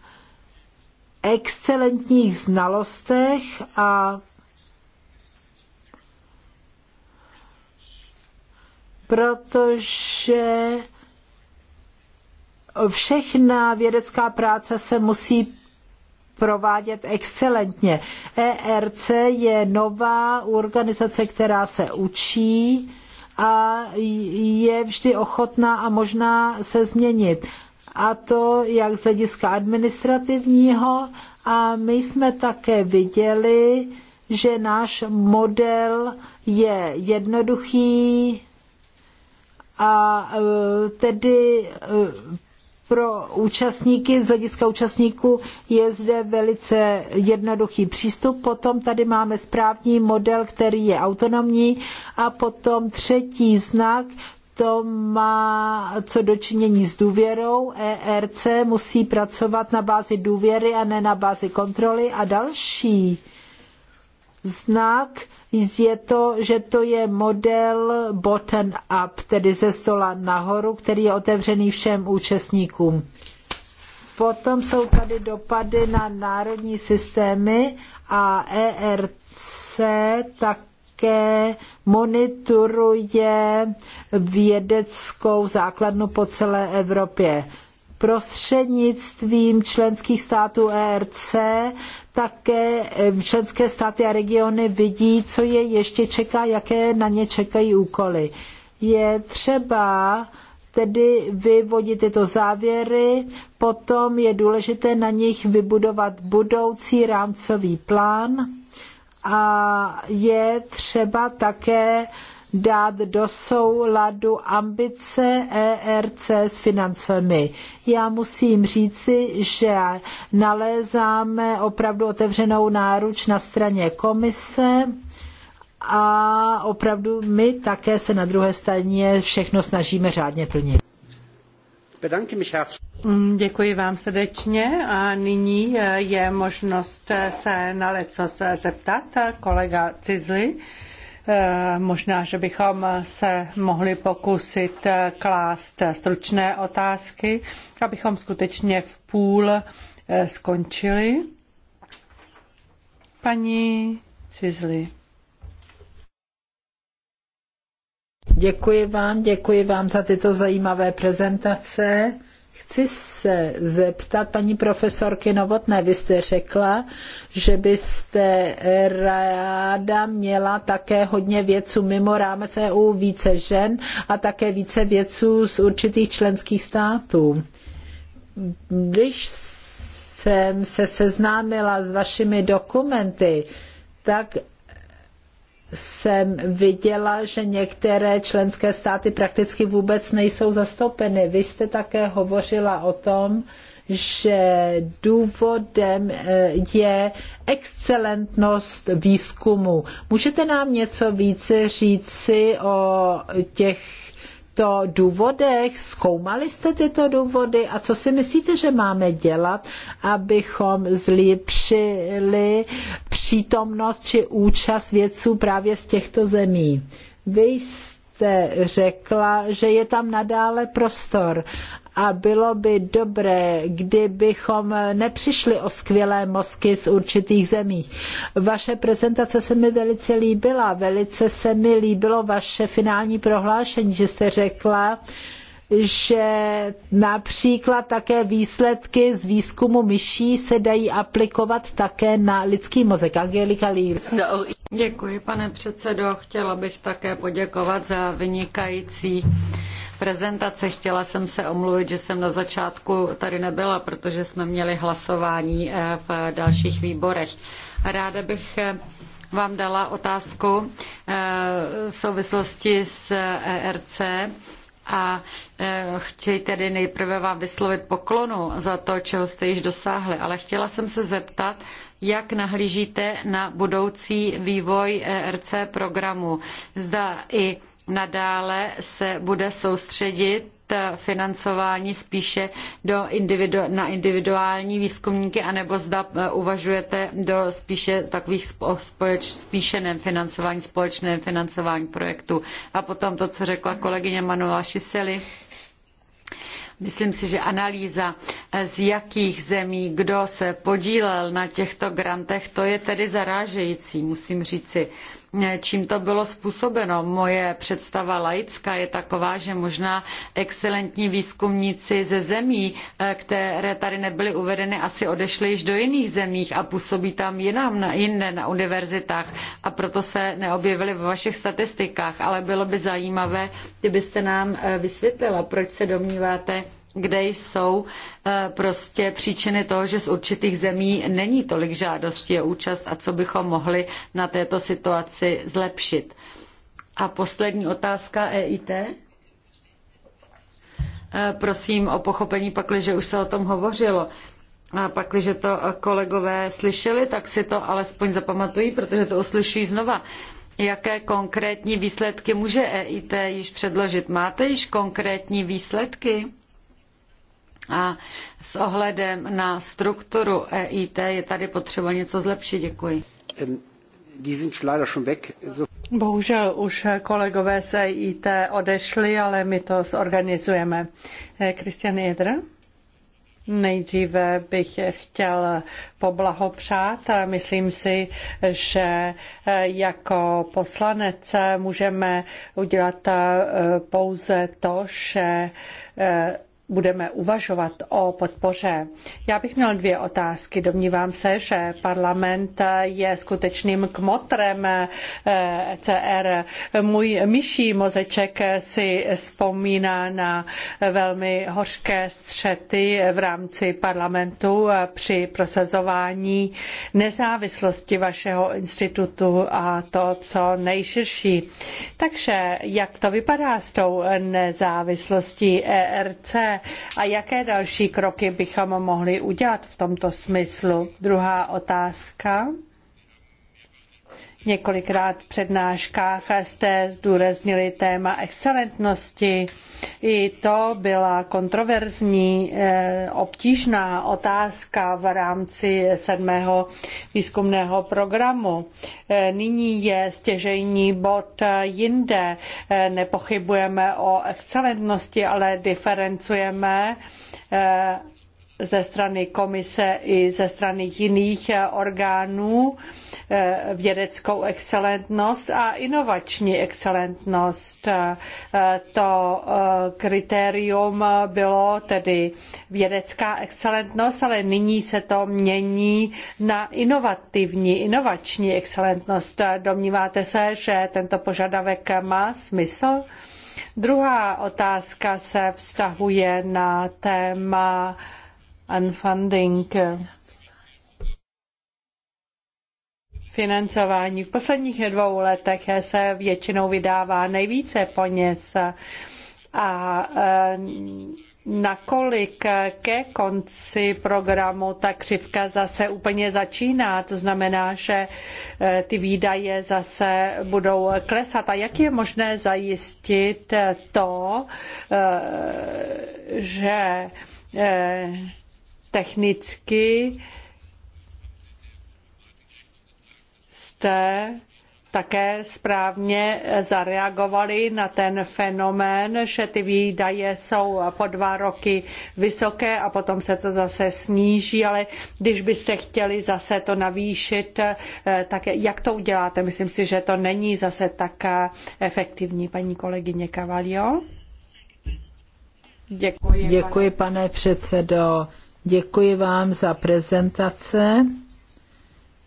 excelentních znalostech a protože všechna vědecká práce se musí provádět excelentně. ERC je nová organizace, která se učí a je vždy ochotná a možná se změnit. A to jak z hlediska administrativního, a my jsme také viděli, že náš model je jednoduchý a e, tedy e, pro účastníky, z hlediska účastníků je zde velice jednoduchý přístup. Potom tady máme správní model, který je autonomní a potom třetí znak, to má co dočinění s důvěrou. ERC musí pracovat na bázi důvěry a ne na bázi kontroly. A další Znak je to, že to je model bottom-up, tedy ze stola nahoru, který je otevřený všem účastníkům. Potom jsou tady dopady na národní systémy a ERC také monitoruje vědeckou základnu po celé Evropě prostřednictvím členských států ERC také členské státy a regiony vidí, co je ještě čeká, jaké na ně čekají úkoly. Je třeba tedy vyvodit tyto závěry, potom je důležité na nich vybudovat budoucí rámcový plán a je třeba také dát do souladu ambice ERC s financemi. Já musím říci, že nalézáme opravdu otevřenou náruč na straně komise a opravdu my také se na druhé straně všechno snažíme řádně plnit. Mm, děkuji vám srdečně a nyní eh, je možnost eh, se na leco zeptat eh, kolega Cizli. Eh, možná, že bychom se mohli pokusit eh, klást stručné otázky, abychom skutečně v půl eh, skončili. Paní Cizli. Děkuji vám, děkuji vám za tyto zajímavé prezentace. Chci se zeptat paní profesorky Novotné, vy jste řekla, že byste ráda měla také hodně vědců mimo rámec EU, více žen a také více vědců z určitých členských států. Když jsem se seznámila s vašimi dokumenty, tak jsem viděla, že některé členské státy prakticky vůbec nejsou zastoupeny. Vy jste také hovořila o tom, že důvodem eh, je excelentnost výzkumu. Můžete nám něco více říci o těch těchto důvodech? Zkoumali jste tyto důvody a co si myslíte, že máme dělat, abychom zlepšili přítomnost či účast vědců právě z těchto zemí. Vy jste řekla, že je tam nadále prostor a bylo by dobré, kdybychom nepřišli o skvělé mozky z určitých zemí. Vaše prezentace se mi velice líbila, velice se mi líbilo vaše finální prohlášení, že jste řekla, že například také výsledky z výzkumu myší se dají aplikovat také na lidský mozek. Angelika Lír. Děkuji, pane předsedo. Chtěla bych také poděkovat za vynikající prezentace. Chtěla jsem se omluvit, že jsem na začátku tady nebyla, protože jsme měli hlasování eh, v dalších výborech. Ráda bych eh, vám dala otázku eh, v souvislosti s ERC e a e, chci tedy nejprve vám vyslovit poklonu za to, čeho jste již dosáhli, ale chtěla jsem se zeptat, jak nahlížíte na budoucí vývoj e, RC programu. Zda i nadále se bude soustředit financování spíše do individu, na individuální výzkumníky, anebo zda eh, uvažujete do spíše takových společ, spíše financování, společném financování projektu. A potom to, co řekla kolegyně Manuela Šiseli. Myslím si, že analýza, eh, z jakých zemí kdo se podílel na těchto grantech, to je tedy zarážející, musím říci eh, čím to bylo způsobeno. Moje představa laická je taková, že možná excelentní výzkumníci ze zemí, eh, které tady nebyly uvedeny, asi odešli již do jiných zemí a působí tam jinam, na, jinde na univerzitách a proto se neobjevili ve vašich statistikách, ale bylo by zajímavé, kdybyste nám vysvětlila, proč se domníváte, kde jsou eh, prostě příčiny toho, že z určitých zemí není tolik žádostí o účast a co bychom mohli na této situaci zlepšit. A poslední otázka EIT. Eh, prosím o pochopení, pakliže už se o tom hovořilo. A pakliže to kolegové slyšeli, tak si to alespoň zapamatují, protože to uslyší znova. Jaké konkrétní výsledky může EIT již předložit? Máte již konkrétní výsledky? A s ohledem na strukturu EIT je tady potřeba něco zlepšit. Děkuji. Bohužel už kolegové z EIT odešli, ale my to zorganizujeme. Kristian eh, Jedr? Nejdříve bych chtěl poblahopřát. Myslím si, že eh, jako poslanec můžeme udělat eh, pouze to, že budeme uvažovat o podpoře. Já bych měl dvě otázky. Domnívám se, že parlament je skutečným kmotrem ECR. Eh, e Můj myší mozeček si vzpomíná na velmi hořké střety v rámci parlamentu při prosazování nezávislosti vašeho institutu a to, co nejširší. Takže jak to vypadá s tou nezávislostí ERC? a jaké další kroky bychom mohli udělat v tomto smyslu? Druhá otázka několikrát v přednáškách jste zdůraznili téma excelentnosti. I to byla kontroverzní, eh, obtížná otázka v rámci sedmého výzkumného programu. Eh, nyní je stěžejní bod jinde. Eh, nepochybujeme o excelentnosti, ale diferencujeme ze strany komise i ze strany jiných eh, orgánů eh, vědeckou excelentnost a inovační excelentnost. Eh, to kritérium bylo tedy vědecká excelentnost, ale nyní se to mění na inovativní, inovační excelentnost. Domníváte se, že tento požadavek má smysl? Druhá otázka se vztahuje na téma unfunding financování. V posledních dvou letech se většinou vydává nejvíce poněz a e, nakolik ke konci programu ta křivka zase úplně začíná. To znamená, že e, ty výdaje zase budou klesat. A jak je možné zajistit to, e, že technicky jste také správně zareagovali na ten fenomén, že ty výdaje jsou po dva roky vysoké a potom se to zase sníží, ale když byste chtěli zase to navýšit, eh, tak jak to uděláte? Myslím si, že to není zase tak efektivní, paní kolegyně Cavalio. Děkuji, Děkuji pane, pane předsedo. Děkuji vám za prezentace.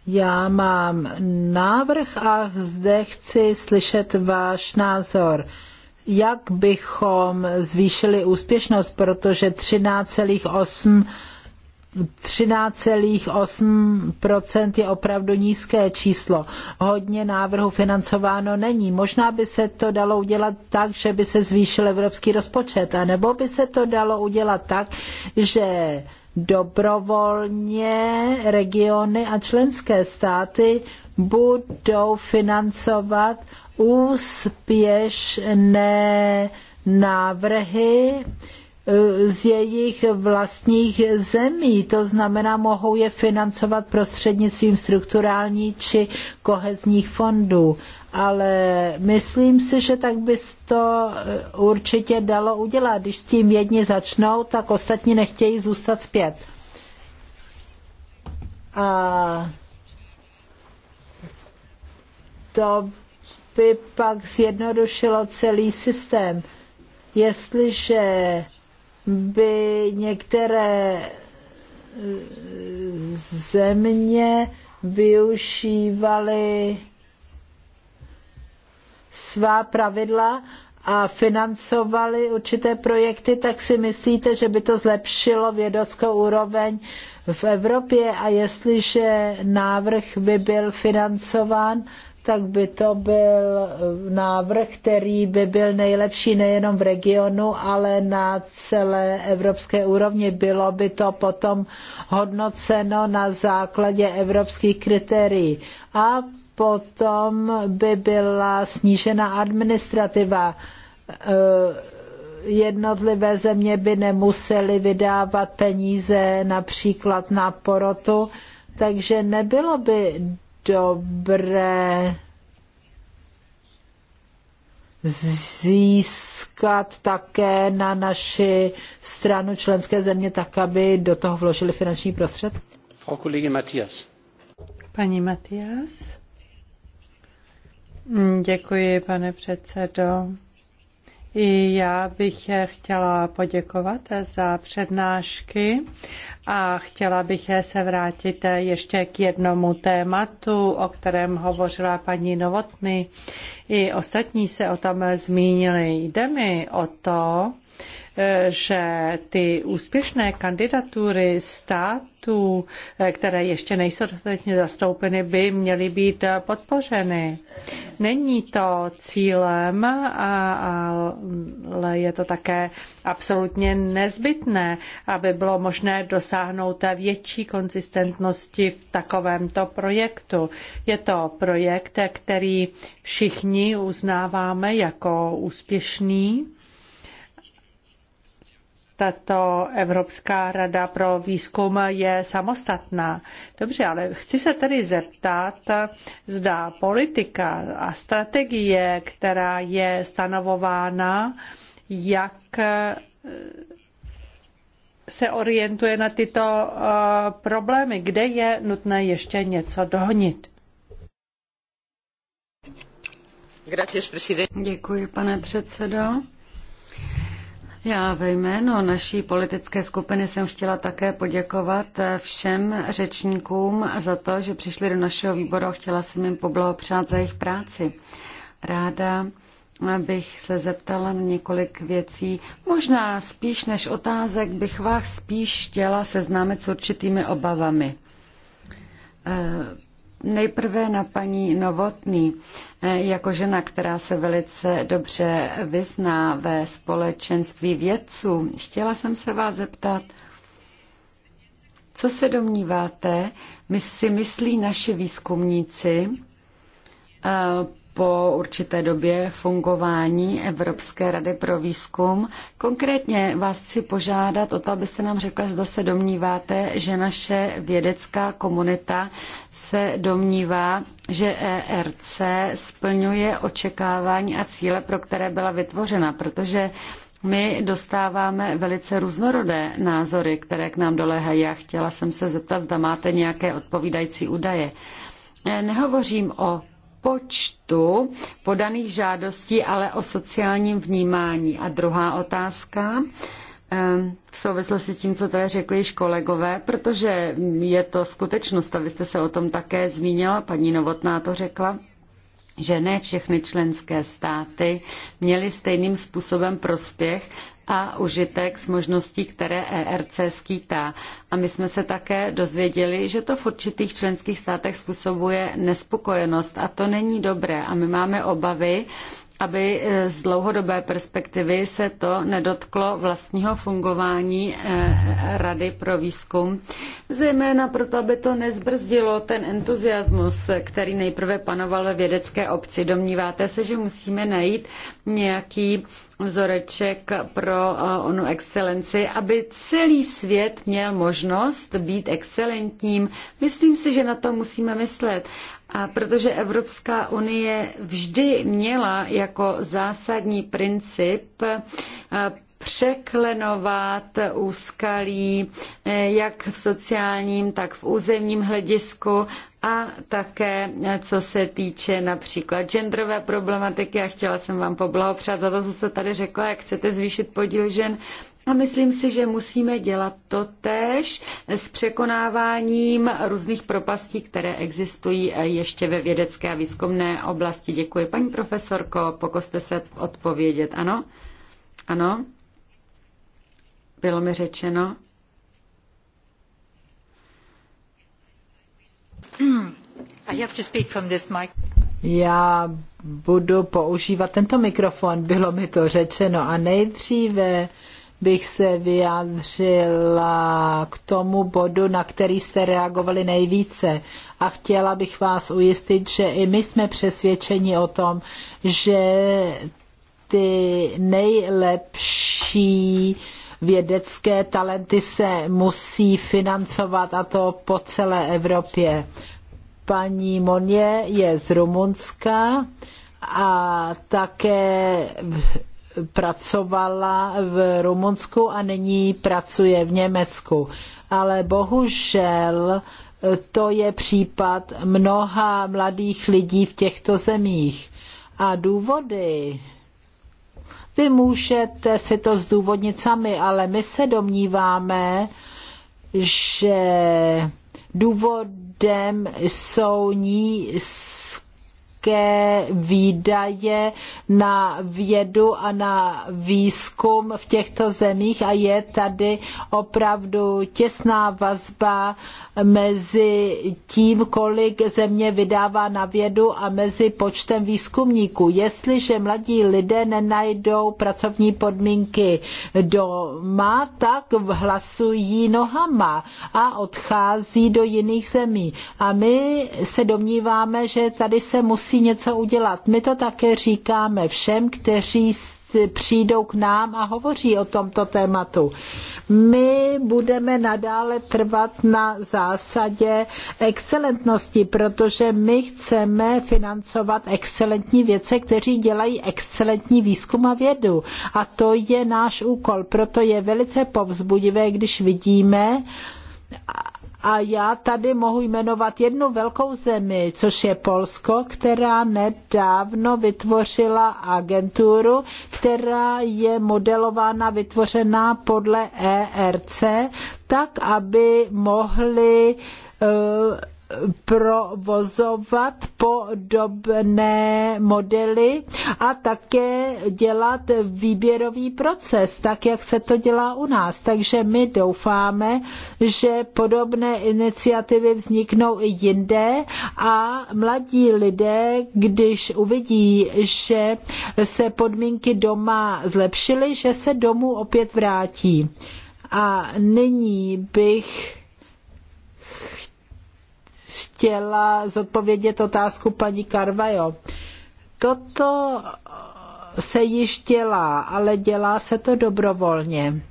Já mám návrh a zde chci slyšet váš názor. Jak bychom zvýšili úspěšnost, protože 13,8 13,8% je opravdu nízké číslo. Hodně návrhu financováno není. Možná by se to dalo udělat tak, že by se zvýšil evropský rozpočet, anebo by se to dalo udělat tak, že dobrovolně regiony a členské státy budou financovat úspěšné návrhy eh, z jejich vlastních zemí. To znamená, mohou je financovat prostřednictvím strukturální či kohezních fondů ale myslím si, že tak by to eh, určitě dalo udělat. Když s tím jedni začnou, tak ostatní nechtějí zůstat zpět. A to by pak zjednodušilo celý systém. Jestliže by některé eh, země využívaly svá pravidla a financovali určité projekty, tak si myslíte, že by to zlepšilo vědeckou úroveň v Evropě a jestliže návrh by byl financován, tak by to byl eh, návrh, který by byl nejlepší nejenom v regionu, ale na celé evropské úrovni. Bylo by to potom hodnoceno na základě evropských kritérií. A potom by byla snížena administrativa. Eh, jednotlivé země by nemusely vydávat peníze například na porotu, takže nebylo by dobré získat také na naši stranu členské země tak, aby do toho vložili finanční prostředky? Frau Kollegin Matthias. Pani Matias. Děkuji, pane předsedo. I já bych chtěla poděkovat za přednášky a chtěla bych se vrátit ještě k jednomu tématu, o kterém hovořila paní Novotny. I ostatní se o tom zmínili. Jde mi o to, že ty úspěšné kandidatury států, které ještě nejsou dostatečně zastoupeny, by měly být podpořeny. Není to cílem, ale je to také absolutně nezbytné, aby bylo možné dosáhnout té větší konzistentnosti v takovémto projektu. Je to projekt, který všichni uznáváme jako úspěšný tato Evropská rada pro výzkum je samostatná. Dobře, ale chci se tedy zeptat, zda politika a strategie, která je stanovována, jak eh, se orientuje na tyto eh, problémy, kde je nutné ještě něco dohonit. Děkuji, pane předsedo. Já ve jménu naší politické skupiny jsem chtěla také poděkovat eh, všem řečníkům za to, že přišli do našeho výboru a chtěla jsem jim poblahopřát za jejich práci. Ráda eh, bych se zeptala na několik věcí. Možná spíš než otázek bych vás spíš chtěla seznámit s určitými obavami. Eh, Nejprve na paní Novotný, eh, jako žena, která se velice dobře vyzná ve společenství vědců. Chtěla jsem se vás zeptat, co se domníváte, my si myslí naši výzkumníci eh, po určité době fungování Evropské rady pro výzkum. Konkrétně vás chci požádat o to, abyste nám řekla, zda se domníváte, že naše vědecká komunita se domnívá, že ERC splňuje očekávání a cíle, pro které byla vytvořena, protože my dostáváme velice různorodé názory, které k nám doléhají a chtěla jsem se zeptat, zda máte nějaké odpovídající údaje. Nehovořím o počtu podaných žádostí, ale o sociálním vnímání. A druhá otázka ehm, v souvislosti s tím, co tady řekli již kolegové, protože je to skutečnost, a vy jste se o tom také zmínila, paní Novotná to řekla, že ne všechny členské státy měly stejným způsobem prospěch a užitek z možností, které ERC skýtá. A my jsme se také dozvěděli, že to v určitých členských státech způsobuje nespokojenost a to není dobré. A my máme obavy, aby eh, z dlouhodobé perspektivy se to nedotklo vlastního fungování eh, Rady pro výzkum, zejména proto, aby to nezbrzdilo ten entuziasmus, který nejprve panoval ve vědecké obci. Domníváte se, že musíme najít nějaký vzoreček pro eh, onu excelenci, aby celý svět měl možnost být excelentním. Myslím si, že na to musíme myslet. A protože Evropská unie vždy měla jako zásadní princip eh, překlenovat úskalí eh, jak v sociálním, tak v územním hledisku a také eh, co se týče například genderové problematiky. A chtěla jsem vám poblahopřát za to, co jste tady řekla, jak chcete zvýšit podíl žen a myslím si, že musíme dělat to tež s překonáváním různých propastí, které existují ještě ve vědecké a výzkumné oblasti. Děkuji, paní profesorko, pokuste se odpovědět. Ano? Ano? Bylo mi řečeno? I have to speak from this mic. Já budu používat tento mikrofon, bylo mi to řečeno. A nejdříve bych se vyjádřila k tomu bodu, na který jste reagovali nejvíce. A chtěla bych vás ujistit, že i my jsme přesvědčeni o tom, že ty nejlepší vědecké talenty se musí financovat a to po celé Evropě. Paní Monie je z Rumunska a také pracovala v Rumunsku a nyní pracuje v Německu. Ale bohužel eh, to je případ mnoha mladých lidí v těchto zemích. A důvody vy můžete si to zdůvodnit sami, ale my se domníváme, že důvodem jsou ní, velké výdaje na vědu a na výzkum v těchto zemích a je tady opravdu těsná vazba mezi tím, kolik země vydává na vědu a mezi počtem výzkumníků. Jestliže mladí lidé nenajdou pracovní podmínky doma, tak hlasují nohama a odchází do jiných zemí. A my se domníváme, že tady se musí musí něco udělat. My to také říkáme všem, kteří přijdou k nám a hovoří o tomto tématu. My budeme nadále trvat na zásadě excelentnosti, protože my chceme financovat excelentní věce, kteří dělají excelentní výzkum a vědu. A to je náš úkol. Proto je velice povzbudivé, když vidíme, a já tady mohu jmenovat jednu velkou zemi, což je Polsko, která nedávno vytvořila agenturu, která je modelována, vytvořená podle ERC, tak, aby mohli uh, provozovat podobné modely a také dělat výběrový proces, tak jak se to dělá u nás. Takže my doufáme, že podobné iniciativy vzniknou i jinde a mladí lidé, když uvidí, že se podmínky doma zlepšily, že se domů opět vrátí. A nyní bych chtěla zodpovědět otázku paní Carvajo. Toto se již dělá, ale dělá se to dobrovolně.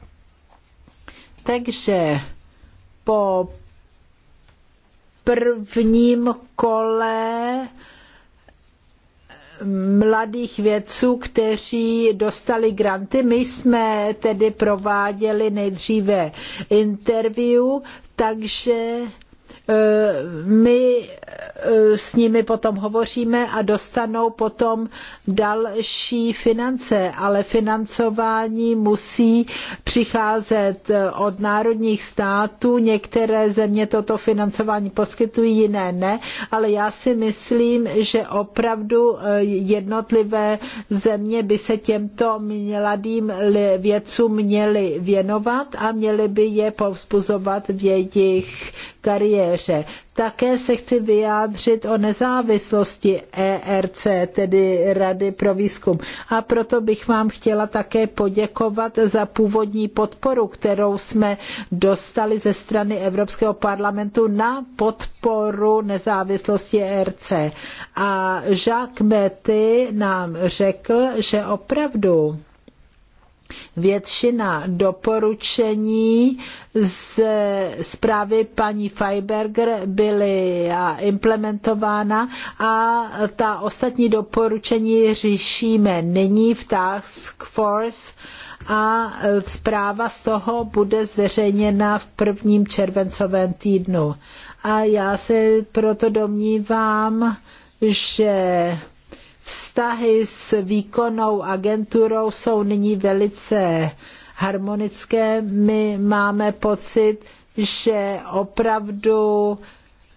Takže po prvním kole mladých vědců, kteří dostali granty. My jsme tedy prováděli nejdříve interview, takže Eh, my eh, s nimi potom hovoříme a dostanou potom další finance, ale financování musí přicházet eh, od národních států. Některé země toto financování poskytují, jiné ne, ale já si myslím, že opravdu jednotlivé země by se těmto mladým vědcům měly věnovat a měly by je povzbuzovat v jejich kariéře. Také se chci vyjádřit o nezávislosti ERC, tedy Rady pro výzkum. A proto bych vám chtěla také poděkovat za původní podporu, kterou jsme dostali ze strany Evropského parlamentu na podporu nezávislosti ERC. A Jacques Mety nám řekl, že opravdu Většina doporučení z zprávy paní Feiberger byly implementována a ta ostatní doporučení řešíme nyní v Task Force a zpráva z toho bude zveřejněna v prvním červencovém týdnu. A já se proto domnívám, že Vztahy s výkonnou agenturou jsou nyní velice harmonické. My máme pocit, že opravdu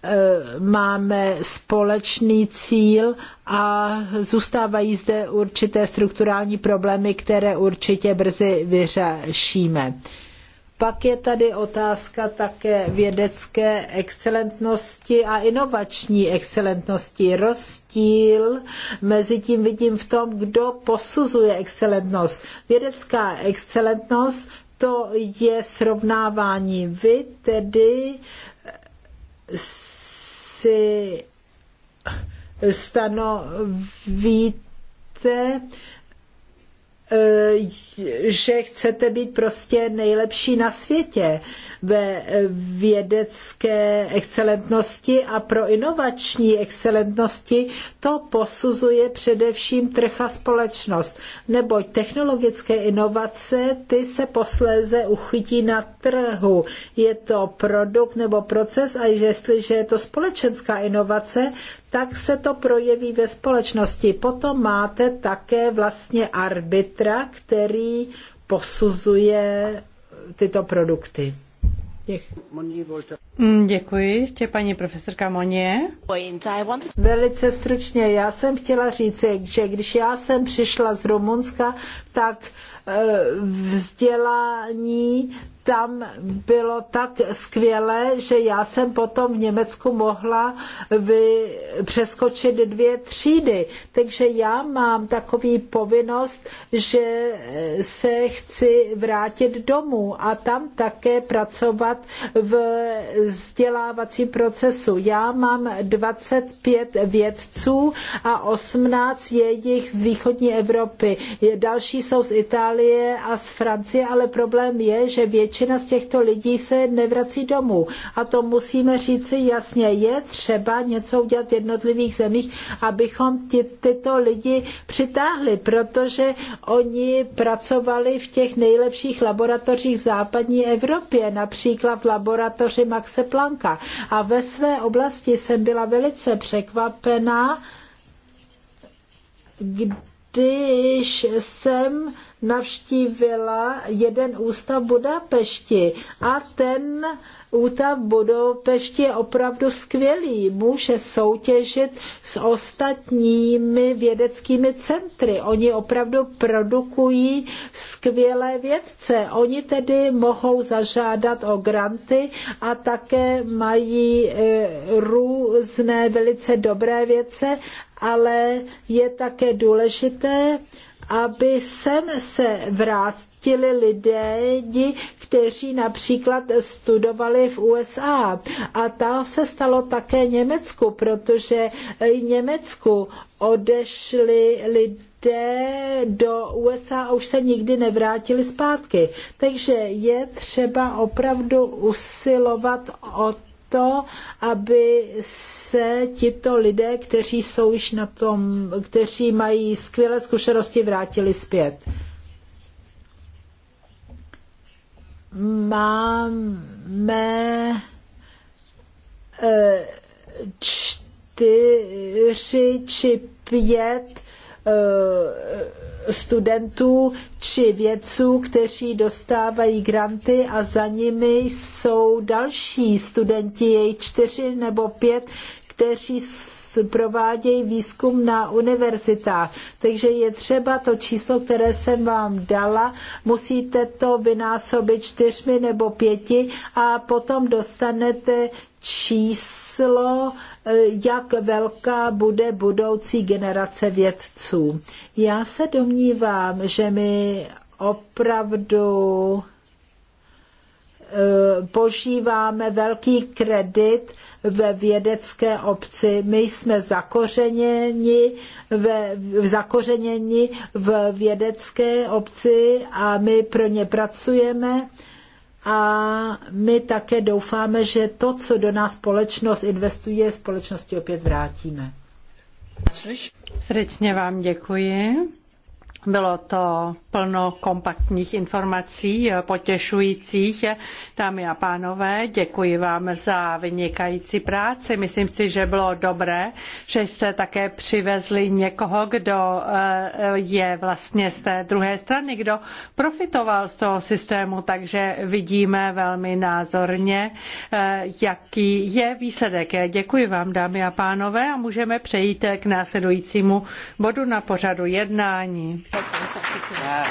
e, máme společný cíl a zůstávají zde určité strukturální problémy, které určitě brzy vyřešíme. Pak je tady otázka také vědecké excelentnosti a inovační excelentnosti. Rozdíl mezi tím vidím v tom, kdo posuzuje excelentnost. Vědecká excelentnost to je srovnávání. Vy tedy si stanovíte, Eh, že chcete být prostě nejlepší na světě ve vědecké excelentnosti a pro inovační excelentnosti to posuzuje především trh a společnost, neboť technologické inovace ty se posléze uchytí na trhu. Je to produkt nebo proces a jestliže je to společenská inovace, tak se to projeví ve společnosti. Potom máte také vlastně arbitra, který posuzuje tyto produkty. Mm, děkuji. Ještě paní profesorka Monie. Velice stručně, já jsem chtěla říct, že když já jsem přišla z Rumunska, tak eh, vzdělání tam bylo tak skvěle, že já jsem potom v Německu mohla vy, přeskočit dvě třídy. Takže já mám takový povinnost, že se chci vrátit domů a tam také pracovat v vzdělávacím procesu. Já mám 25 vědců a 18 je jich z východní Evropy. Další jsou z Itálie a z Francie, ale problém je, že většina většina z těchto lidí se nevrací domů. A to musíme říci jasně. Je třeba něco udělat v jednotlivých zemích, abychom ty, tyto lidi přitáhli, protože oni pracovali v těch nejlepších laboratořích v západní Evropě, například v laboratoři Maxe Plancka. A ve své oblasti jsem byla velice překvapená, když jsem navštívila jeden ústav Budapešti a ten ústav Budapešti je opravdu skvělý. Může soutěžit s ostatními vědeckými centry. Oni opravdu produkují skvělé vědce. Oni tedy mohou zažádat o granty a také mají e, různé velice dobré vědce, ale je také důležité, aby sem se vrátili lidé, kteří například studovali v USA. A to se stalo také Německu, protože i Německu odešli lidé do USA a už se nikdy nevrátili zpátky. Takže je třeba opravdu usilovat o to, aby se tito lidé, kteří jsou již na tom, kteří mají skvělé zkušenosti, vrátili zpět. Máme eh, čtyři či pět eh, studentů či vědců, kteří dostávají granty a za nimi jsou další studenti, jejich čtyři nebo pět, kteří provádějí výzkum na univerzitách. Takže je třeba to číslo, které jsem vám dala, musíte to vynásobit čtyřmi nebo pěti a potom dostanete číslo jak velká bude budoucí generace vědců. Já se domnívám, že my opravdu e, požíváme velký kredit ve vědecké obci. My jsme zakořeněni, ve, zakořeněni v vědecké obci a my pro ně pracujeme a my také doufáme, že to, co do nás společnost investuje, společnosti opět vrátíme. Srdečně vám děkuji. Bylo to plno kompaktních informací, potěšujících. Dámy a pánové, děkuji vám za vynikající práci. Myslím si, že bylo dobré, že jste také přivezli někoho, kdo eh, je vlastně z té druhé strany, kdo profitoval z toho systému, takže vidíme velmi názorně, eh, jaký je výsledek. Děkuji vám, dámy a pánové, a můžeme přejít k následujícímu bodu na pořadu jednání. Herr Kommissar, bitte. Ja,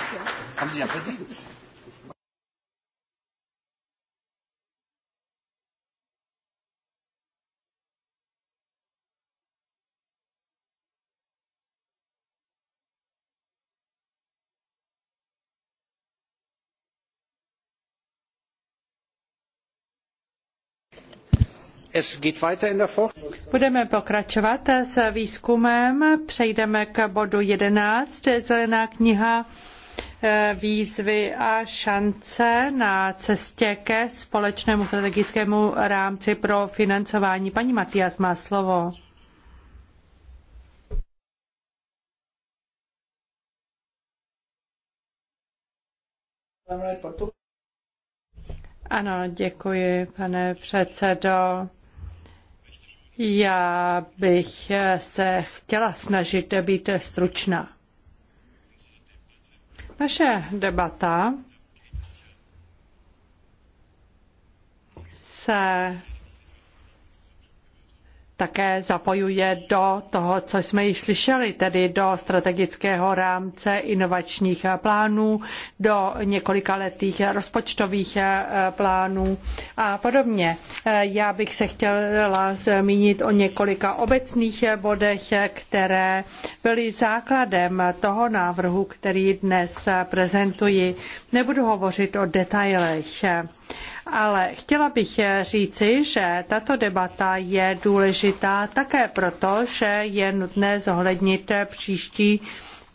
Budeme pokračovat s výzkumem. Přejdeme k bodu 11. Zelená kniha eh, výzvy a šance na cestě ke společnému strategickému rámci pro financování. Paní Matias má slovo. Ano, děkuji, pane předsedo. Já bych se chtěla snažit být stručná. Naše debata se také zapojuje do toho, co jsme již slyšeli, tedy do strategického rámce inovačních plánů, do několika letých rozpočtových eh, plánů a podobně. Eh, já bych se chtěla zmínit o několika obecných bodech, které byly základem toho návrhu, který dnes prezentuji. Nebudu hovořit o detailech, ale chtěla bych říci, že tato debata je důležitá důležitá také proto, že je nutné zohlednit příští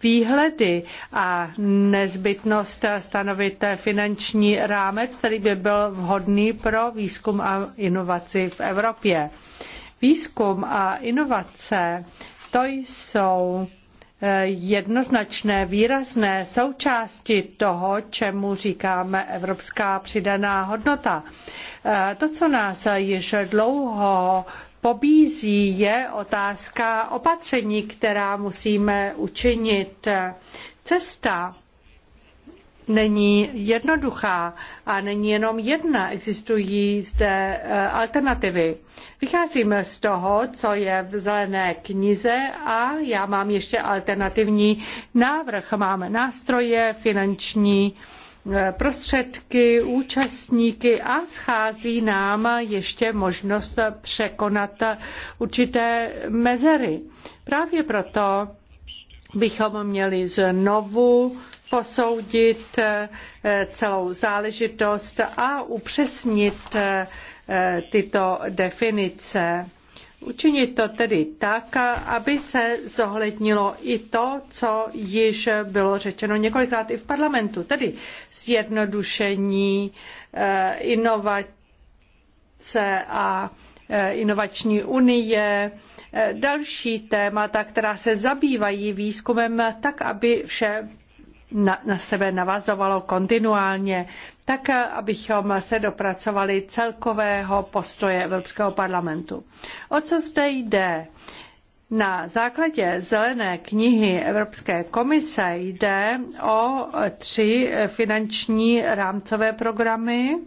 výhledy a nezbytnost stanovit finanční rámec, který by byl vhodný pro výzkum a inovaci v Evropě. Výzkum a inovace to jsou eh, jednoznačné, výrazné součásti toho, čemu říkáme evropská přidaná hodnota. Eh, to, co nás již dlouho pobízí, je otázka opatření, která musíme učinit. Cesta není jednoduchá a není jenom jedna, existují zde eh, alternativy. Vycházíme z toho, co je v zelené knize a já mám ještě alternativní návrh. Máme nástroje, finanční Eh, prostředky, účastníky a schází nám ještě možnost překonat určité mezery. Právě proto bychom měli znovu posoudit eh, celou záležitost a upřesnit eh, tyto definice. Učinit to tedy tak, aby se zohlednilo i to, co již bylo řečeno několikrát i v parlamentu, tedy zjednodušení, eh, inovace a eh, inovační unie, eh, další témata, která se zabývají výzkumem tak, aby vše na, na sebe navazovalo kontinuálně, tak abychom se dopracovali celkového postoje Evropského parlamentu. O co zde jde? Na základě zelené knihy Evropské komise jde o tři finanční rámcové programy,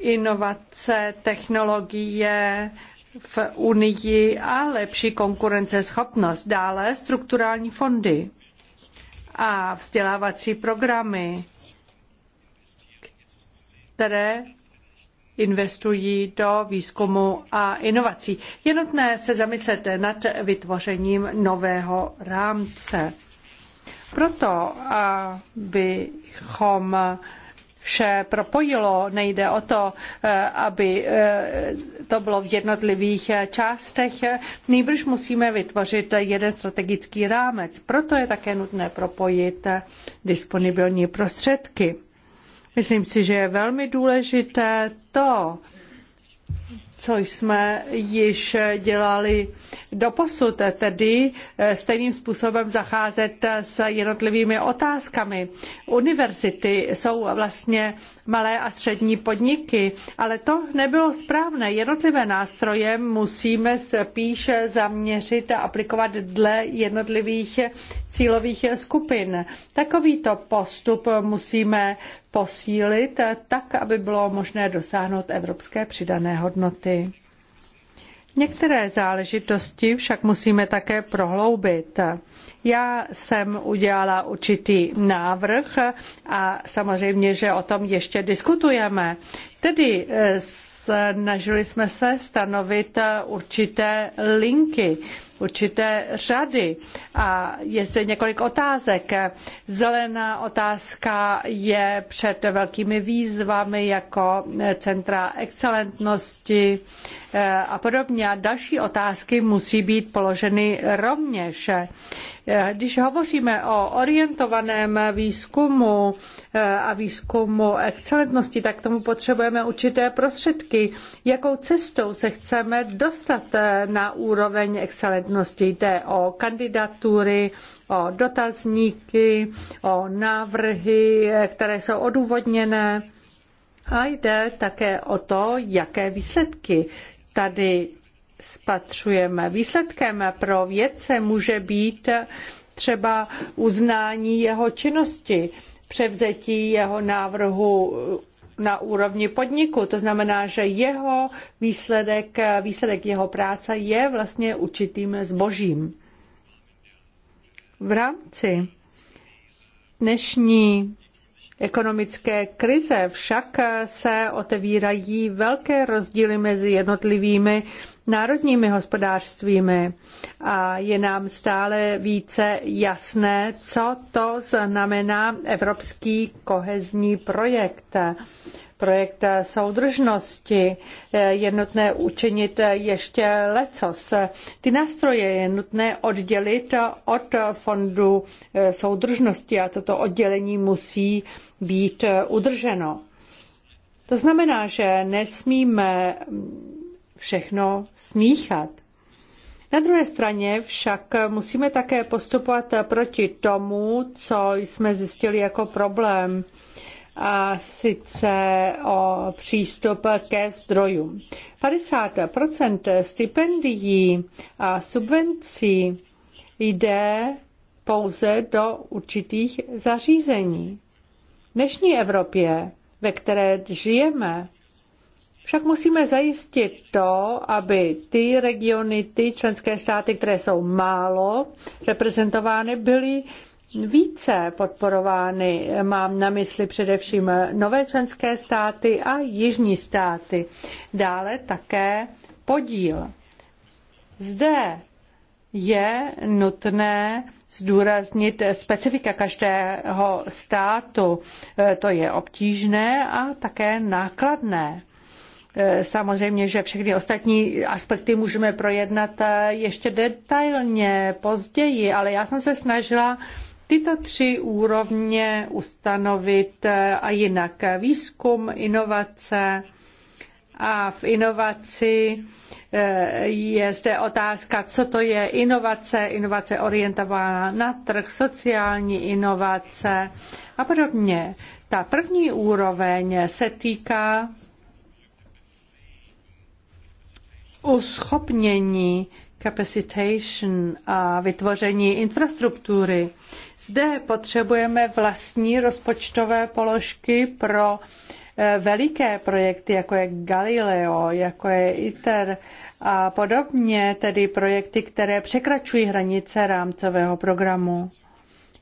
inovace, technologie, v Unii a lepší konkurenceschopnost. Dále strukturální fondy a vzdělávací programy, které investují do výzkumu a inovací. Je nutné se zamyslet nad vytvořením nového rámce. Proto, abychom vše propojilo. Nejde o to, eh, aby eh, to bylo v jednotlivých částech. Nejbrž musíme vytvořit jeden strategický rámec. Proto je také nutné propojit disponibilní prostředky. Myslím si, že je velmi důležité to, co jsme již dělali doposud, tedy eh, stejným způsobem zacházet s jednotlivými otázkami. Univerzity jsou vlastně malé a střední podniky, ale to nebylo správné. Jednotlivé nástroje musíme spíše zaměřit a aplikovat dle jednotlivých cílových skupin. Takovýto postup musíme posílit tak, aby bylo možné dosáhnout evropské přidané hodnoty. Některé záležitosti však musíme také prohloubit. Já jsem udělala určitý návrh a samozřejmě, že o tom ještě diskutujeme. Tedy eh, snažili jsme se stanovit eh, určité linky určité řady. A je zde několik otázek. Zelená otázka je před velkými výzvami jako centra excelentnosti eh, a podobně. A další otázky musí být položeny rovněž. Eh, když hovoříme o orientovaném výzkumu eh, a výzkumu excelentnosti, tak k tomu potřebujeme určité prostředky. Jakou cestou se chceme dostat na úroveň excelentnosti? podrobnosti. Jde o kandidatury, o dotazníky, o návrhy, které jsou odůvodněné. A jde také o to, jaké výsledky tady spatřujeme. Výsledkem pro vědce může být třeba uznání jeho činnosti, převzetí jeho návrhu na úrovni podniku. To znamená, že jeho výsledek, výsledek jeho práce je vlastně určitým zbožím. V rámci dnešní ekonomické krize však se otevírají velké rozdíly mezi jednotlivými národními hospodářstvími a je nám stále více jasné, co to znamená evropský kohezní projekt projekt soudržnosti, je nutné učinit ještě lecos. Ty nástroje je nutné oddělit od fondu soudržnosti a toto oddělení musí být udrženo. To znamená, že nesmíme všechno smíchat. Na druhé straně však musíme také postupovat proti tomu, co jsme zjistili jako problém, a sice o přístup ke zdrojům. 50 stipendií a subvencí jde pouze do určitých zařízení. V dnešní Evropě, ve které žijeme, však musíme zajistit to, aby ty regiony, ty členské státy, které jsou málo reprezentovány, byly více podporovány. Mám na mysli především nové členské státy a jižní státy. Dále také podíl. Zde je nutné zdůraznit specifika každého státu. To je obtížné a také nákladné. Eh, samozřejmě, že všechny ostatní aspekty můžeme projednat eh, ještě detailně později, ale já jsem se snažila tyto tři úrovně ustanovit eh, a jinak výzkum, inovace a v inovaci je zde otázka, co to je inovace, inovace orientovaná na trh, sociální inovace a podobně. Ta první úroveň se týká uschopnění capacitation a vytvoření infrastruktury. Zde potřebujeme vlastní rozpočtové položky pro eh, veliké projekty, jako je Galileo, jako je ITER a podobně, tedy projekty, které překračují hranice rámcového programu.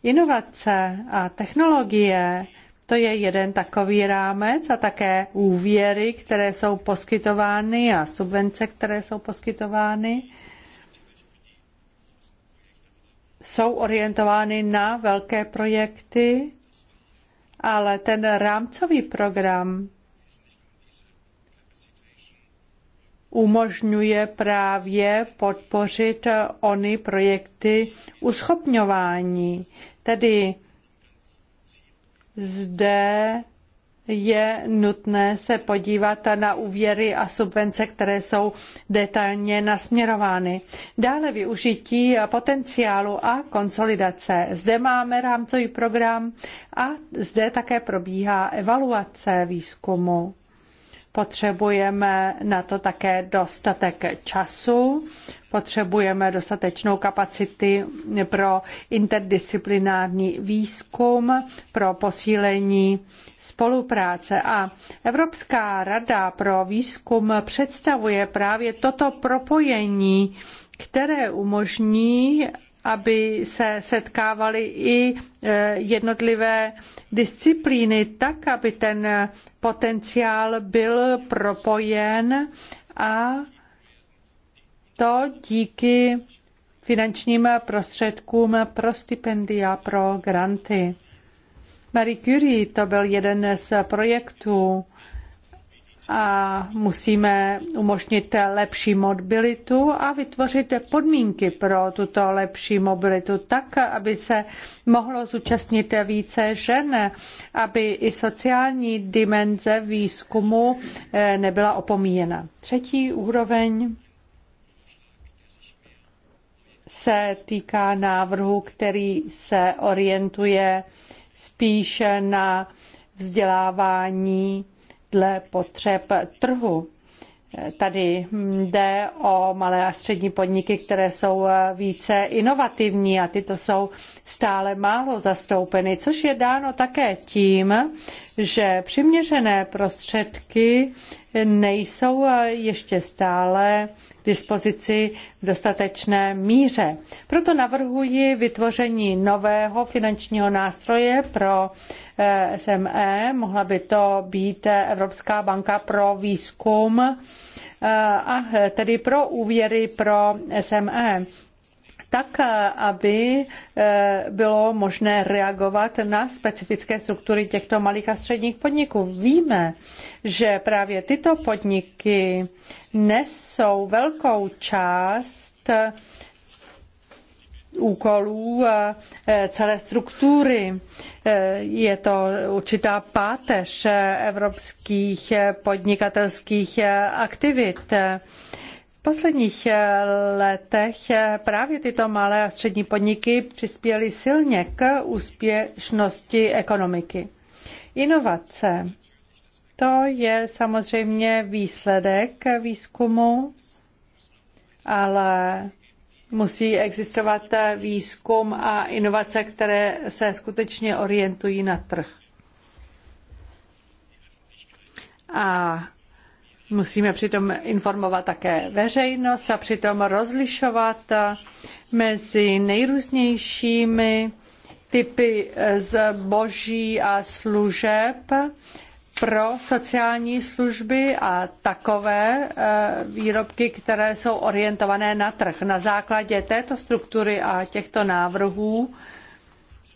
Inovace a technologie to je jeden takový rámec a také úvěry, které jsou poskytovány a subvence, které jsou poskytovány, jsou orientovány na velké projekty, ale ten rámcový program umožňuje právě podpořit ony projekty uschopňování, tedy zde je nutné se podívat na úvěry a subvence, které jsou detailně nasměrovány. Dále využití potenciálu a konsolidace. Zde máme rámcový program a zde také probíhá evaluace výzkumu. Potřebujeme na to také dostatek času, potřebujeme dostatečnou kapacity pro interdisciplinární výzkum, pro posílení spolupráce. A Evropská rada pro výzkum představuje právě toto propojení které umožní aby se setkávaly i e, jednotlivé disciplíny tak, aby ten potenciál byl propojen a to díky finančním prostředkům pro stipendia, pro granty. Marie Curie to byl jeden z projektů, a musíme umožnit lepší mobilitu a vytvořit podmínky pro tuto lepší mobilitu tak, aby se mohlo zúčastnit více žen, aby i sociální dimenze výzkumu eh, nebyla opomíjena. Třetí úroveň se týká návrhu, který se orientuje spíše na vzdělávání dle potřeb trhu. Tady jde o malé a střední podniky, které jsou více inovativní a tyto jsou stále málo zastoupeny, což je dáno také tím, že přiměřené prostředky nejsou ještě stále k dispozici v dostatečné míře. Proto navrhuji vytvoření nového finančního nástroje pro SME, mohla by to být Evropská banka pro výzkum eh, a tedy pro úvěry pro SME tak, eh, aby eh, bylo možné reagovat na specifické struktury těchto malých a středních podniků. Víme, že právě tyto podniky nesou velkou část úkolů eh, eh, celé struktury. Eh, je to určitá páteř evropských podnikatelských aktivit v posledních letech právě tyto malé a střední podniky přispěly silně k úspěšnosti ekonomiky. Inovace. To je samozřejmě výsledek výzkumu, ale Musí existovat výzkum a inovace, které se skutečně orientují na trh. A musíme přitom informovat také veřejnost a přitom rozlišovat mezi nejrůznějšími typy zboží a služeb, pro sociální služby a takové eh, výrobky, které jsou orientované na trh. Na základě této struktury a těchto návrhů,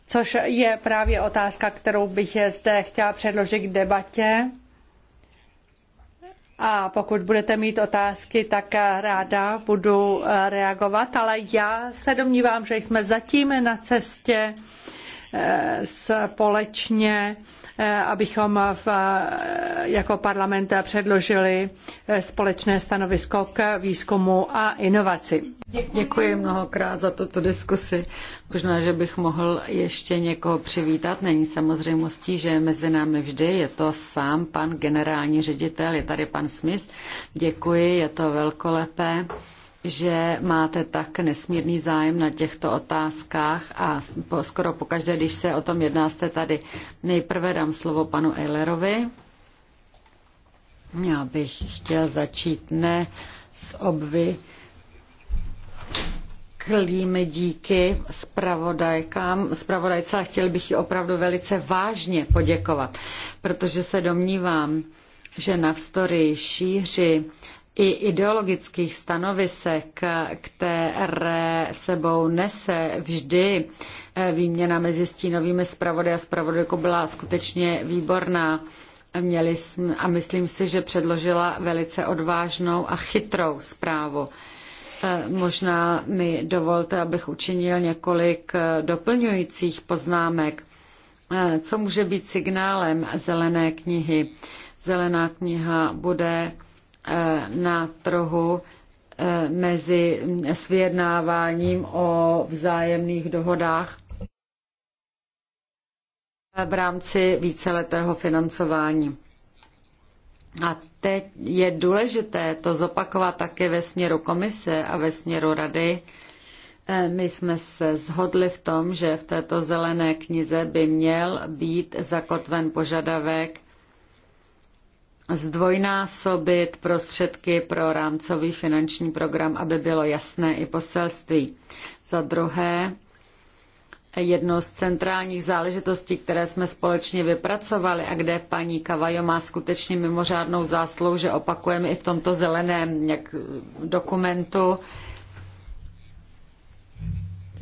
což je právě otázka, kterou bych zde chtěla předložit k debatě, a pokud budete mít otázky, tak eh, ráda budu eh, reagovat, ale já se domnívám, že jsme zatím na cestě společně Eh, abychom v, eh, jako parlament předložili eh, společné stanovisko k výzkumu a inovaci. Děkuji. Děkuji mnohokrát za tuto diskusi. Možná, že bych mohl ještě někoho přivítat. Není samozřejmostí, že mezi námi vždy. Je to sám pan generální ředitel, je tady pan Smith. Děkuji, je to velkolepé že máte tak nesmírný zájem na těchto otázkách a skoro pokaždé, když se o tom jedná, jste tady. Nejprve dám slovo panu Eilerovi. Já bych chtěl začít ne s obvy klíme díky zpravodajkám, zpravodajce a chtěl bych ji opravdu velice vážně poděkovat, protože se domnívám, že navstory šíři i ideologických stanovisek, které sebou nese vždy eh, výměna mezi stínovými zpravody a zpravodajkou byla skutečně výborná. Měli jsme, a myslím si, že předložila velice odvážnou a chytrou zprávu. Eh, možná mi dovolte, abych učinil několik eh, doplňujících poznámek. Co může být signálem zelené knihy? Zelená kniha bude Eh, na trhu eh, mezi svědnáváním o vzájemných dohodách v rámci víceletého financování. A teď je důležité to zopakovat také ve směru komise a ve směru rady. Eh, my jsme se zhodli v tom, že v této zelené knize by měl být zakotven požadavek zdvojnásobit prostředky pro rámcový finanční program, aby bylo jasné i poselství. Za druhé, jednou z centrálních záležitostí, které jsme společně vypracovali a kde paní Kavajo má skutečně mimořádnou zásluhu, že opakujeme i v tomto zeleném jak, dokumentu,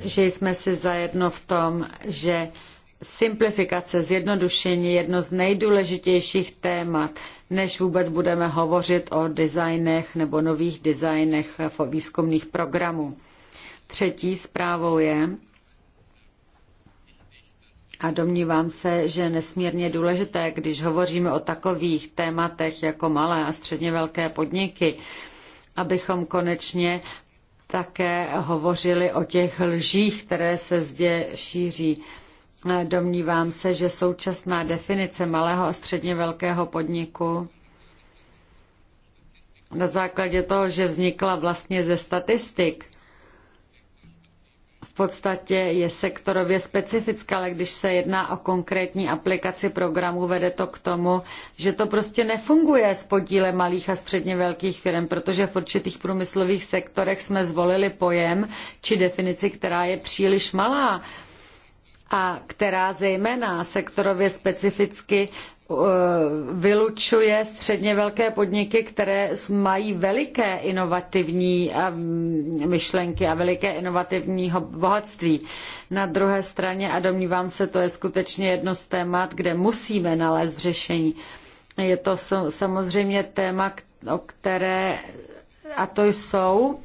že jsme si zajedno v tom, že Simplifikace, zjednodušení jedno z nejdůležitějších témat, než vůbec budeme hovořit o designech nebo nových designech výzkumných programů. Třetí zprávou je, a domnívám se, že je nesmírně důležité, když hovoříme o takových tématech jako malé a středně velké podniky, abychom konečně také hovořili o těch lžích, které se zde šíří Domnívám se, že současná definice malého a středně velkého podniku na základě toho, že vznikla vlastně ze statistik, v podstatě je sektorově specifická, ale když se jedná o konkrétní aplikaci programu, vede to k tomu, že to prostě nefunguje s podílem malých a středně velkých firm, protože v určitých průmyslových sektorech jsme zvolili pojem či definici, která je příliš malá a která zejména sektorově specificky uh, vylučuje středně velké podniky, které mají veliké inovativní um, myšlenky a veliké inovativního bohatství. Na druhé straně, a domnívám se, to je skutečně jedno z témat, kde musíme nalézt řešení. Je to samozřejmě téma, o které, a to jsou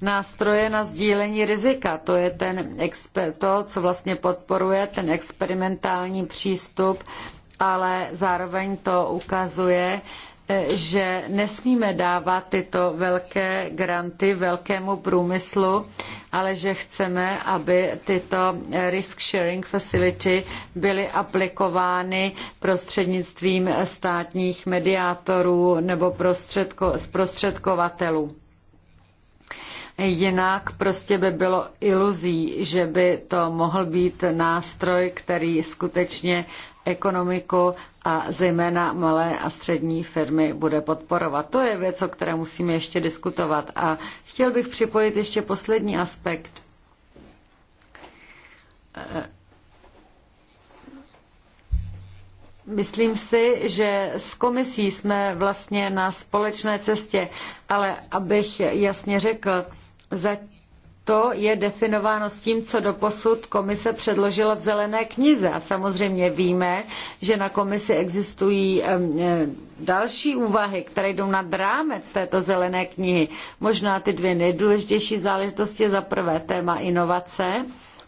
nástroje na sdílení rizika. To je ten exper, to, co vlastně podporuje ten experimentální přístup, ale zároveň to ukazuje, eh, že nesmíme dávat tyto velké granty velkému průmyslu, ale že chceme, aby tyto eh, risk sharing facility byly aplikovány prostřednictvím státních mediátorů nebo prostředko, zprostředkovatelů. Jinak prostě by bylo iluzí, že by to mohl být nástroj, který skutečně ekonomiku a zejména malé a střední firmy bude podporovat. To je věc, o které musíme ještě diskutovat. A chtěl bych připojit ještě poslední aspekt. Myslím si, že s komisí jsme vlastně na společné cestě, ale abych jasně řekl, za to je definováno s tím, co doposud komise předložila v zelené knize. A samozřejmě víme, že na komisi existují e, další úvahy, které jdou nad rámec této zelené knihy. Možná ty dvě nejdůležitější záležitosti za prvé téma inovace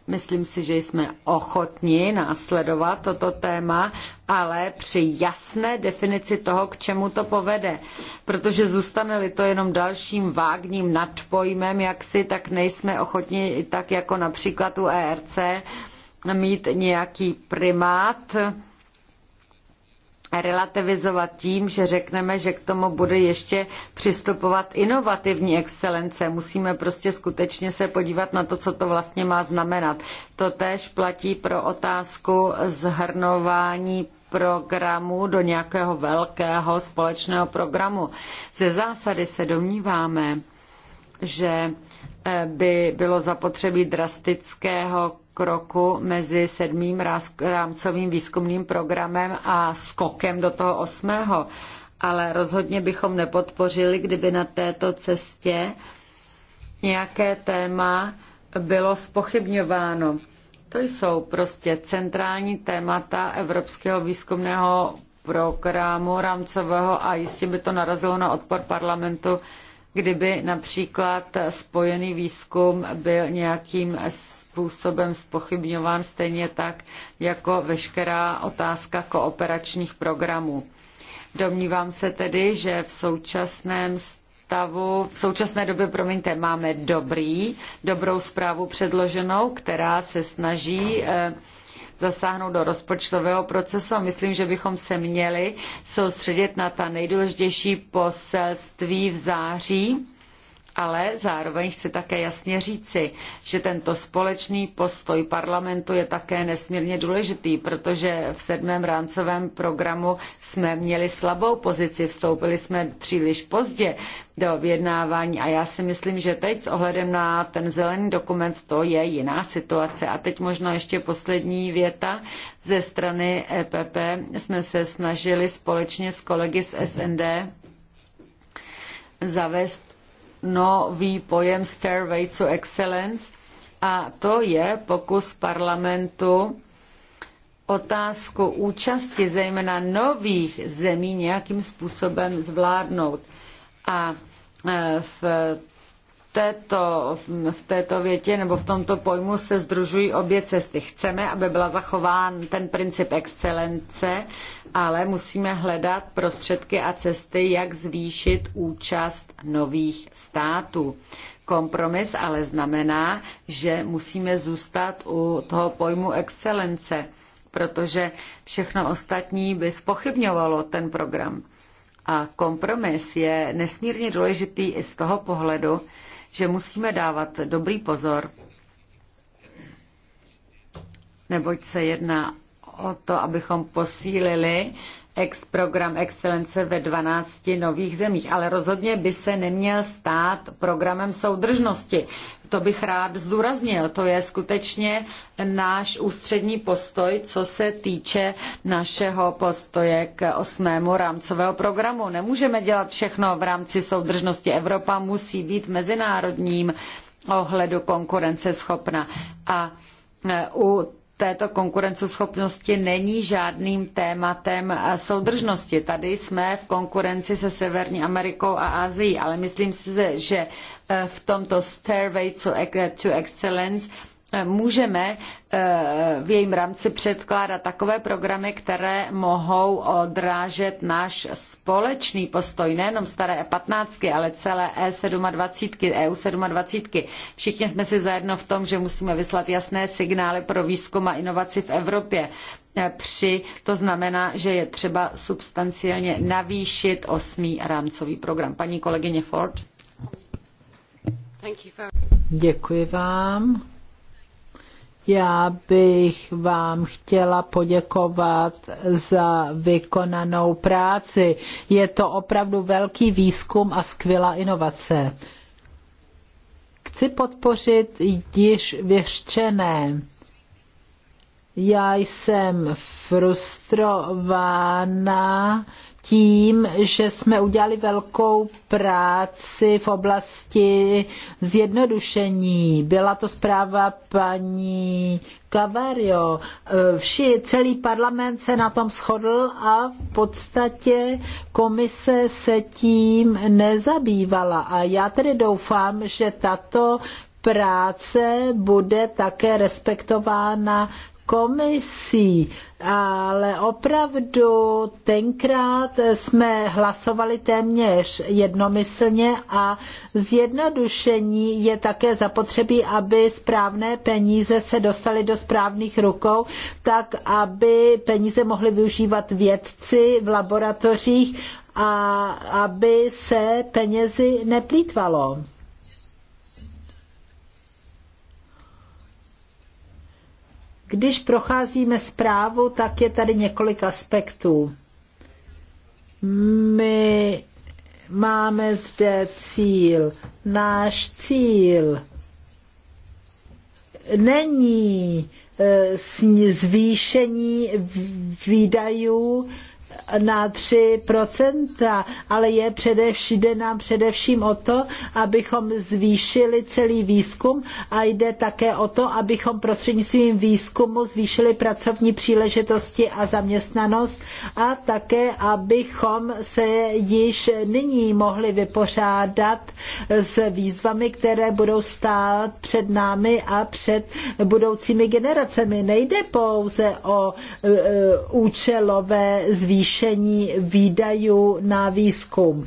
Myslím si, že jsme ochotni následovat toto téma, ale při jasné definici toho, k čemu to povede. Protože zůstane-li to jenom dalším vágním nadpojmem, jak si, tak nejsme ochotni, tak jako například u ERC, mít nějaký primát, relativizovat tím, že řekneme, že k tomu bude ještě přistupovat inovativní excelence. Musíme prostě skutečně se podívat na to, co to vlastně má znamenat. To též platí pro otázku zhrnování programu do nějakého velkého společného programu. Ze zásady se domníváme, že eh, by bylo zapotřebí drastického kroku mezi sedmým rámcovým výzkumným programem a skokem do toho osmého, ale rozhodně bychom nepodpořili, kdyby na této cestě nějaké téma bylo spochybňováno. To jsou prostě centrální témata Evropského výzkumného programu rámcového a jistě by to narazilo na odpor parlamentu, kdyby například spojený výzkum byl nějakým způsobem spochybňován stejně tak jako veškerá otázka kooperačních programů. Domnívám se tedy, že v současném stavu, v současné době, promiňte, máme dobrý, dobrou zprávu předloženou, která se snaží eh, zasáhnout do rozpočtového procesu a myslím, že bychom se měli soustředit na ta nejdůležitější poselství v září ale zároveň chci také jasně říci, že tento společný postoj parlamentu je také nesmírně důležitý, protože v sedmém rámcovém programu jsme měli slabou pozici, vstoupili jsme příliš pozdě do vyjednávání a já si myslím, že teď s ohledem na ten zelený dokument to je jiná situace. A teď možná ještě poslední věta. Ze strany EPP jsme se snažili společně s kolegy z SND zavést nový pojem Stairway to Excellence a to je pokus parlamentu otázku účasti zejména nových zemí nějakým způsobem zvládnout. A e, v této, v této větě nebo v tomto pojmu se združují obě cesty. Chceme, aby byla zachován ten princip excelence, ale musíme hledat prostředky a cesty, jak zvýšit účast nových států. Kompromis ale znamená, že musíme zůstat u toho pojmu excelence, protože všechno ostatní by spochybňovalo ten program. A kompromis je nesmírně důležitý i z toho pohledu, že musíme dávat dobrý pozor, neboť se jedná o to, abychom posílili ex program excelence ve 12 nových zemích, ale rozhodně by se neměl stát programem soudržnosti, to bych rád zdůraznil. To je skutečně náš ústřední postoj, co se týče našeho postoje k osmému rámcového programu. Nemůžeme dělat všechno v rámci soudržnosti. Evropa musí být v mezinárodním ohledu konkurenceschopná. A e, u této konkurenceschopnosti není žádným tématem soudržnosti. Tady jsme v konkurenci se Severní Amerikou a Asií, ale myslím si, že eh, v tomto Stairway to Excellence Eh, můžeme eh, v jejím rámci předkládat takové programy, které mohou odrážet náš společný postoj, nejenom staré E15, ale celé E27, EU27. Všichni jsme si zajedno v tom, že musíme vyslat jasné signály pro výzkum a inovaci v Evropě. Eh, při, to znamená, že je třeba substanciálně navýšit osmý rámcový program. Paní kolegyně Ford. Děkuji vám. Já bych vám chtěla poděkovat za vykonanou práci. Je to opravdu velký výzkum a skvělá inovace. Chci podpořit již vyřčené. Já jsem frustrována, tím, že jsme udělali velkou práci v oblasti zjednodušení. Byla to zpráva paní Cavario. Vši, celý parlament se na tom shodl a v podstatě komise se tím nezabývala. A já tedy doufám, že tato práce bude také respektována komisí, ale opravdu tenkrát jsme hlasovali téměř jednomyslně a zjednodušení je také zapotřebí, aby správné peníze se dostaly do správných rukou, tak aby peníze mohli využívat vědci v laboratořích a aby se penězi neplýtvalo. Když procházíme zprávu, tak je tady několik aspektů. My máme zde cíl. Náš cíl není eh, zvýšení výdajů na 3%, ale je především, jde nám především o to, abychom zvýšili celý výzkum a jde také o to, abychom prostřednictvím výzkumu zvýšili pracovní příležitosti a zaměstnanost a také, abychom se již nyní mohli vypořádat s výzvami, které budou stát před námi a před budoucími generacemi. Nejde pouze o e, e, účelové zvýšení zvýšení výdajů na výzkum.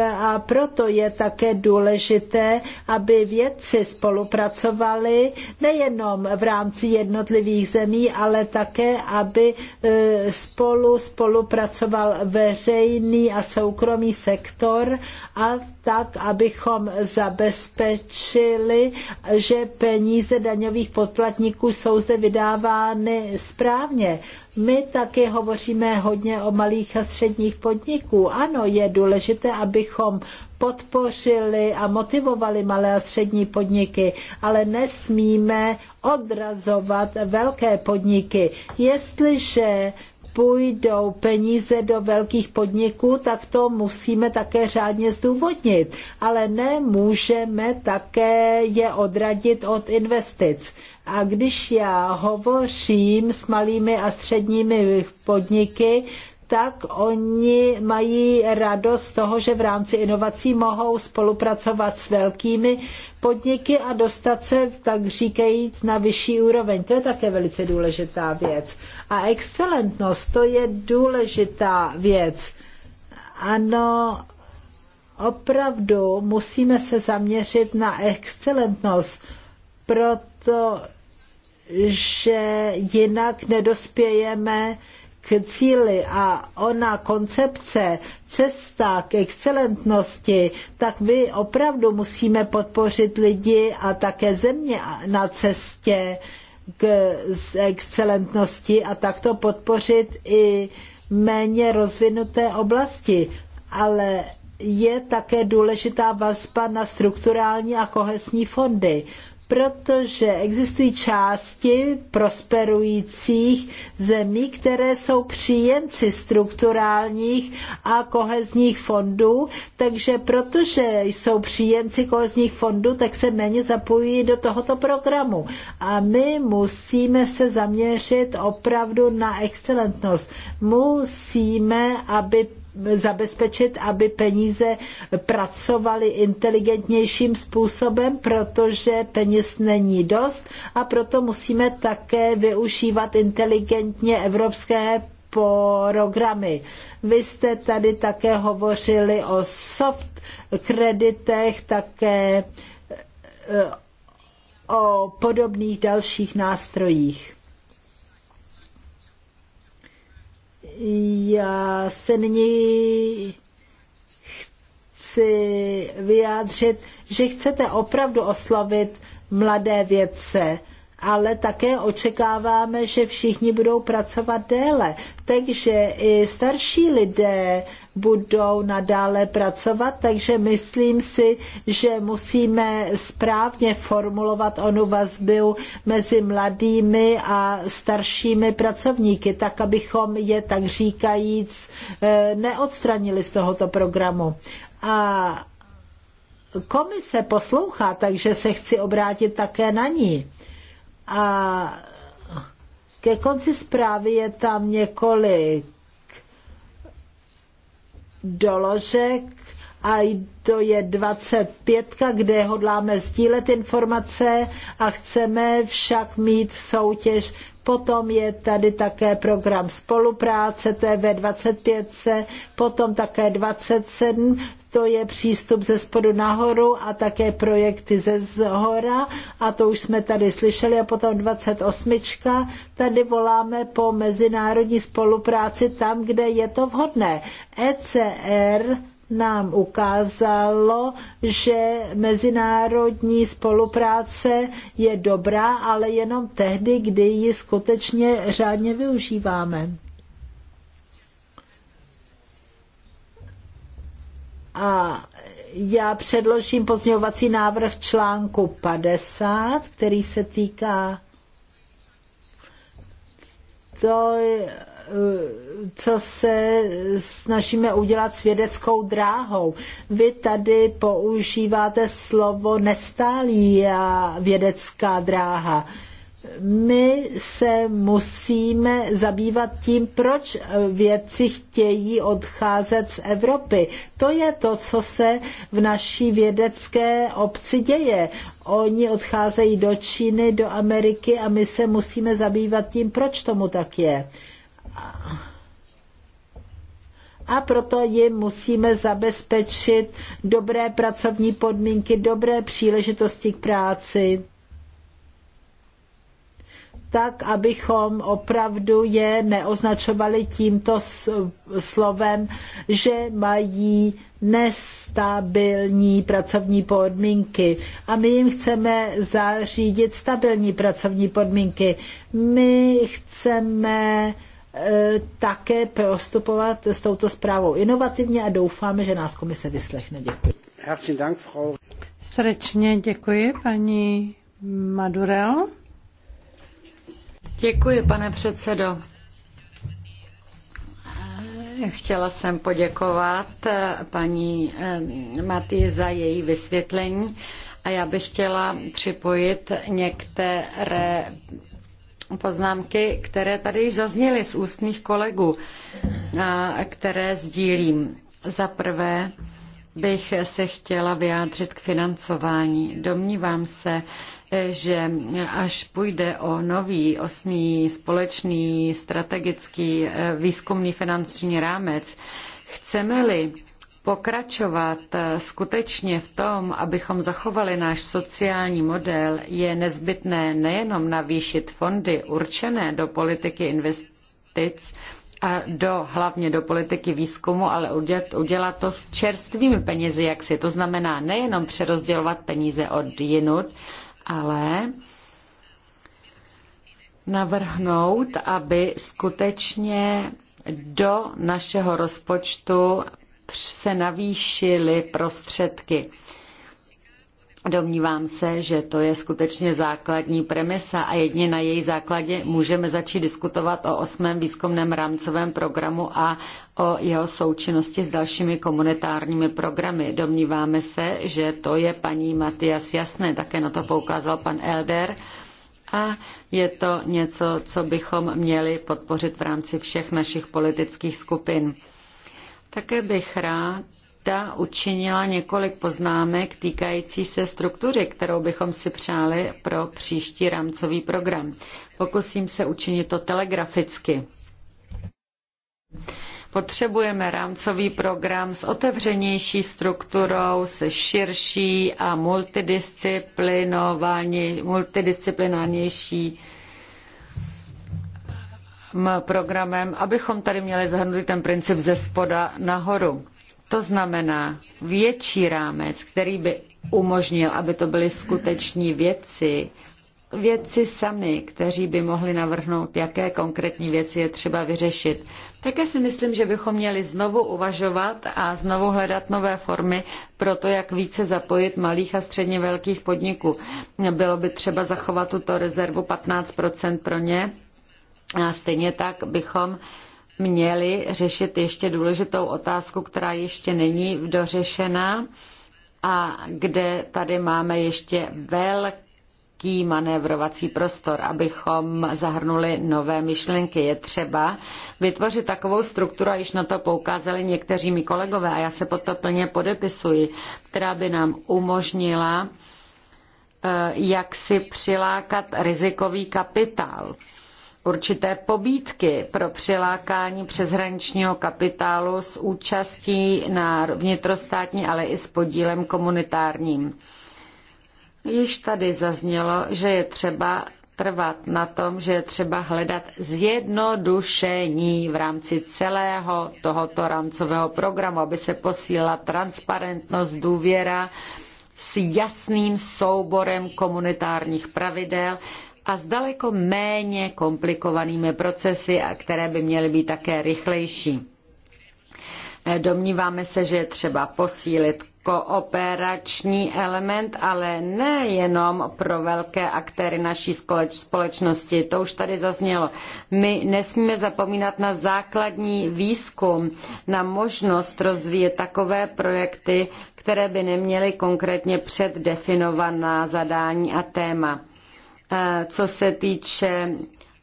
A proto je také důležité, aby vědci spolupracovali nejenom v rámci jednotlivých zemí, ale také, aby e, spolu spolupracoval veřejný a soukromý sektor a tak, abychom zabezpečili, že peníze daňových poplatníků jsou zde vydávány správně. My také hovoříme hodně o malých a středních podniků. Ano, je důležité, abychom podpořili a motivovali malé a střední podniky, ale nesmíme odrazovat velké podniky. Jestliže půjdou peníze do velkých podniků, tak to musíme také řádně zdůvodnit. Ale nemůžeme také je odradit od investic. A když já hovořím s malými a středními podniky, tak oni mají radost z toho, že v rámci inovací mohou spolupracovat s velkými podniky a dostat se, tak říkajíc, na vyšší úroveň. To je také velice důležitá věc. A excelentnost, to je důležitá věc. Ano, opravdu musíme se zaměřit na excelentnost, protože jinak nedospějeme k cíli a ona koncepce cesta k excelentnosti, tak my opravdu musíme podpořit lidi a také země na cestě k excelentnosti a takto podpořit i méně rozvinuté oblasti. Ale je také důležitá vazba na strukturální a kohesní fondy protože existují části prosperujících zemí, které jsou příjemci strukturálních a kohezních fondů, takže protože jsou příjemci kohezních fondů, tak se méně zapojují do tohoto programu. A my musíme se zaměřit opravdu na excelentnost. Musíme, aby zabezpečit, aby peníze pracovaly inteligentnějším způsobem, protože peněz není dost a proto musíme také využívat inteligentně evropské programy. Vy jste tady také hovořili o soft kreditech, také eh, o podobných dalších nástrojích. Já se nyní chci vyjádřit, že chcete opravdu oslavit mladé vědce ale také očekáváme, že všichni budou pracovat déle. Takže i starší lidé budou nadále pracovat, takže myslím si, že musíme správně formulovat onu vazbu mezi mladými a staršími pracovníky, tak abychom je tak říkajíc eh, neodstranili z tohoto programu. A komise poslouchá, takže se chci obrátit také na ní. A ke konci zprávy je tam několik doložek a to je 25, kde hodláme sdílet informace a chceme však mít soutěž Potom je tady také program spolupráce, to je ve 25, potom také 27, to je přístup ze spodu nahoru a také projekty ze zhora a to už jsme tady slyšeli a potom 28. Tady voláme po mezinárodní spolupráci tam, kde je to vhodné. ECR nám ukázalo, že mezinárodní spolupráce je dobrá, ale jenom tehdy, kdy ji skutečně řádně využíváme. A já předložím pozměňovací návrh článku 50, který se týká to je co se snažíme udělat s vědeckou dráhou. Vy tady používáte slovo nestálí a vědecká dráha my se musíme zabývat tím, proč vědci chtějí odcházet z Evropy. To je to, co se v naší vědecké obci děje. Oni odcházejí do Číny, do Ameriky a my se musíme zabývat tím, proč tomu tak je a proto jim musíme zabezpečit dobré pracovní podmínky, dobré příležitosti k práci, tak, abychom opravdu je neoznačovali tímto slovem, že mají nestabilní pracovní podmínky. A my jim chceme zařídit stabilní pracovní podmínky. My chceme Eh, také postupovat s touto zprávou inovativně a doufáme, že nás komise vyslechne. Děkuji. Srdečně děkuji, paní Madurel. Děkuji, pane předsedo. Chtěla jsem poděkovat eh, paní eh, Maty za její vysvětlení a já bych chtěla připojit některé poznámky, které tady již zazněly z úst mých kolegů, které sdílím. Za prvé bych se chtěla vyjádřit k financování. Domnívám se, že až půjde o nový osmý společný strategický e, výzkumný finanční rámec, chceme-li Pokračovat eh, skutečně v tom, abychom zachovali náš sociální model, je nezbytné nejenom navýšit fondy určené do politiky investic, a do, hlavně do politiky výzkumu, ale udělat, udělat to s čerstvými penězi, jak si. To znamená nejenom přerozdělovat peníze od jinut, ale navrhnout, aby skutečně do našeho rozpočtu se navýšily prostředky. Domnívám se, že to je skutečně základní premisa a jedně na její základě můžeme začít diskutovat o osmém výzkumném rámcovém programu a o jeho součinnosti s dalšími komunitárními programy. Domníváme se, že to je paní Matias jasné, také na to poukázal pan Elder. A je to něco, co bychom měli podpořit v rámci všech našich politických skupin. Také bych rád ta učinila několik poznámek týkající se struktury, kterou bychom si přáli pro příští rámcový program. Pokusím se učinit to telegraficky. Potřebujeme rámcový program s otevřenější strukturou, se širší a multidisciplinovanější programem, abychom tady měli zahrnutý ten princip ze spoda nahoru. To znamená větší rámec, který by umožnil, aby to byly skuteční věci, vědci sami, kteří by mohli navrhnout, jaké konkrétní věci je třeba vyřešit. Také si myslím, že bychom měli znovu uvažovat a znovu hledat nové formy pro to, jak více zapojit malých a středně velkých podniků. Bylo by třeba zachovat tuto rezervu 15% pro ně, a stejně tak bychom měli řešit ještě důležitou otázku, která ještě není dořešená a kde tady máme ještě velký manévrovací prostor, abychom zahrnuli nové myšlenky. Je třeba vytvořit takovou strukturu, a již na to poukázali někteří mi kolegové, a já se pod to plně podepisuji, která by nám umožnila eh, jak si přilákat rizikový kapitál určité pobídky pro přilákání přeshraničního kapitálu s účastí na vnitrostátní, ale i s podílem komunitárním. Již tady zaznělo, že je třeba trvat na tom, že je třeba hledat zjednodušení v rámci celého tohoto rámcového programu, aby se posílila transparentnost, důvěra s jasným souborem komunitárních pravidel a s daleko méně komplikovanými procesy, a které by měly být také rychlejší. Eh, domníváme se, že je třeba posílit kooperační element, ale nejenom pro velké aktéry naší společnosti. To už tady zaznělo. My nesmíme zapomínat na základní výzkum, na možnost rozvíjet takové projekty, které by neměly konkrétně předdefinovaná zadání a téma. Eh, co se týče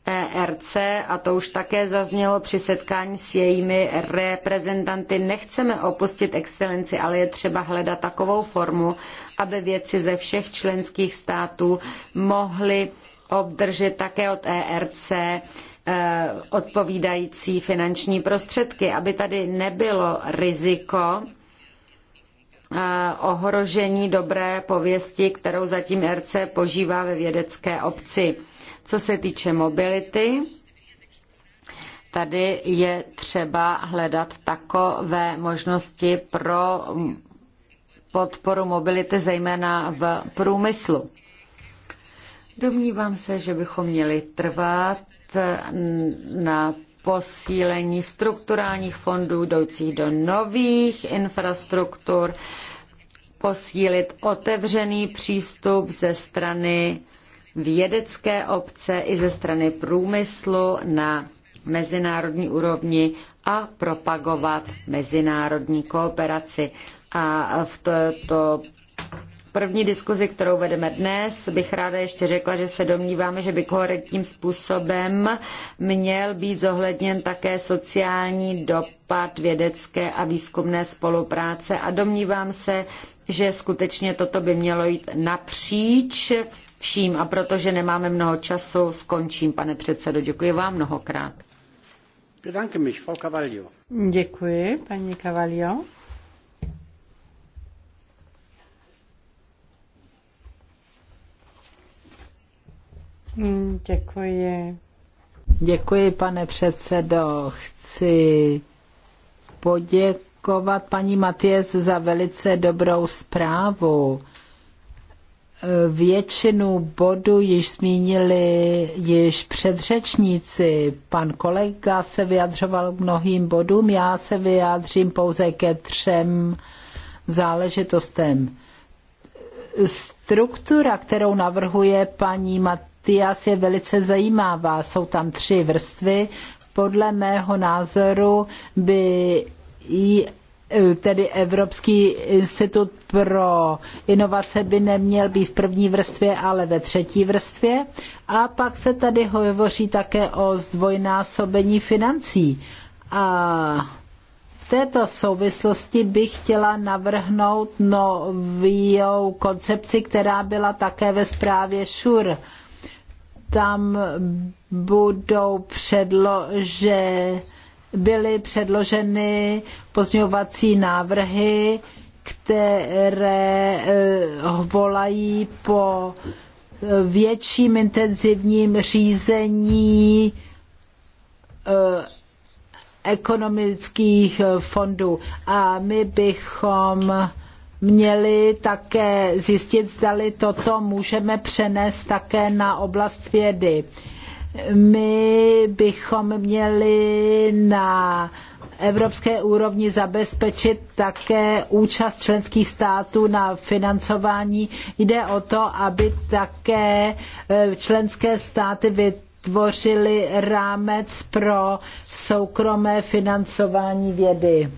ERC, a to už také zaznělo při setkání s jejími reprezentanty, nechceme opustit excelenci, ale je třeba hledat takovou formu, aby věci ze všech členských států mohly obdržet také od ERC eh, odpovídající finanční prostředky, aby tady nebylo riziko, Eh, ohrožení dobré pověsti, kterou zatím RC požívá ve vědecké obci. Co se týče mobility, tady je třeba hledat takové možnosti pro podporu mobility, zejména v průmyslu. Domnívám se, že bychom měli trvat na posílení strukturálních fondů jdoucích do nových infrastruktur, posílit otevřený přístup ze strany vědecké obce i ze strany průmyslu na mezinárodní úrovni a propagovat mezinárodní kooperaci. A v této první diskuzi, kterou vedeme dnes, bych ráda ještě řekla, že se domníváme, že by koherentním způsobem měl být zohledněn také sociální dopad vědecké a výzkumné spolupráce a domnívám se, že skutečně toto by mělo jít napříč vším a protože nemáme mnoho času, skončím, pane předsedo. Děkuji vám mnohokrát. Děkuji, paní Cavalio. Hmm, děkuji. Děkuji, pane předsedo. Chci poděkovat paní Matěz za velice dobrou zprávu. Většinu bodů již zmínili již předřečníci. Pan kolega se vyjadřoval k mnohým bodům, já se vyjádřím pouze ke třem záležitostem. Struktura, kterou navrhuje paní Matěz, asi je velice zajímavá. Jsou tam tři vrstvy. Podle mého názoru by i e, tedy Evropský institut pro inovace by neměl být v první vrstvě, ale ve třetí vrstvě. A pak se tady hovoří také o zdvojnásobení financí. A v této souvislosti bych chtěla navrhnout novou koncepci, která byla také ve zprávě ŠUR. Sure tam budou předlože, byly předloženy pozňovací návrhy, které eh, volají po eh, větším intenzivním řízení eh, ekonomických fondů. A my bychom měli také zjistit, zdali toto můžeme přenést také na oblast vědy. My bychom měli na evropské úrovni zabezpečit také účast členských států na financování. Jde o to, aby také e, členské státy vytvořily rámec pro soukromé financování vědy.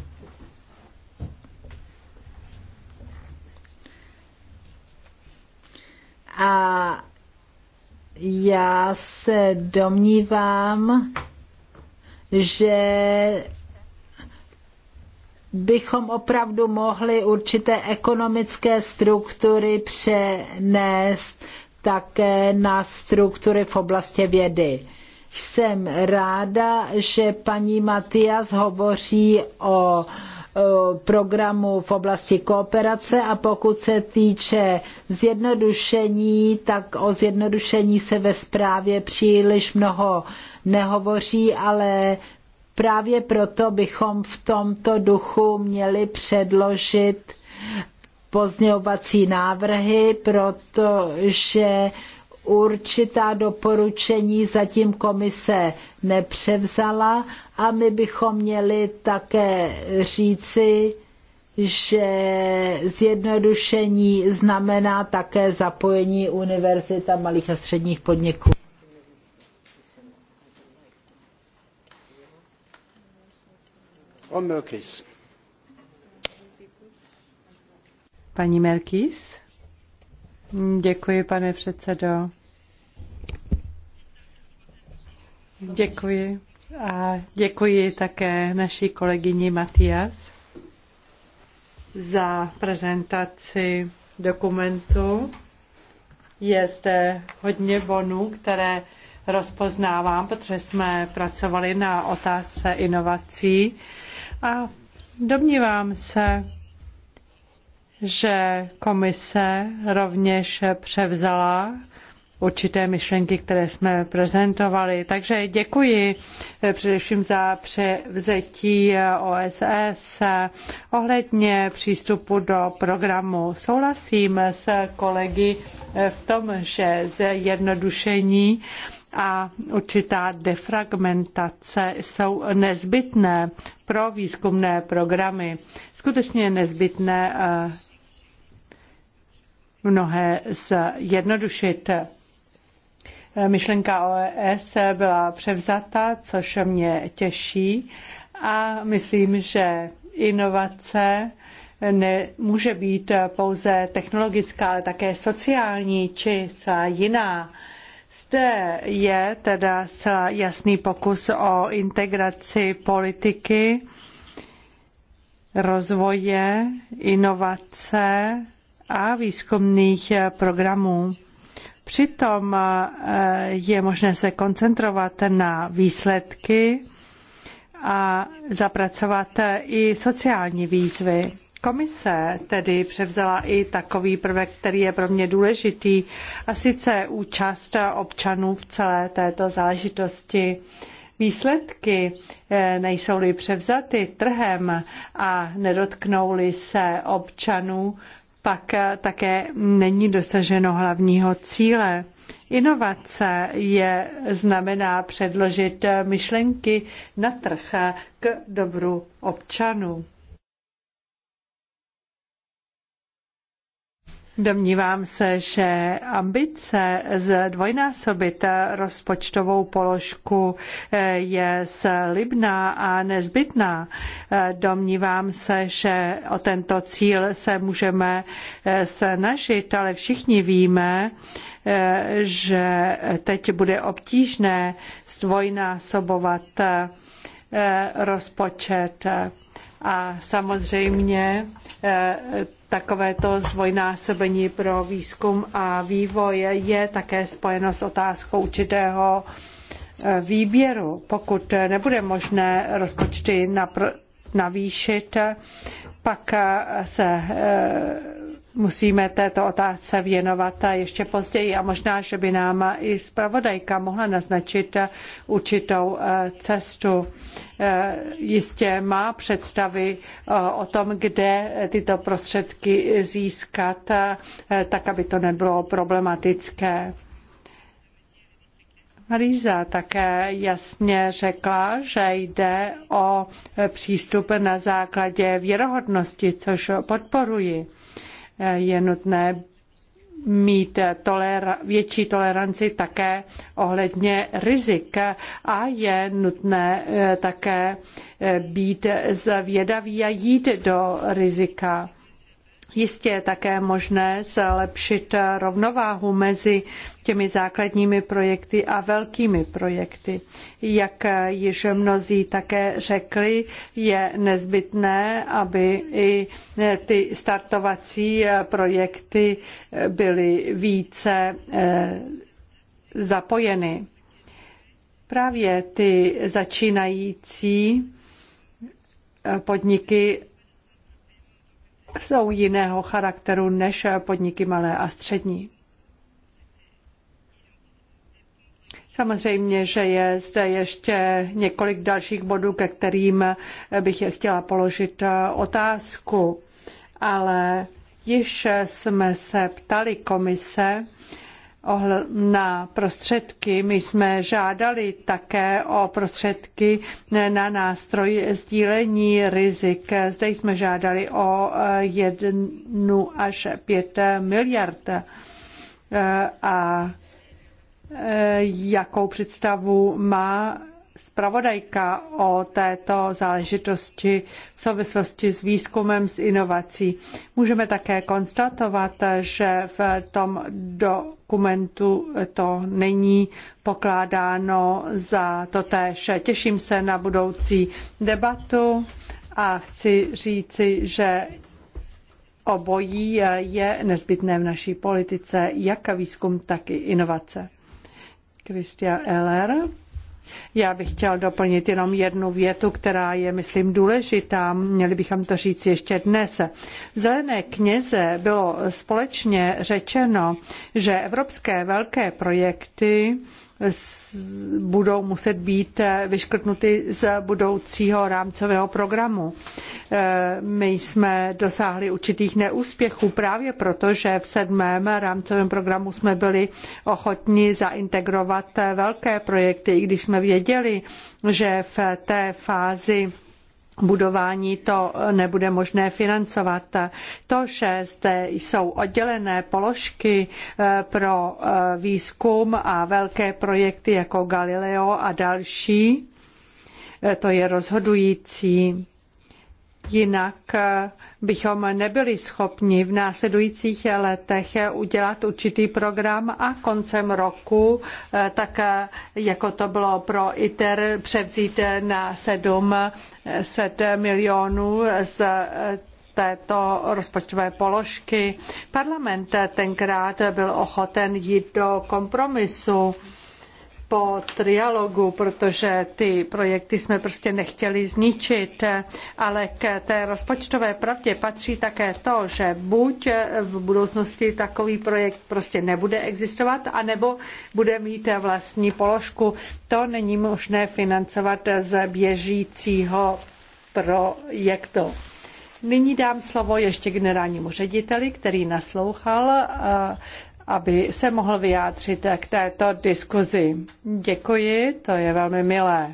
A já se domnívám, že bychom opravdu mohli určité ekonomické struktury přenést také na struktury v oblasti vědy. Jsem ráda, že paní Matias hovoří o uh, Eh, programu v oblasti kooperace a pokud se týče zjednodušení, tak o zjednodušení se ve zprávě příliš mnoho nehovoří, ale právě proto bychom v tomto duchu měli předložit pozměňovací návrhy, protože určitá doporučení zatím komise nepřevzala a my bychom měli také říci, že zjednodušení znamená také zapojení univerzit a malých a středních podniků. Paní Merkis. Děkuji, pane předsedo. Děkuji. A děkuji také naší kolegyni Matias za prezentaci dokumentu. Je zde hodně bonů, které rozpoznávám, protože jsme pracovali na otázce inovací a domnívám se, že komise rovněž převzala určité myšlenky, které jsme prezentovali. Takže děkuji eh, především za převzetí eh, OSS ohledně přístupu do programu. Souhlasím s kolegy eh, v tom, že zjednodušení a určitá defragmentace jsou nezbytné pro výzkumné programy. Skutečně nezbytné mnohé zjednodušit. Myšlenka OES byla převzata, což mě těší a myslím, že inovace nemůže být pouze technologická, ale také sociální či jiná. Zde je teda jasný pokus o integraci politiky, rozvoje, inovace a výzkumných eh, programů. Přitom eh, je možné se koncentrovat na výsledky a zapracovat eh, i sociální výzvy. Komise tedy převzala i takový prvek, který je pro mě důležitý, a sice účast občanů v celé této záležitosti. Výsledky nejsou-li převzaty trhem a nedotknou-li se občanů, pak eh, také není dosaženo hlavního cíle. Inovace je znamená předložit eh, myšlenky na trh eh, k dobru občanů. Domnívám se, že ambice zdvojnásobit rozpočtovou položku eh, je slibná a nezbytná. Eh, domnívám se, že o tento cíl se můžeme eh, snažit, ale všichni víme, že teď bude obtížné zdvojnásobovat rozpočet a samozřejmě eh, takovéto zdvojnásobení pro výzkum a vývoj je také spojeno s otázkou určitého eh, výběru. Pokud nebude možné rozpočty navýšit, pak se eh, musíme této otázce věnovat ještě později a možná, že by nám i zpravodajka mohla naznačit určitou eh, cestu. Eh, jistě má představy eh, o tom, kde tyto prostředky získat, tak aby to nebylo problematické. Marisa také jasně řekla, že jde o přístup na základě věrohodnosti, což podporuji je nutné mít tolera- větší toleranci také ohledně rizik a je nutné eh, také eh, být zvědavý a jít do rizika. Jistě je také možné zlepšit rovnováhu mezi těmi základními projekty a velkými projekty. Jak již mnozí také řekli, je nezbytné, aby i ty startovací projekty byly více eh, zapojeny. Právě ty začínající podniky jsou jiného charakteru než podniky malé a střední. Samozřejmě, že je zde ještě několik dalších bodů, ke kterým bych chtěla položit eh, otázku, ale již jsme se ptali komise, na prostředky. My jsme žádali také o prostředky na nástroj sdílení rizik. Zde jsme žádali o 1 eh, až 5 miliard. Eh, a eh, jakou představu má zpravodajka o této záležitosti v souvislosti s výzkumem s inovací. Můžeme také konstatovat, že v tom dokumentu to není pokládáno za totéž. Těším se na budoucí debatu a chci říci, že obojí je nezbytné v naší politice, jak výzkum, tak i inovace. Kristia Eller. Já bych chtěl doplnit jenom jednu větu, která je, myslím, důležitá. Měli bychom to říct ještě dnes. Zelené kněze bylo společně řečeno, že evropské velké projekty budou muset být eh, vyškrtnuty z budoucího rámcového programu. Eh, my jsme dosáhli určitých neúspěchů právě proto, že v sedmém rámcovém programu jsme byli ochotni zaintegrovat eh, velké projekty, i když jsme věděli, že v té fázi budování to nebude možné financovat. To, že zde jsou oddělené položky eh, pro eh, výzkum a velké projekty jako Galileo a další, eh, to je rozhodující. Jinak bychom nebyli schopni v následujících letech udělat určitý program a koncem roku, eh, tak eh, jako to bylo pro ITER, převzít eh, na set milionů z této rozpočtové položky. Parlament tenkrát byl ochoten jít do kompromisu po trialogu, protože ty projekty jsme prostě nechtěli zničit, ale k té rozpočtové pravdě patří také to, že buď v budoucnosti takový projekt prostě nebude existovat, anebo bude mít vlastní položku. To není možné financovat z běžícího projektu. Nyní dám slovo ještě generálnímu řediteli, který naslouchal eh, aby se mohl vyjádřit k této diskuzi. Děkuji, to je velmi milé.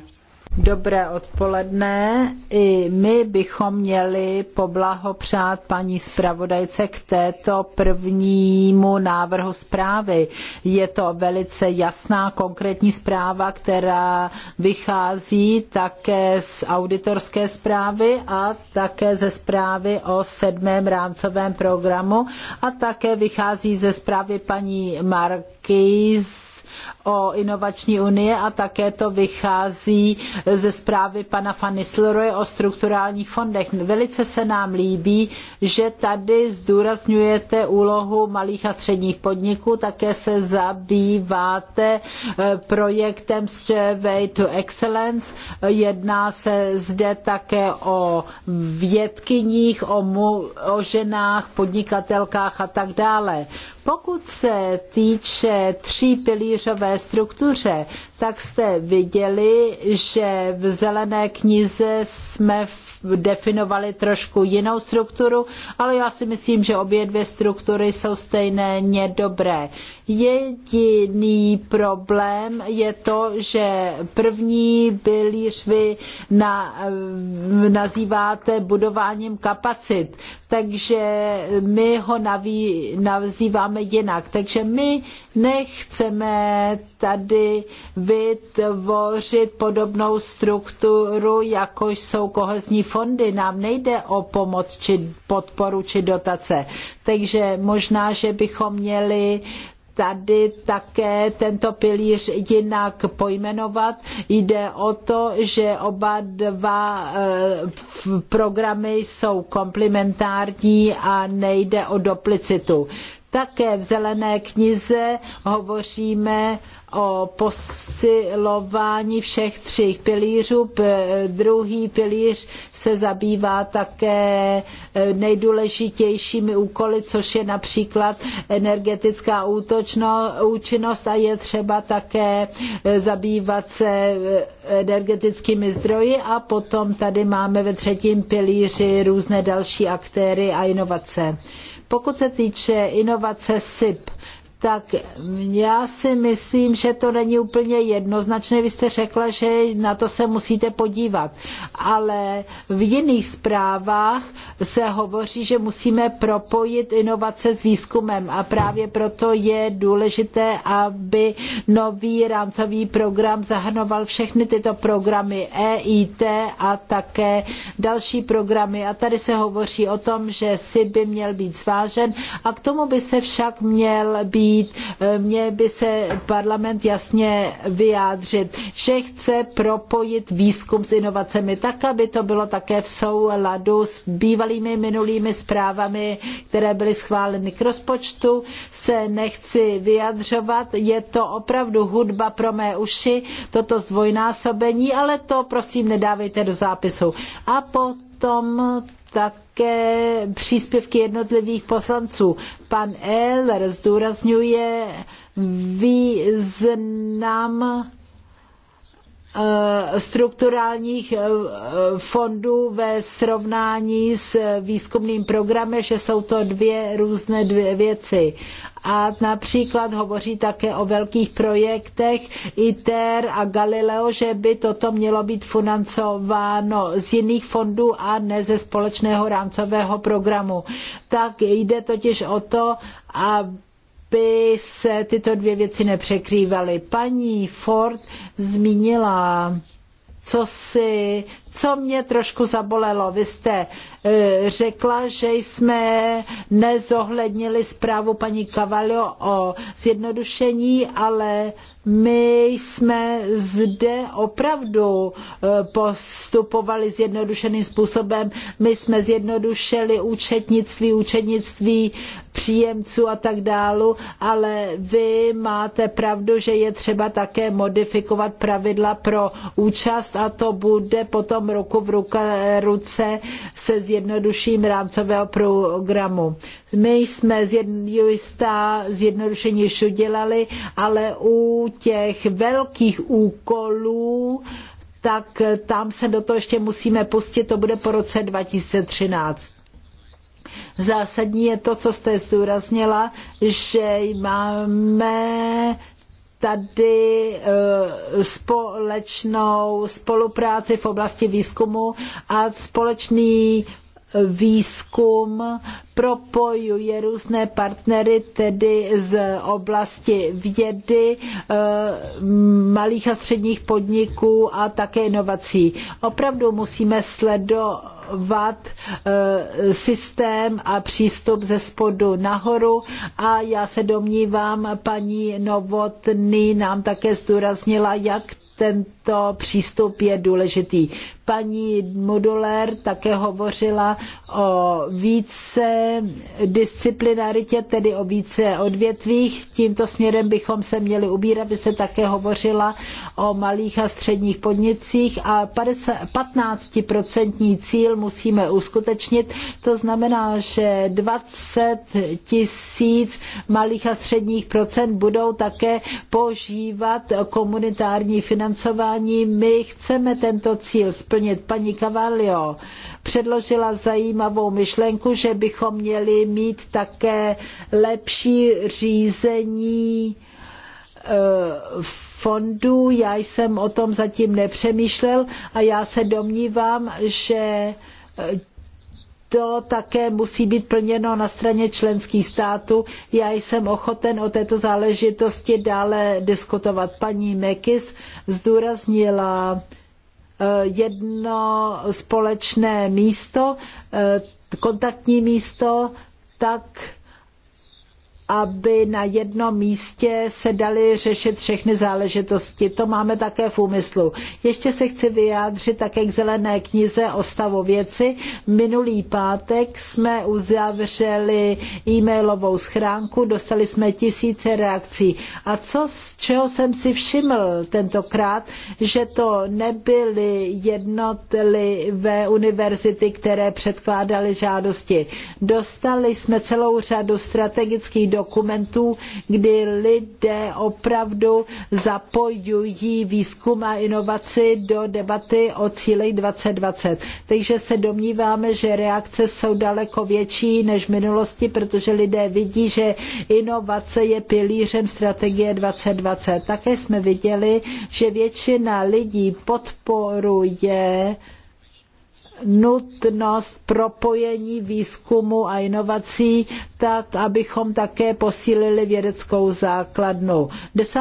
Dobré odpoledne. I my bychom měli poblahopřát paní zpravodajce k této prvnímu návrhu zprávy. Je to velice jasná, konkrétní zpráva, která vychází také z auditorské zprávy a také ze zprávy o sedmém rámcovém programu a také vychází ze zprávy paní Markýz o inovační unii a také to vychází ze zprávy pana van Nistelrooye o strukturálních fondech. Velice se nám líbí, že tady zdůrazňujete úlohu malých a středních podniků, také se zabýváte eh, projektem Survey to Excellence. Jedná se zde také o vědkyních, o, mu, o ženách, podnikatelkách a tak dále. Pokud se týče třípilířové struktuře, tak jste viděli, že v zelené knize jsme definovali trošku jinou strukturu, ale já si myslím, že obě dvě struktury jsou stejně dobré. Jediný problém je to, že první pilíř vy na, nazýváte budováním kapacit, takže my ho naví, nazýváme jinak. Takže my nechceme tady vytvořit podobnou strukturu, jako jsou kohezní fondy. Nám nejde o pomoc či podporu či dotace. Takže možná, že bychom měli tady také tento pilíř jinak pojmenovat. Jde o to, že oba dva eh, programy jsou komplementární a nejde o duplicitu. Také v zelené knize hovoříme o posilování všech tří pilířů. Druhý pilíř se zabývá také eh, nejdůležitějšími úkoly, což je například energetická útočno, účinnost a je třeba také eh, zabývat se eh, energetickými zdroji a potom tady máme ve třetím pilíři různé další aktéry a inovace. Pokud se týče inovace SIP, tak já si myslím, že to není úplně jednoznačné. Vy jste řekla, že na to se musíte podívat. Ale v jiných zprávách se hovoří, že musíme propojit inovace s výzkumem a právě proto je důležité, aby nový rámcový program zahrnoval všechny tyto programy EIT a také další programy. A tady se hovoří o tom, že si by měl být zvážen a k tomu by se však měl být být, e, mě by se parlament jasně vyjádřit, že chce propojit výzkum s inovacemi tak, aby to bylo také v souladu s bývalými minulými zprávami, které byly schváleny k rozpočtu, se nechci vyjadřovat. Je to opravdu hudba pro mé uši, toto zdvojnásobení, ale to prosím nedávejte do zápisu. A po tom také příspěvky jednotlivých poslanců. Pan Eller zdůrazňuje význam Eh, strukturálních eh, fondů ve srovnání s výzkumným programem, že jsou to dvě různé dvě věci. A například hovoří také o velkých projektech ITER a Galileo, že by toto mělo být financováno z jiných fondů a ne ze společného rámcového programu. Tak jde totiž o to, aby by se tyto dvě věci nepřekrývaly. Paní Ford zmínila co si co mě trošku zabolelo. Vy jste e, řekla, že jsme nezohlednili zprávu paní Cavallo o zjednodušení, ale my jsme zde opravdu e, postupovali zjednodušeným způsobem. My jsme zjednodušili účetnictví, účetnictví příjemců a tak dále, ale vy máte pravdu, že je třeba také modifikovat pravidla pro účast a to bude potom potom ruku v ruka, ruce se zjednoduším rámcového programu. My jsme jistá zjednodušení už udělali, ale u těch velkých úkolů tak tam se do toho ještě musíme pustit, to bude po roce 2013. Zásadní je to, co jste zdůraznila, že máme tady eh, společnou spolupráci v oblasti výzkumu a společný eh, výzkum propojuje různé partnery, tedy z oblasti vědy, eh, malých a středních podniků a také inovací. Opravdu musíme sledovat budovat eh, systém a přístup ze spodu nahoru a já se domnívám, paní Novotný nám také zdůraznila, jak ten tento přístup je důležitý. Paní Moduler také hovořila o více disciplinaritě, tedy o více odvětvích. Tímto směrem bychom se měli ubírat. Vy jste také hovořila o malých a středních podnicích a 15% cíl musíme uskutečnit. To znamená, že 20 tisíc malých a středních procent budou také požívat komunitární financování vzdělávání. My chceme tento cíl splnit. Paní Cavalio předložila zajímavou myšlenku, že bychom měli mít také lepší řízení eh, fondů. Já jsem o tom zatím nepřemýšlel a já se domnívám, že to také musí být plněno na straně členských států. Já jsem ochoten o této záležitosti dále diskutovat. Paní Mekis zdůraznila eh, jedno společné místo, eh, kontaktní místo, tak aby na jednom místě se daly řešit všechny záležitosti. To máme také v úmyslu. Ještě se chci vyjádřit také k zelené knize o stavu věci. Minulý pátek jsme uzavřeli e-mailovou schránku, dostali jsme tisíce reakcí. A co, z čeho jsem si všiml tentokrát, že to nebyly jednotlivé univerzity, které předkládaly žádosti. Dostali jsme celou řadu strategických do dokumentů, kdy lidé opravdu zapojují výzkum a inovaci do debaty o cílech 2020. Takže se domníváme, že reakce jsou daleko větší než v minulosti, protože lidé vidí, že inovace je pilířem strategie 2020. Také jsme viděli, že většina lidí podporuje nutnost propojení výzkumu a inovací, tak abychom také posílili vědeckou základnu. 10.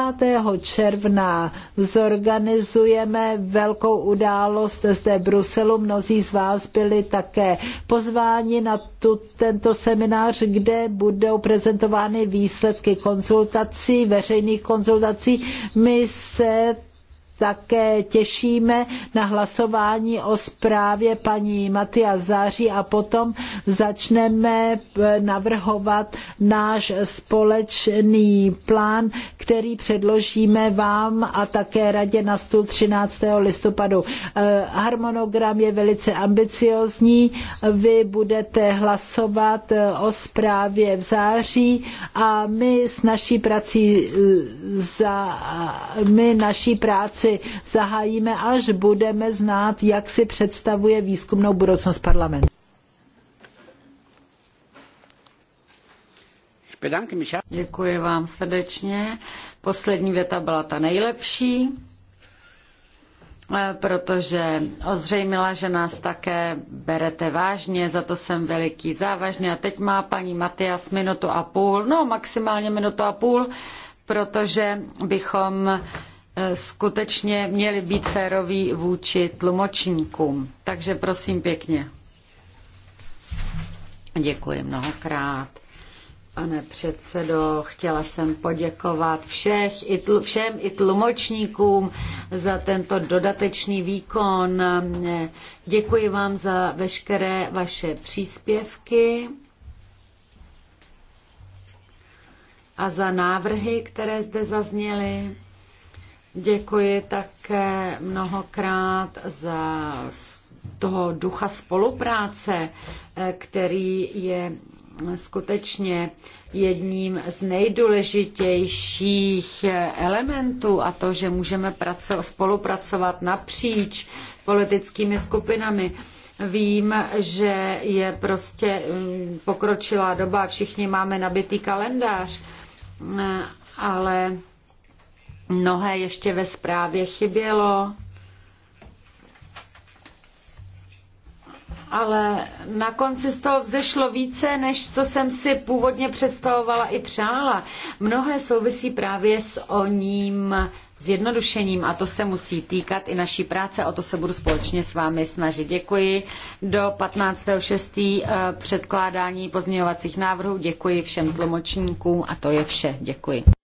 června zorganizujeme velkou událost zde v Bruselu. Mnozí z vás byli také pozváni na tu, tento seminář, kde budou prezentovány výsledky konzultací, veřejných konzultací. My se také těšíme na hlasování o zprávě paní Matia Září a potom začneme eh, navrhovat náš společný plán, který předložíme vám a také radě na stůl 13. listopadu. Eh, harmonogram je velice ambiciozní. Vy budete hlasovat eh, o zprávě v září a my s naší prací za, my naší práci práci zahájíme, až budeme znát, jak si představuje výzkumnou budoucnost parlamentu. Děkuji vám srdečně. Poslední věta byla ta nejlepší, eh, protože ozřejmila, že nás také berete vážně, za to jsem veliký závažný. A teď má paní Matias minutu a půl, no maximálně minutu a půl, protože bychom Eh, skutečně měli být féroví vůči tlumočníkům. Takže prosím pěkně. Děkuji mnohokrát. Pane předsedo, chtěla jsem poděkovat všech, i tl, všem i tlumočníkům za tento dodatečný výkon. Děkuji vám za veškeré vaše příspěvky a za návrhy, které zde zazněly. Děkuji také mnohokrát za toho ducha spolupráce, eh, který je skutečně jedním z nejdůležitějších eh, elementů a to, že můžeme spolupracovat napříč politickými skupinami. Vím, že je prostě mm, pokročilá doba, všichni máme nabitý kalendář, eh, ale Mnohé ještě ve zprávě chybělo, ale na konci z toho vzešlo více, než co jsem si původně představovala i přála. Mnohé souvisí právě s o ním zjednodušením a to se musí týkat i naší práce, o to se budu společně s vámi snažit. Děkuji do 15.6. Eh, předkládání pozměňovacích návrhů, děkuji všem tlumočníkům a to je vše. Děkuji.